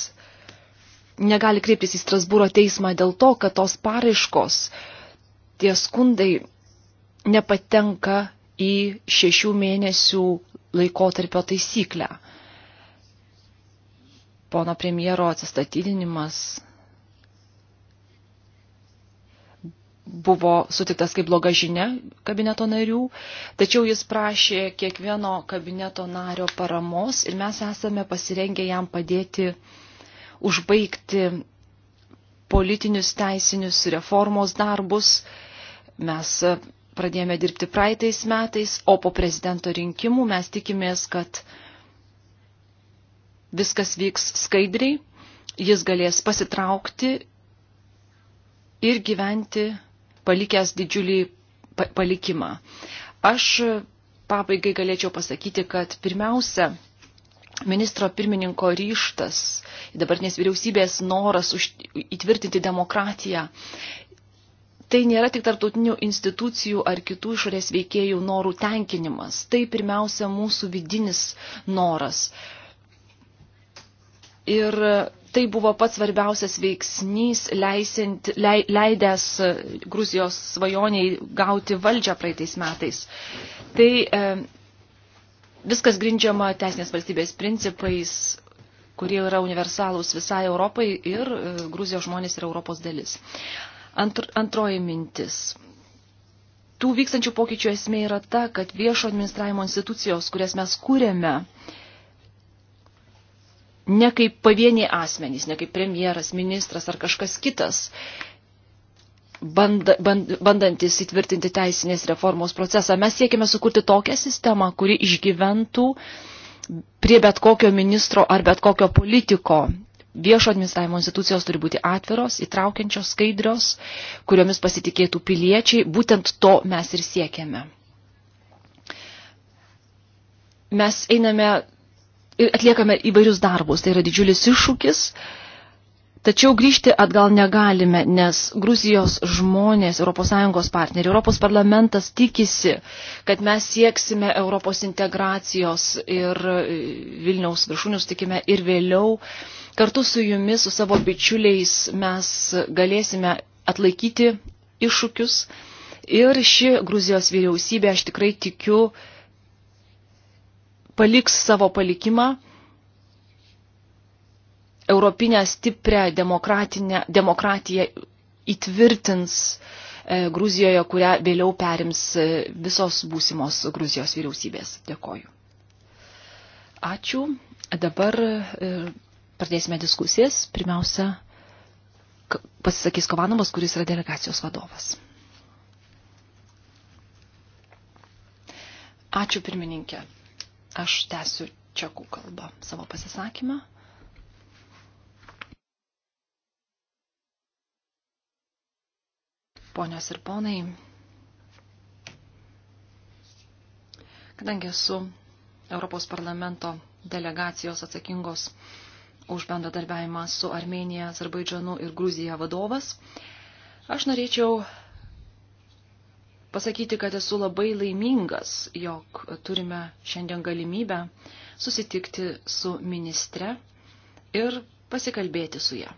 negali kreiptis į Strasbūro teismą dėl to, kad tos paraiškos, tie skundai nepatenka į šešių mėnesių laikotarpio taisyklę. Pono premjero atsistatydinimas buvo sutiktas kaip bloga žinia kabineto narių, tačiau jis prašė kiekvieno kabineto nario paramos ir mes esame pasirengę jam padėti užbaigti politinius teisinius reformos darbus. Mes pradėjome dirbti praeitais metais, o po prezidento rinkimų mes tikimės, kad viskas vyks skaidriai, jis galės pasitraukti ir gyventi palikęs didžiulį palikimą. Aš pabaigai galėčiau pasakyti, kad pirmiausia, ministro pirmininko ryštas, dabartinės vyriausybės noras už, įtvirtinti demokratiją. Tai nėra tik tarptautinių institucijų ar kitų išorės veikėjų norų tenkinimas. Tai pirmiausia mūsų vidinis noras. Ir tai buvo pats svarbiausias veiksnys, leisint, le, leidęs e, Gruzijos svajoniai gauti valdžią praeitais metais. Tai e, viskas grindžiama teisinės valstybės principais, kurie yra universalūs visai Europai ir e, Gruzijos žmonės yra Europos dalis. Antr, antroji mintis. Tų vykstančių pokyčių esmė yra ta, kad viešo administravimo institucijos, kurias mes kūrėme, e, ne kaip pavieniai asmenys, ne kaip premjeras, ministras ar kažkas kitas, band, band, bandantis įtvirtinti teisinės reformos procesą. Mes siekime sukurti tokią sistemą, kuri išgyventų prie bet kokio ministro ar bet kokio politiko. Viešo administravimo institucijos turi būti atviros, įtraukiančios, skaidrios, kuriomis pasitikėtų piliečiai. Būtent to mes ir siekiame. Mes einame atliekame įvairius darbus. Tai yra didžiulis iššūkis. Tačiau grįžti atgal negalime, nes Gruzijos žmonės, ES partneriai, Europos parlamentas tikisi, kad mes sieksime Europos integracijos ir Vilniaus viršūnių sutikime ir vėliau. Kartu su jumis, su savo bičiuliais mes galėsime atlaikyti iššūkius ir ši Gruzijos vyriausybė, aš tikrai tikiu, paliks savo palikimą Europinę stiprią demokratiją įtvirtins e, Gruzijoje, kurią vėliau perims e, visos būsimos Gruzijos vyriausybės. Dėkoju. Ačiū. Dabar e, pradėsime diskusijas. Pirmiausia, pasisakys Kovanovas, kuris yra delegacijos vadovas. Ačiū pirmininkė. Aš tęsiu čekų kalbą savo pasisakymą. Ponios ir ponai, kadangi esu Europos parlamento delegacijos atsakingos už bendradarbiavimą su Armenija, Azerbaidžanu ir Gruzija vadovas, aš norėčiau pasakyti, kad esu labai laimingas, jog turime šiandien galimybę susitikti su ministre ir pasikalbėti su ją.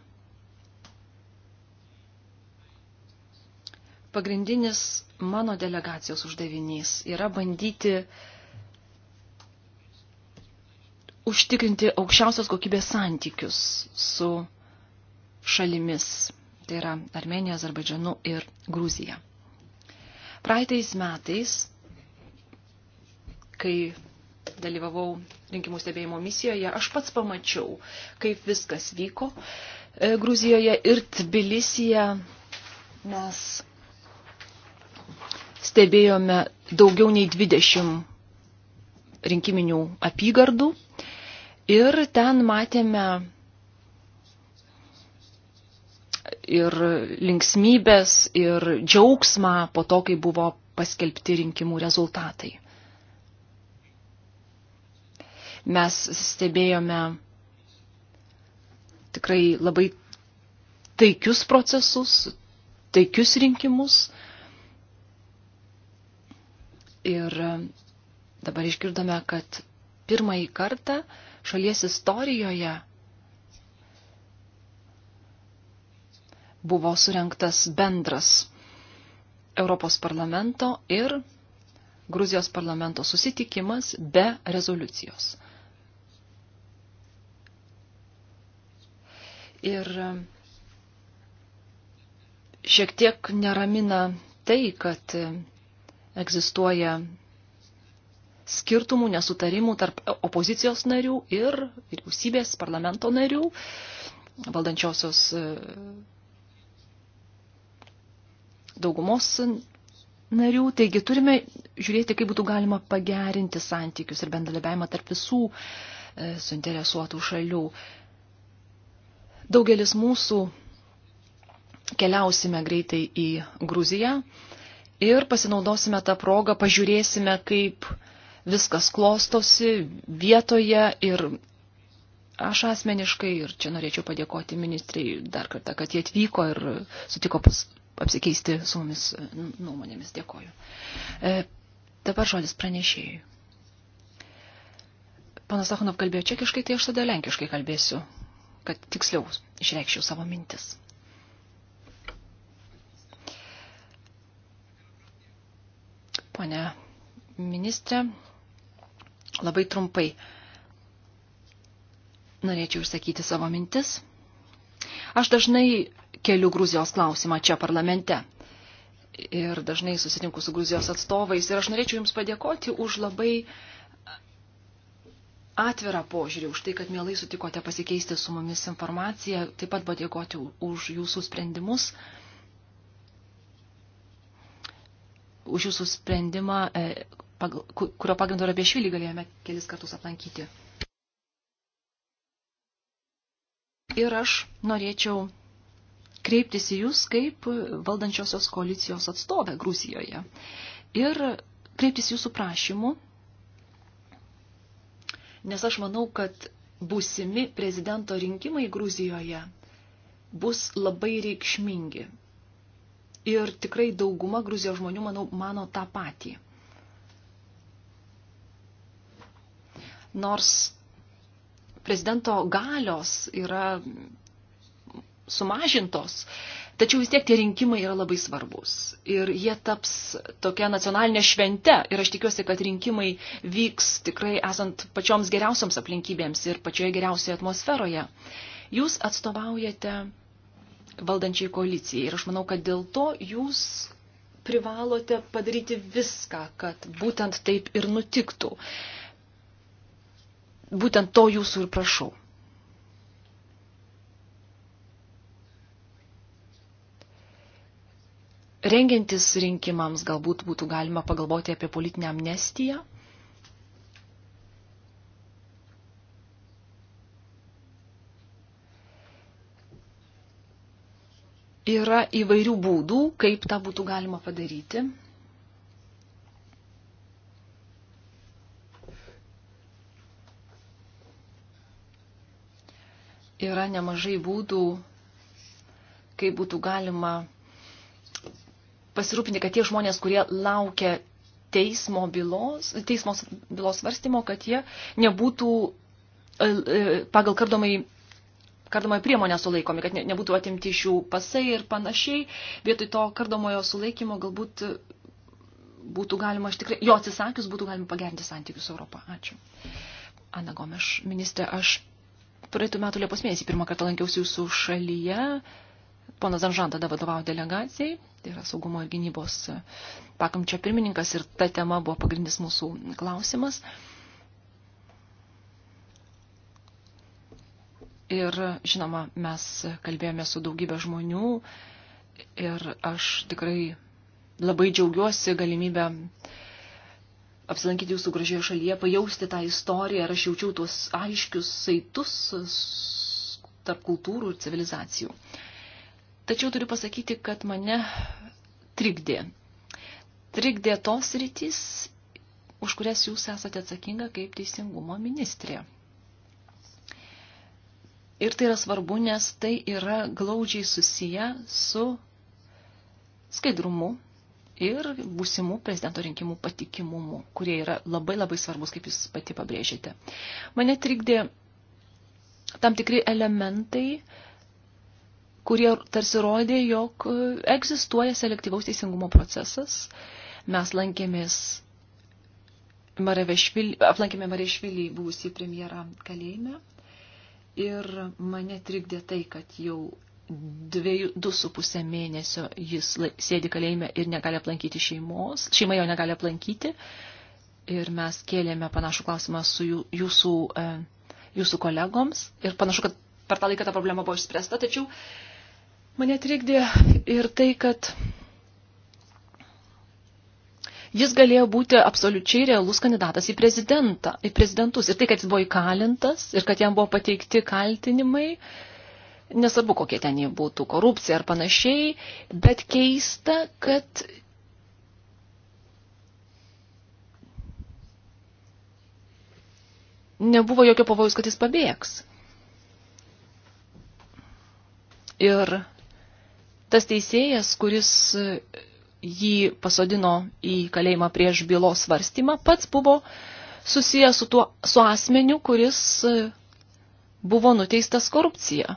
Pagrindinis mano delegacijos uždavinys yra bandyti užtikrinti aukščiausios kokybės santykius su šalimis, tai yra Armenija, Azerbaidžianu ir Gruzija. Praeitais metais, kai dalyvavau rinkimų stebėjimo misijoje, aš pats pamačiau, kaip viskas vyko e, Gruzijoje ir Tbilisyje. Mes stebėjome daugiau nei 20 rinkiminių apygardų ir ten matėme ir linksmybės, ir džiaugsmą po to, kai buvo paskelbti rinkimų rezultatai. Mes stebėjome tikrai labai taikius procesus, taikius rinkimus. Ir dabar išgirdome, kad pirmąjį kartą šalies istorijoje buvo surinktas bendras Europos parlamento ir Gruzijos parlamento susitikimas be rezoliucijos. Ir šiek tiek neramina tai, kad egzistuoja skirtumų, nesutarimų tarp opozicijos narių ir vyriausybės parlamento narių, valdančiosios daugumos narių, taigi turime žiūrėti, kaip būtų galima pagerinti santykius ir bendradarbiavimą tarp visų e, suinteresuotų šalių. Daugelis mūsų keliausime greitai į Gruziją ir pasinaudosime tą progą, pažiūrėsime, kaip viskas klostosi vietoje ir aš asmeniškai, ir čia norėčiau padėkoti ministrai dar kartą, kad jie atvyko ir sutiko pas, apsikeisti su mumis e, nuomonėmis. Dėkoju. E, dabar žodis pranešėjui. Panas Sachanov kalbėjo čekiškai, tai aš tada lenkiškai kalbėsiu, kad tiksliau išreikščiau savo mintis. Pone ministrė, labai trumpai norėčiau išsakyti savo mintis. Aš dažnai keliu Gruzijos klausimą čia parlamente. Ir dažnai susitinku su Gruzijos atstovais. Ir aš norėčiau Jums padėkoti už labai atvirą požiūrį, už tai, kad mielai sutikote pasikeisti su mumis informaciją, taip pat padėkoti už Jūsų sprendimus, už Jūsų sprendimą, e, kurio pagrindu apie švilį galėjome kelis kartus aplankyti. Ir aš norėčiau kreiptis į jūs kaip valdančiosios koalicijos atstovę Gruzijoje ir kreiptis jūsų prašymu, nes aš manau, kad būsimi prezidento rinkimai Gruzijoje bus labai reikšmingi. Ir tikrai dauguma Gruzijos žmonių, manau, mano tą patį. Nors prezidento galios yra sumažintos, tačiau vis tiek tie rinkimai yra labai svarbus. Ir jie taps tokia nacionalinė švente. Ir aš tikiuosi, kad rinkimai vyks tikrai esant pačioms geriausiams aplinkybėms ir pačioje geriausioje atmosferoje. Jūs atstovaujate valdančiai koalicijai. Ir aš manau, kad dėl to jūs privalote padaryti viską, kad būtent taip ir nutiktų. Būtent to jūsų ir prašau. rengiantis rinkimams galbūt būtų galima pagalvoti apie politinę amnestiją. Yra įvairių būdų, kaip tą būtų galima padaryti. Yra nemažai būdų, kaip būtų galima pasirūpinti, kad tie žmonės, kurie laukia teismo bylos, teismo bylos svarstymo, kad jie nebūtų e, e, pagal kardomai kardomąją priemonę sulaikomi, kad nebūtų atimti iš jų pasai ir panašiai. Vietoj to kardomojo sulaikymo galbūt būtų galima, aš tikrai, jo atsisakius būtų galima pagerinti santykius Europą. Ačiū. Ana Gomeš, ministrė, aš praeitų metų Liepos mėnesį pirmą kartą lankiausi jūsų šalyje Ponas Danžan tada vadovavo delegacijai, tai yra saugumo ir gynybos e, pakamčio pirmininkas ir ta tema buvo pagrindinis mūsų klausimas. Ir žinoma, mes kalbėjome su daugybė žmonių ir aš tikrai labai džiaugiuosi galimybę apsilankyti jūsų gražioje šalyje, pajausti tą istoriją ir aš jaučiau tuos aiškius saitus tarp kultūrų ir civilizacijų. Uh, Tačiau turiu pasakyti, kad mane trikdė. Trikdė tos rytis, už kurias jūs esate atsakinga kaip teisingumo ministrė. Ir tai yra svarbu, nes tai yra glaudžiai susiję su skaidrumu ir būsimų prezidento rinkimų patikimumu, kurie yra labai labai svarbus, kaip jūs pati pabrėžėte. Mane trikdė tam tikri elementai, uh, kurie tarsi rodė, jog e, egzistuoja selektyvaus teisingumo procesas. Mes lankėmės Marevešvili, aplankėme Marevešvilį buvusį premjerą kalėjime ir mane trikdė tai, kad jau dviejų, du su pusę mėnesio jis sėdi kalėjime ir negali aplankyti šeimos, šeima jo negali aplankyti. Ir mes kėlėme panašų klausimą su jūsų, e, jūsų kolegoms ir panašu, kad per tą laiką ta problema buvo išspręsta, tačiau Mane trikdė ir tai, kad jis galėjo būti absoliučiai realus kandidatas į prezidentą, į prezidentus. Ir tai, kad jis buvo įkalintas ir kad jam buvo pateikti kaltinimai, nesvarbu, kokie ten jie būtų, korupcija ar panašiai, bet keista, kad nebuvo jokio pavojus, kad jis pabėgs. Ir tas teisėjas, kuris e, jį pasodino į kalėjimą prieš bylos svarstymą, pats buvo susijęs su, tuo, su asmeniu, kuris e, buvo nuteistas korupcija,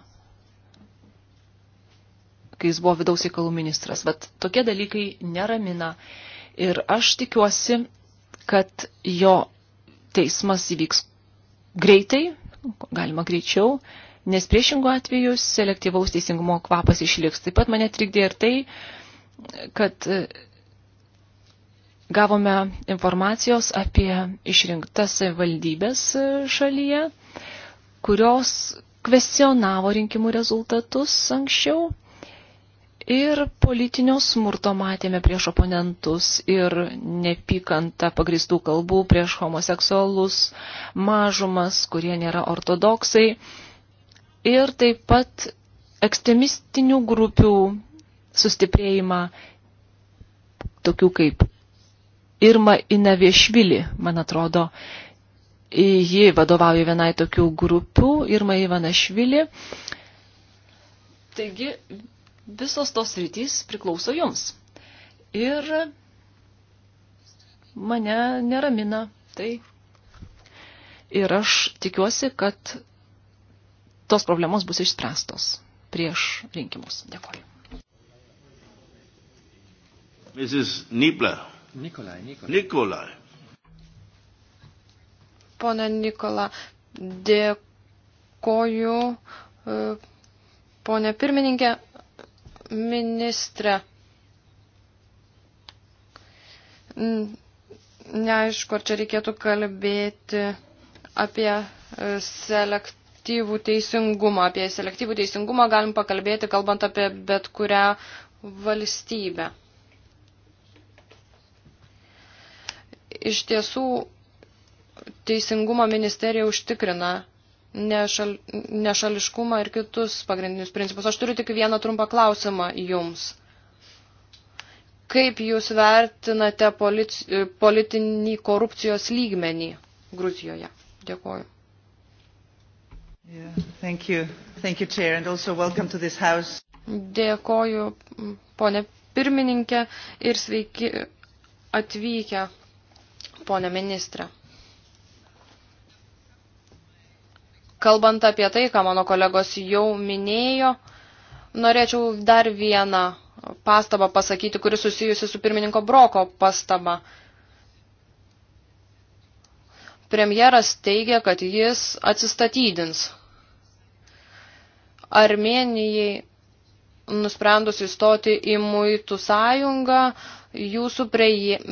kai jis buvo vidaus reikalų ministras. Bet tokie dalykai neramina. Ir aš tikiuosi, kad jo teismas įvyks greitai, galima greičiau, nes priešingų atveju selektyvaus teisingumo kvapas išliks. Taip pat mane trikdė ir tai, kad e, gavome informacijos apie išrinktas valdybės e, šalyje, kurios kvestionavo rinkimų rezultatus anksčiau ir politinio smurto matėme prieš oponentus ir nepykantą pagristų kalbų prieš homoseksualus mažumas, kurie nėra ortodoksai ir taip pat ekstremistinių grupių sustiprėjimą, tokių kaip Irma Inaviešvili, man atrodo, ji vadovauja vienai tokių grupių, Irma Ivanašvili. Taigi visos tos rytys priklauso jums. Ir mane neramina tai. Ir aš tikiuosi, kad tos problemos bus išspręstos prieš rinkimus. Dėkoju. Mrs. Nibler. Nikolai, Nikolai. Nikolai. Pone Nikola, dėkoju, e, ponė pirmininkė, ministrė. Neaišku, ar čia reikėtų kalbėti apie e, selekt selektyvų teisingumą. Apie selektyvų teisingumą galim pakalbėti, kalbant apie bet kurią valstybę. Iš tiesų, teisingumo ministerija užtikrina nešal, nešališkumą ir kitus pagrindinius principus. Aš turiu tik vieną trumpą klausimą jums. Kaip jūs vertinate polic, politinį korupcijos lygmenį Gruzijoje? Dėkuoju. Yeah, thank you. Thank you, Chair, and also welcome to this house. Dėkoju, ponė pirmininkė, ir sveiki atvykę, ponė ministrė. Kalbant apie tai, ką mano kolegos jau minėjo, norėčiau dar vieną pastabą pasakyti, kuri susijusi su pirmininko Broko pastaba. Premjeras teigia, kad jis atsistatydins Armenijai nusprendus įstoti į muitų sąjungą, jūsų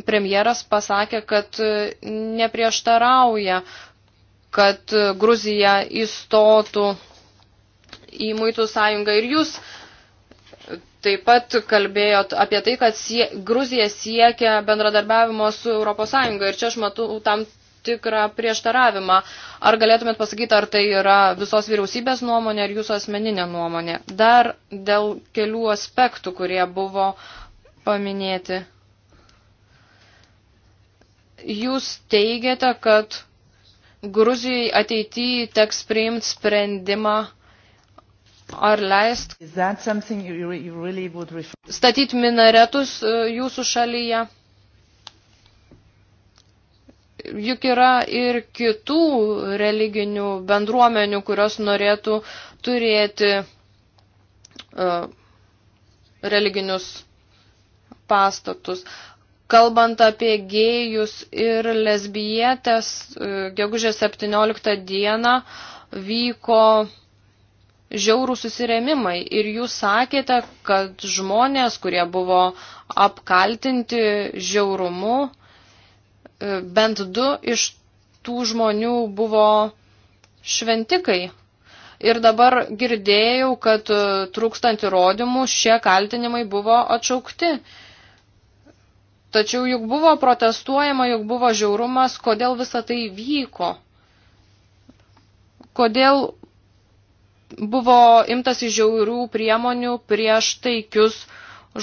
premjeras pasakė, kad e, neprieštarauja, kad e, Gruzija įstotų į muitų sąjungą ir jūs taip pat kalbėjot apie tai, kad sie, Gruzija siekia bendradarbiavimo su ES ir čia aš matau tam tikrą prieštaravimą. Ar galėtumėt pasakyti, ar tai yra visos vyriausybės nuomonė ar jūsų asmeninė nuomonė? Dar dėl kelių aspektų, kurie buvo paminėti. Jūs teigiate, kad Gruzijai ateityje teks priimti sprendimą ar leist really statyti minaretus e, jūsų šalyje? juk yra ir kitų religinių bendruomenių, kurios norėtų turėti uh, religinius pastatus. Kalbant apie gėjus ir lesbietės, uh, gegužės 17 dieną vyko žiaurų susiremimai ir jūs sakėte, kad žmonės, kurie buvo apkaltinti žiaurumu, uh, E, bent du iš tų žmonių buvo šventikai. Ir dabar girdėjau, kad e, trūkstant įrodymų šie kaltinimai buvo atšaukti. Tačiau juk buvo protestuojama, juk buvo žiaurumas, kodėl visa tai vyko. Kodėl buvo imtasi žiaurių priemonių prieš taikius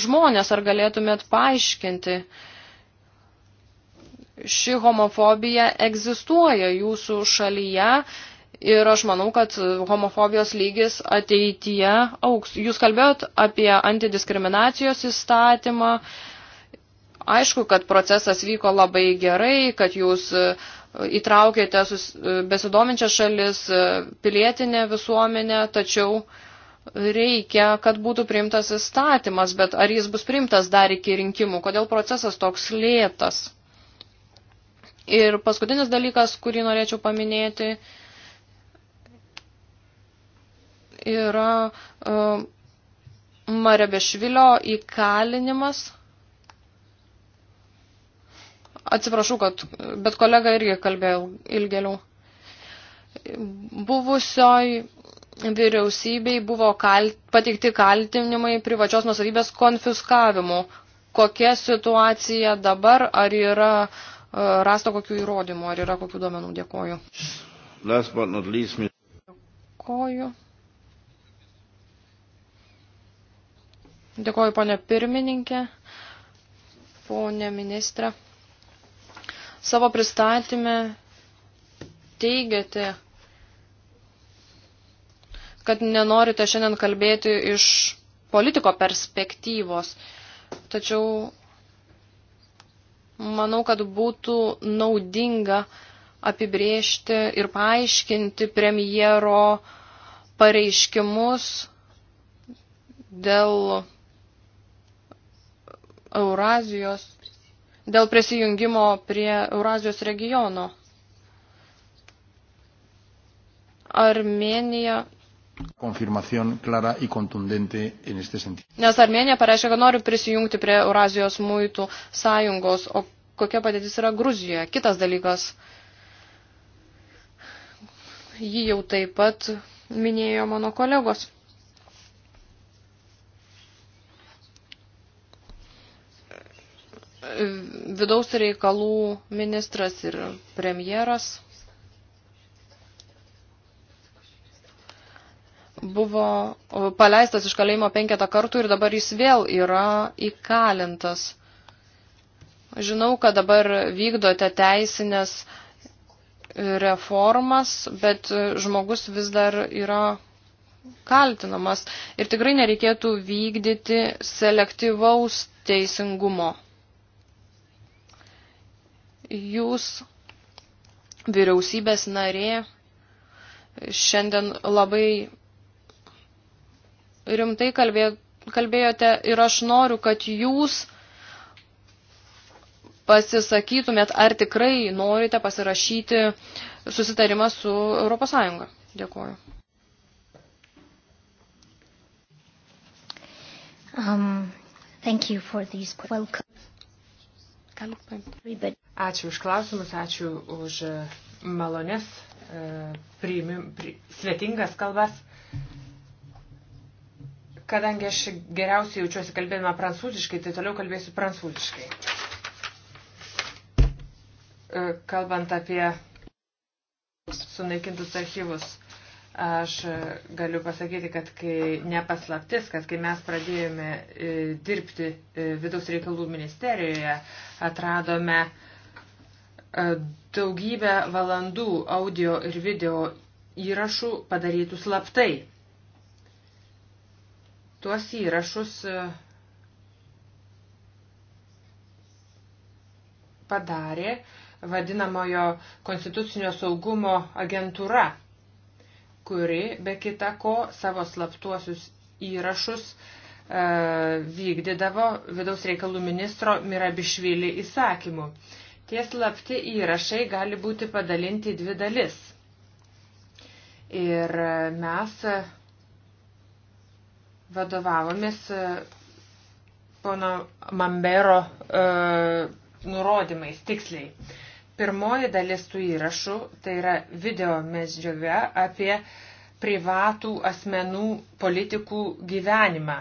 žmonės, ar galėtumėt paaiškinti? Uh, ši homofobija egzistuoja jūsų šalyje ir aš manau, kad homofobijos lygis ateityje auks. Jūs kalbėjot apie antidiskriminacijos įstatymą. Aišku, kad procesas vyko labai gerai, kad jūs e, įtraukėte e, besidominčias šalis, e, pilietinę visuomenę, tačiau reikia, kad būtų priimtas įstatymas, bet ar jis bus priimtas dar iki rinkimų, kodėl procesas toks lėtas? Ir paskutinis dalykas, kurį norėčiau paminėti, yra uh, e, Marebešvilio įkalinimas. Atsiprašau, kad, bet kolega irgi kalbėjo ilgėliau. Buvusioj vyriausybei buvo kalt, pateikti kaltinimai privačios nusavybės konfiskavimu. Kokia situacija dabar, ar yra uh, rasta kokių įrodymų, ar yra kokių duomenų. Dėkoju. Last but not least, me... Dėkoju. Dėkoju, ponė pirmininkė, ponė ministrė. Savo pristatymę teigiate, kad nenorite šiandien kalbėti iš politiko perspektyvos. Tačiau manau, kad būtų naudinga apibriežti ir paaiškinti premjero pareiškimus dėl Eurazijos, dėl prisijungimo prie Eurazijos regiono. Armenija Konfirmacion clara y contundente en este sentido. Nes Armenija pareiškia, kad nori prisijungti prie Eurazijos muitų sąjungos, o kokia padėtis yra Gruzijoje. Kitas dalykas, jį jau taip pat minėjo mano kolegos. Vidaus reikalų ministras ir premjeras buvo paleistas iš kalėjimo penketą kartų ir dabar jis vėl yra įkalintas. Žinau, kad dabar vykdote teisinės reformas, bet žmogus vis dar yra kaltinamas ir tikrai nereikėtų vykdyti selektyvaus teisingumo. Jūs, vyriausybės narė, šiandien labai rimtai kalbė, kalbėjote ir aš noriu, kad jūs pasisakytumėt, ar tikrai norite pasirašyti susitarimą su Europos Sąjunga. Dėkuoju. Um, thank you for these welcome. Ačiū už klausimus, ačiū už e, malonės, e, priimim, pri, svetingas kalbas. Kadangi aš geriausiai jaučiuosi kalbėjimą prancūziškai, tai toliau kalbėsiu prancūziškai. E, kalbant apie sunaikintus archyvus, aš galiu pasakyti, kad kai nepaslaptis, kad kai mes pradėjome e, dirbti e, vidaus reikalų ministerijoje, atradome daugybę valandų audio ir video įrašų padarytų slaptai Tuos įrašus e, padarė vadinamojo konstitucinio saugumo agentūra, kuri be kita ko savo slaptuosius įrašus e, vykdydavo vidaus reikalų ministro Mirabišvili įsakymu. Tie slapti įrašai gali būti padalinti į dvi dalis. Ir e, mes vadovavomis e, pono Mambero e, nurodymais tiksliai. Pirmoji dalis tų įrašų tai yra video medžiaga apie privatų asmenų politikų gyvenimą,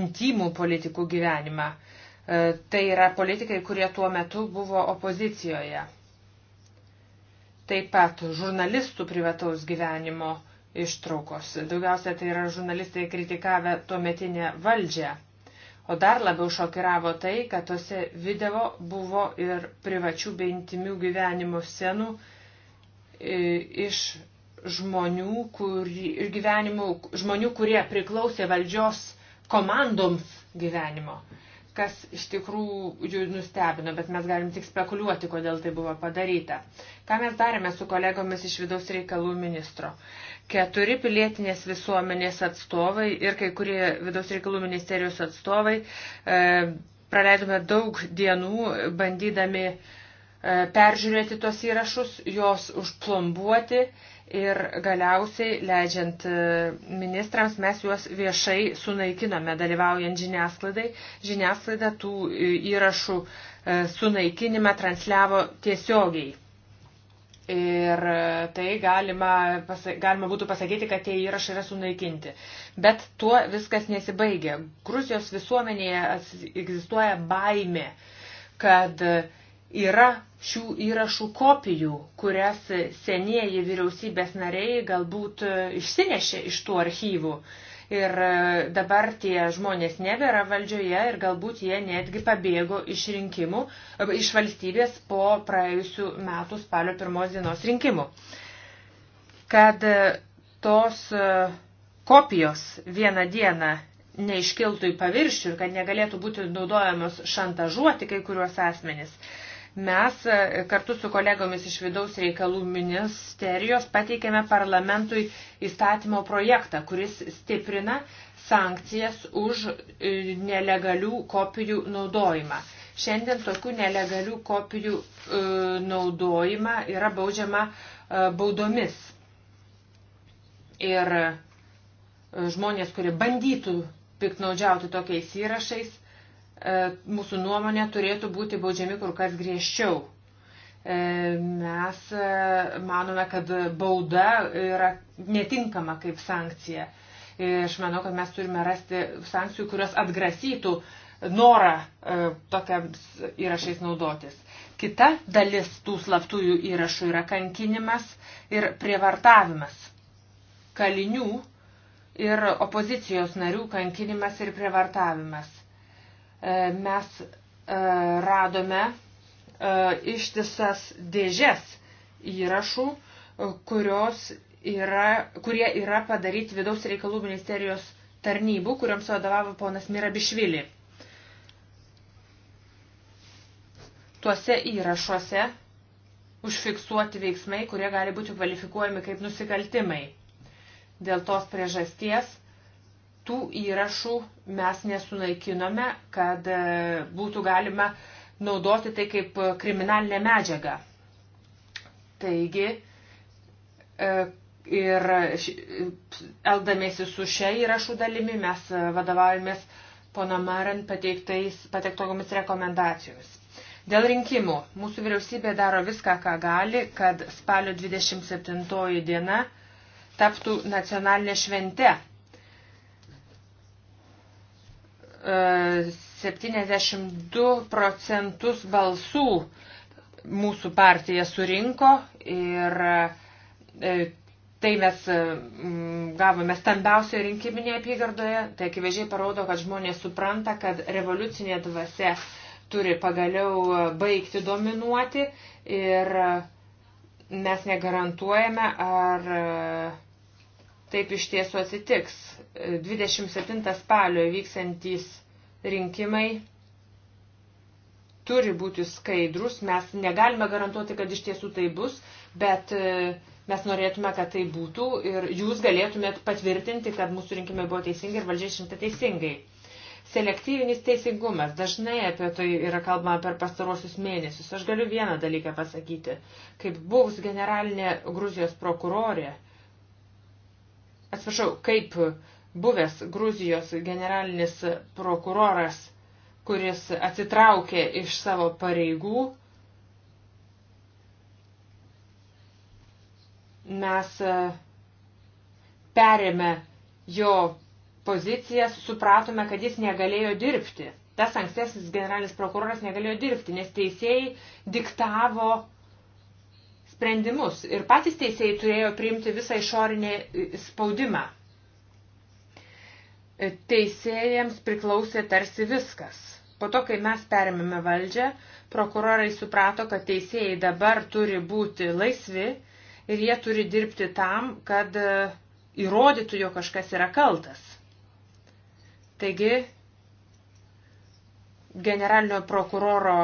intimų politikų gyvenimą. E, tai yra politikai, kurie tuo metu buvo opozicijoje. Taip pat žurnalistų privataus gyvenimo uh, ištraukos. Daugiausia tai yra žurnalistai kritikavę tuometinę valdžią. O dar labiau šokiravo tai, kad tose video buvo ir privačių bei intimių gyvenimo scenų e, iš žmonių, kur, ir gyvenimų, žmonių, kurie priklausė valdžios komandoms gyvenimo, kas iš tikrųjų nustebino, bet mes galim tik spekuliuoti, kodėl tai buvo padaryta. Ką mes darėme su kolegomis iš vidaus reikalų ministro? Uh, Keturi pilietinės visuomenės atstovai ir kai kurie vidaus reikalų ministerijos atstovai e, praleidome daug dienų bandydami e, peržiūrėti tos įrašus, jos užplombuoti ir galiausiai, leidžiant e, ministrams, mes juos viešai sunaikinome, dalyvaujant žiniasklaidai. Žiniasklaida tų e, įrašų e, sunaikinimą transliavo tiesiogiai. Ir tai galima, galima būtų pasakyti, kad tie įrašai yra sunaikinti. Bet tuo viskas nesibaigia. Gruzijos visuomenėje egzistuoja baime, kad yra šių įrašų kopijų, kurias senieji vyriausybės nariai galbūt išsinešė iš tų archyvų. Uh, Ir e, dabar tie žmonės nebėra valdžioje ir galbūt jie netgi pabėgo iš rinkimų, e, iš valstybės po praėjusių metų spalio pirmos dienos rinkimų. Kad e, tos kopijos vieną dieną neiškiltų į paviršių ir kad negalėtų būti naudojamos šantažuoti kai kuriuos asmenis. Uh, Mes e, kartu su kolegomis iš vidaus reikalų ministerijos pateikėme parlamentui įstatymo projektą, kuris stiprina sankcijas už e, nelegalių kopijų naudojimą. Šiandien tokių nelegalių kopijų e, naudojimą yra baudžiama baudomis. Ir žmonės, kurie bandytų piknaudžiauti tokiais įrašais, E, mūsų nuomonė turėtų būti baudžiami kur kas griežčiau. E, mes e, manome, kad bauda yra netinkama kaip sankcija. Ir aš manau, kad mes turime rasti sankcijų, kurios atgrasytų norą tokiams įrašais naudotis. Kita dalis tų slaptųjų įrašų yra kankinimas ir prievartavimas. Kalinių ir opozicijos narių kankinimas ir prievartavimas E, mes e, radome e, ištisas dėžes įrašų, kurios yra, kurie yra padaryti vidaus reikalų ministerijos tarnybų, kuriams vadovavo ponas Mirabišvili. Tuose įrašuose užfiksuoti veiksmai, kurie gali būti kvalifikuojami kaip nusikaltimai. Dėl tos priežasties tų įrašų mes nesunaikinome, kad e, būtų galima naudoti tai kaip kriminalinę medžiagą. Taigi, e, ir eldamėsi su šia įrašų dalimi mes e, vadovaujamės pono Maran pateiktomis rekomendacijomis. Dėl rinkimų. Mūsų vyriausybė daro viską, ką gali, kad spalio 27 diena taptų nacionalinė švente 72 procentus balsų mūsų partija surinko ir e, tai mes gavome stambiausioje rinkiminėje apygardoje. Tai akivaizdžiai parodo, kad žmonės supranta, kad revoliucinė dvasia turi pagaliau e, baigti dominuoti ir e, mes negarantuojame, ar taip iš tiesų atsitiks. 27 spalio vyksantys rinkimai turi būti skaidrus. Mes negalime garantuoti, kad iš tiesų tai bus, bet e, mes norėtume, kad tai būtų ir jūs galėtumėt patvirtinti, kad mūsų rinkimai buvo teisingi ir valdžia išrinkta teisingai. Selektyvinis teisingumas. Dažnai apie tai yra kalbama per pastarosius mėnesius. Aš galiu vieną dalyką pasakyti. Kaip buvus generalinė Gruzijos prokurorė, atsiprašau, kaip buvęs Gruzijos generalinis prokuroras, kuris atsitraukė iš savo pareigų, mes e, perėmė jo pozicijas, supratome, kad jis negalėjo dirbti. Tas ankstesnis generalinis prokuroras negalėjo dirbti, nes teisėjai diktavo sprendimus ir patys teisėjai turėjo priimti visą išorinį e, spaudimą. E, teisėjams priklausė tarsi viskas. Po to, kai mes perėmėme valdžią, prokurorai suprato, kad teisėjai dabar turi būti laisvi ir jie turi dirbti tam, kad e, įrodytų, jo kažkas yra kaltas. Taigi, generalinio prokuroro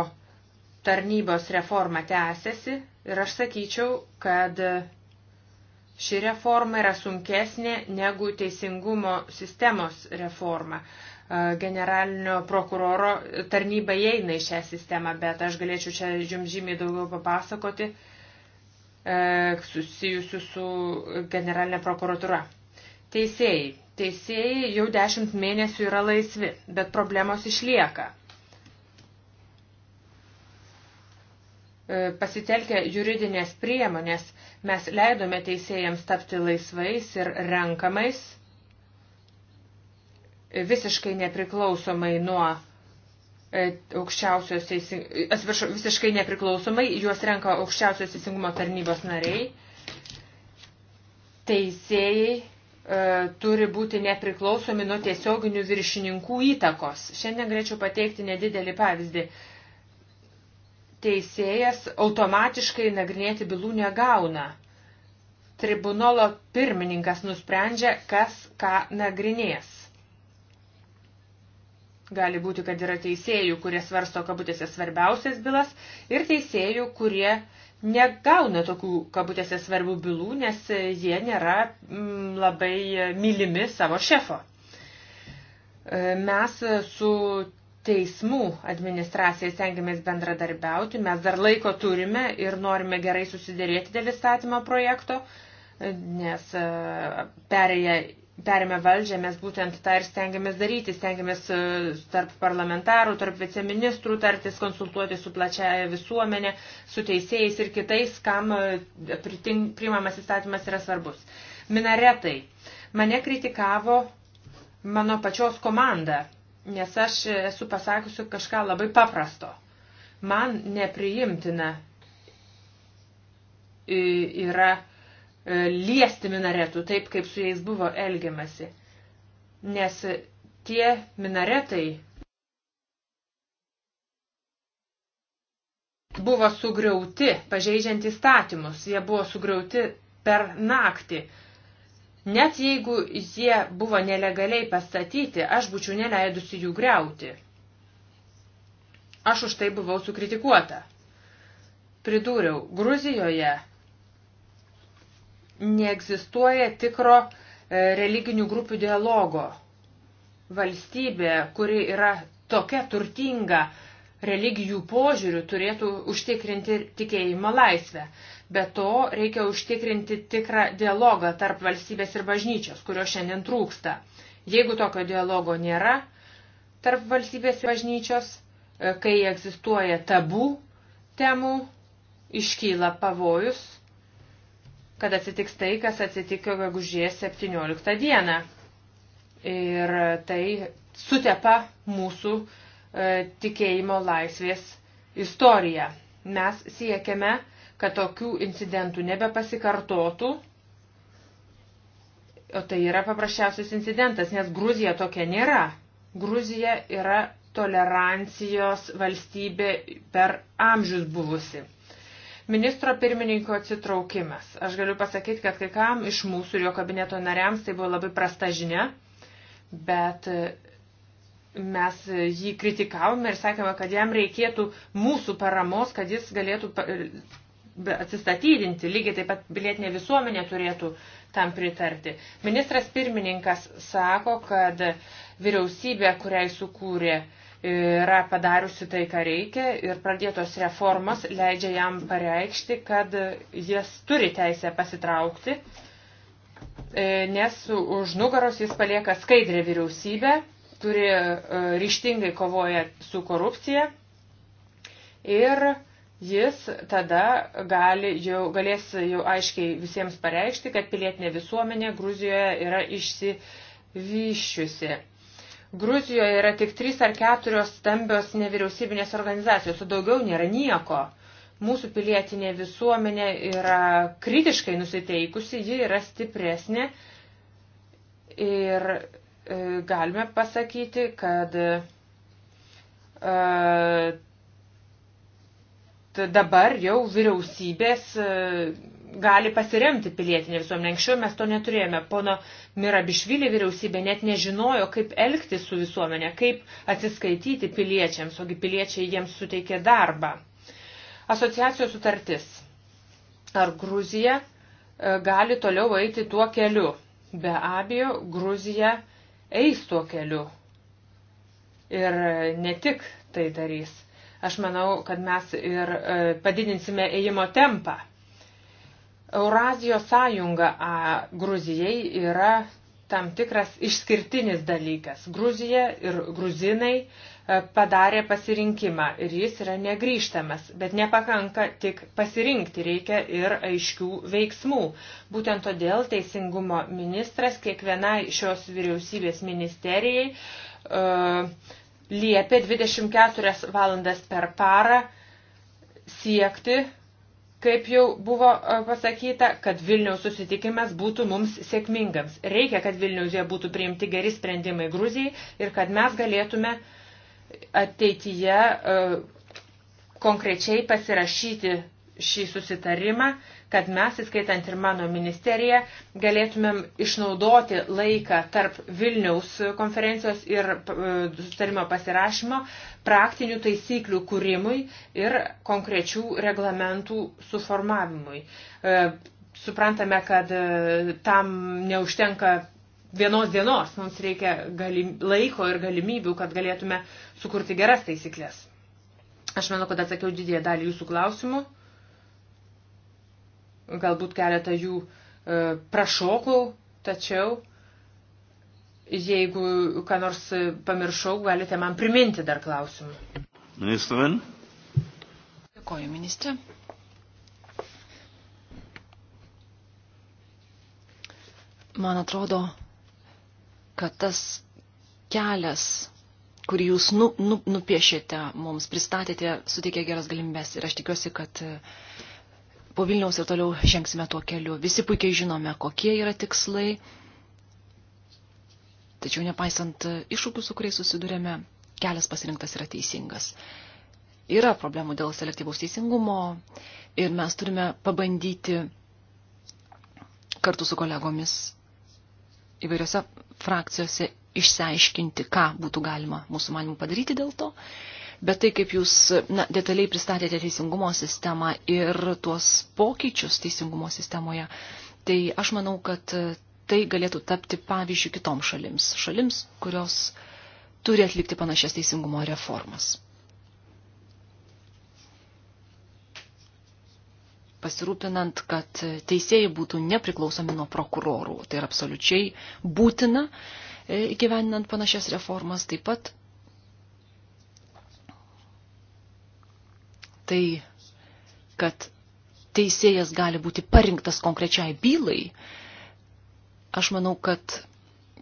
tarnybos reforma tęsiasi ir aš sakyčiau, kad ši reforma yra sunkesnė negu teisingumo sistemos reforma. Generalinio prokuroro tarnyba įeina į šią sistemą, bet aš galėčiau čia jums žymiai daugiau papasakoti e, susijusių su generalinė prokuratura. Teisėjai. Teisėjai jau dešimt mėnesių yra laisvi, bet problemos išlieka. E, pasitelkę juridinės priemonės mes leidome teisėjams tapti laisvais ir renkamais, visiškai nepriklausomai nuo e, aukščiausios teisingumo, atsiprašau, visiškai nepriklausomai, juos renka aukščiausios teisingumo tarnybos nariai. Teisėjai e, turi būti nepriklausomi nuo tiesioginių viršininkų įtakos. Šiandien greičiau pateikti nedidelį pavyzdį. E, teisėjas automatiškai nagrinėti bylų negauna. Tribunolo pirmininkas nusprendžia, kas ką nagrinės. Gali būti, kad yra teisėjų, kurie svarsto kabutėse svarbiausias bylas ir teisėjų, kurie negauna tokių kabutėse svarbių bylų, nes jie nėra m, mm, labai mylimi savo šefo. E, mes su teismų administracija stengiamės bendradarbiauti. Mes dar laiko turime ir norime gerai susidėrėti dėl įstatymo projekto, nes e, perėję, perėmę valdžią mes būtent tą ir stengiamės daryti. Stengiamės e, tarp parlamentarų, tarp viceministrų tartis, konsultuoti su plačiaja visuomenė, su teisėjais ir kitais, kam e, priimamas įstatymas yra svarbus. Minaretai. Mane kritikavo mano pačios komanda nes aš esu pasakiusi kažką labai paprasto. Man nepriimtina yra e, liesti minaretų taip, kaip su jais buvo elgiamasi. Nes tie minaretai buvo sugriauti, pažeidžiant įstatymus, jie buvo sugriauti per naktį. Net jeigu jie buvo nelegaliai pastatyti, aš būčiau neleidusi jų greuti. Aš už tai buvau sukritikuota. Pridūriau, Gruzijoje neegzistuoja tikro e, religinių grupių dialogo. Valstybė, kuri yra tokia turtinga religijų požiūrių, turėtų užtikrinti tikėjimo laisvę. Be to, reikia užtikrinti tikrą dialogą tarp valstybės ir bažnyčios, kurio šiandien trūksta. Jeigu tokio dialogo nėra tarp valstybės ir bažnyčios, e, kai egzistuoja tabų temų, iškyla pavojus, kad atsitiks tai, kas atsitiko gegužės 17 dieną. Ir tai sutepa mūsų e, tikėjimo laisvės istoriją. Mes siekiame kad tokių incidentų nebepasikartotų. O tai yra paprasčiausias incidentas, nes Gruzija tokia nėra. Gruzija yra tolerancijos valstybė per amžius buvusi. Ministro pirmininko atsitraukimas. Aš galiu pasakyti, kad kai kam iš mūsų ir jo kabineto nariams tai buvo labai prasta žinia, bet e, mes jį kritikavome ir sakėme, kad jam reikėtų mūsų paramos, kad jis galėtų atsistatydinti. Lygiai taip pat pilietinė visuomenė turėtų tam pritarti. Ministras pirmininkas sako, kad vyriausybė, kuriai sukūrė, yra padariusi tai, ką reikia ir pradėtos reformos leidžia jam pareikšti, kad jis turi teisę pasitraukti, e, nes už nugaros jis palieka skaidrę vyriausybę, kuri e, ryštingai kovoja su korupcija ir jis tada gali, jau, galės jau aiškiai visiems pareikšti, kad pilietinė visuomenė Gruzijoje yra išsivyščiusi. Gruzijoje yra tik trys ar keturios stambios nevyriausybinės organizacijos, o daugiau nėra nieko. Mūsų pilietinė visuomenė yra kritiškai nusiteikusi, ji yra stipresnė ir e, galime pasakyti, kad e, dabar jau vyriausybės e, gali pasiremti pilietinė visuomenė. Anksčiau mes to neturėjome. Pono Mirabišvili vyriausybė net nežinojo, kaip elgti su visuomenė, kaip atsiskaityti piliečiams, ogi piliečiai jiems suteikė darbą. Asociacijos sutartis. Ar Gruzija e, gali toliau eiti tuo keliu? Be abejo, Gruzija eis tuo keliu. Ir e, ne tik tai darys. Aš manau, kad mes ir e, padidinsime ėjimo tempą. Eurazijos sąjunga a, Gruzijai yra tam tikras išskirtinis dalykas. Gruzija ir gruzinai e, padarė pasirinkimą ir jis yra negryžtamas, bet nepakanka tik pasirinkti, reikia ir aiškių veiksmų. Būtent todėl teisingumo ministras kiekvienai šios vyriausybės ministerijai uh, liepė 24 valandas per parą siekti, kaip jau buvo e, pasakyta, kad Vilniaus susitikimas būtų mums sėkmingams. Reikia, kad Vilniausje būtų priimti geri sprendimai Gruzijai ir kad mes galėtume ateityje e, konkrečiai pasirašyti šį susitarimą kad mes, įskaitant ir mano ministeriją, galėtumėm išnaudoti laiką tarp Vilniaus konferencijos ir e, sustarimo pasirašymo praktinių taisyklių kūrimui ir konkrečių reglamentų suformavimui. E, suprantame, kad e, tam neužtenka vienos dienos, mums reikia galim, laiko ir galimybių, kad galėtume sukurti geras taisyklės. Aš manau, kad atsakiau didėję dalį jūsų klausimų galbūt keletą jų e, prašokau, tačiau jeigu ką nors pamiršau, galite man priminti dar klausimą. Ministrin. Dėkoju, ministrė. Man atrodo, kad tas kelias, kurį jūs nu, nu, nupiešėte, mums pristatėte, suteikė geras galimybės ir aš tikiuosi, kad uh, po Vilniaus ir toliau žengsime tuo keliu. Visi puikiai žinome, kokie yra tikslai, tačiau nepaisant iššūkių, su kuriais susidurėme, kelias pasirinktas yra teisingas. Yra problemų dėl selektyvaus teisingumo ir mes turime pabandyti kartu su kolegomis įvairiose frakcijose išsiaiškinti, ką būtų galima mūsų manimų padaryti dėl to bet tai, kaip jūs na, detaliai pristatėte teisingumo sistemą ir tuos pokyčius teisingumo sistemoje, tai aš manau, kad e, tai galėtų tapti pavyzdžių kitoms šalims, šalims, kurios turi atlikti panašias teisingumo reformas. pasirūpinant, kad teisėjai būtų nepriklausomi nuo prokurorų. Tai yra absoliučiai būtina e, įgyveninant panašias reformas. Taip pat tai, kad teisėjas gali būti parinktas konkrečiai bylai, aš manau, kad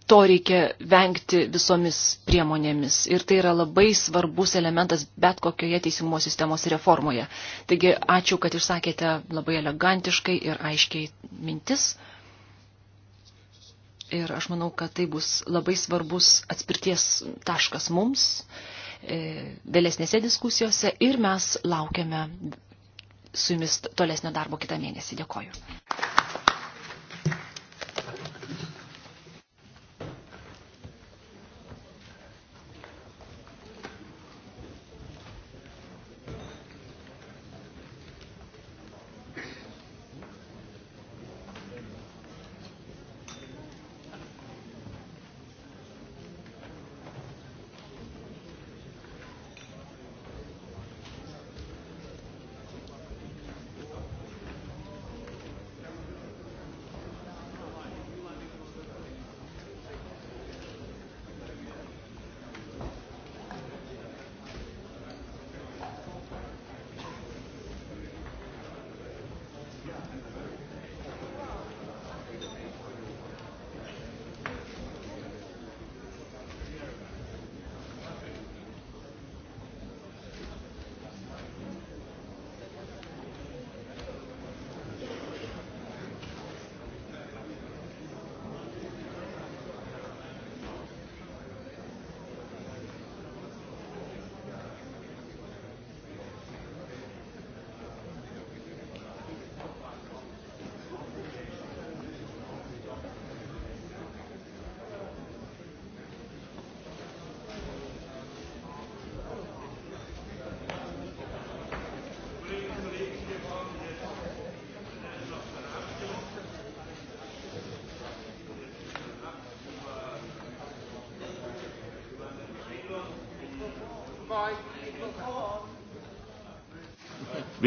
to reikia vengti visomis priemonėmis. Ir tai yra labai svarbus elementas bet kokioje teisingumo sistemos reformoje. Taigi ačiū, kad išsakėte labai elegantiškai ir aiškiai mintis. Ir aš manau, kad tai bus labai svarbus atspirties taškas mums E, vėlesnėse diskusijose ir mes laukiame su jumis tolesnio darbo kitą mėnesį. Dėkoju.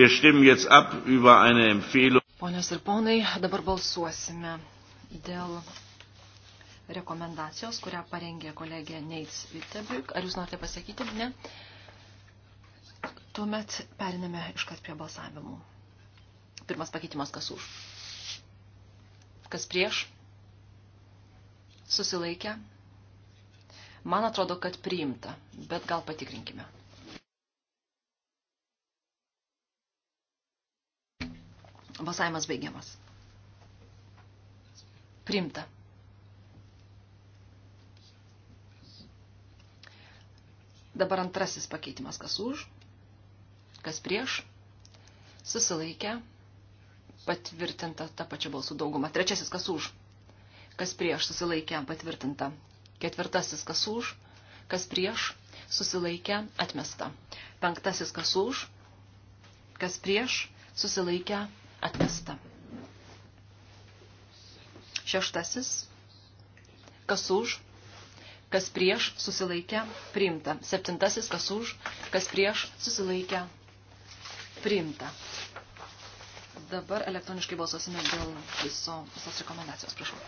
Wir stimmen jetzt ab über eine Empfehlung. Ponios ir ponai, dabar balsuosime dėl rekomendacijos, kurią parengė kolegė Neits Vitebik. Ar jūs norite pasakyti, ne? Tuomet periname iškart prie balsavimų. Pirmas pakeitimas kas už. Kas prieš? Susilaikę? Man atrodo, kad priimta, bet gal patikrinkime. Balsavimas baigiamas. Primta. Dabar antrasis pakeitimas, kas už, kas prieš, susilaikę, patvirtinta ta pačia balsų dauguma. Trečiasis, kas už, kas prieš, susilaikę, patvirtinta. Ketvirtasis, kas už, kas prieš, susilaikę, atmesta. Penktasis, kas už, kas prieš, susilaikę, atmesta. Šeštasis, kas už, kas prieš susilaikę, priimta. Septintasis, kas už, kas prieš susilaikę, priimta. Dabar elektroniškai balsuosime dėl viso, visos rekomendacijos, prašau.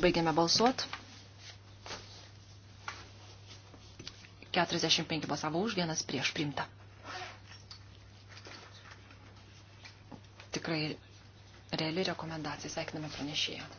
Baigiame balsuot. 45 balsavo už, vienas prieš priimta. tikrai reali rekomendacija. Sveikiname pranešėją.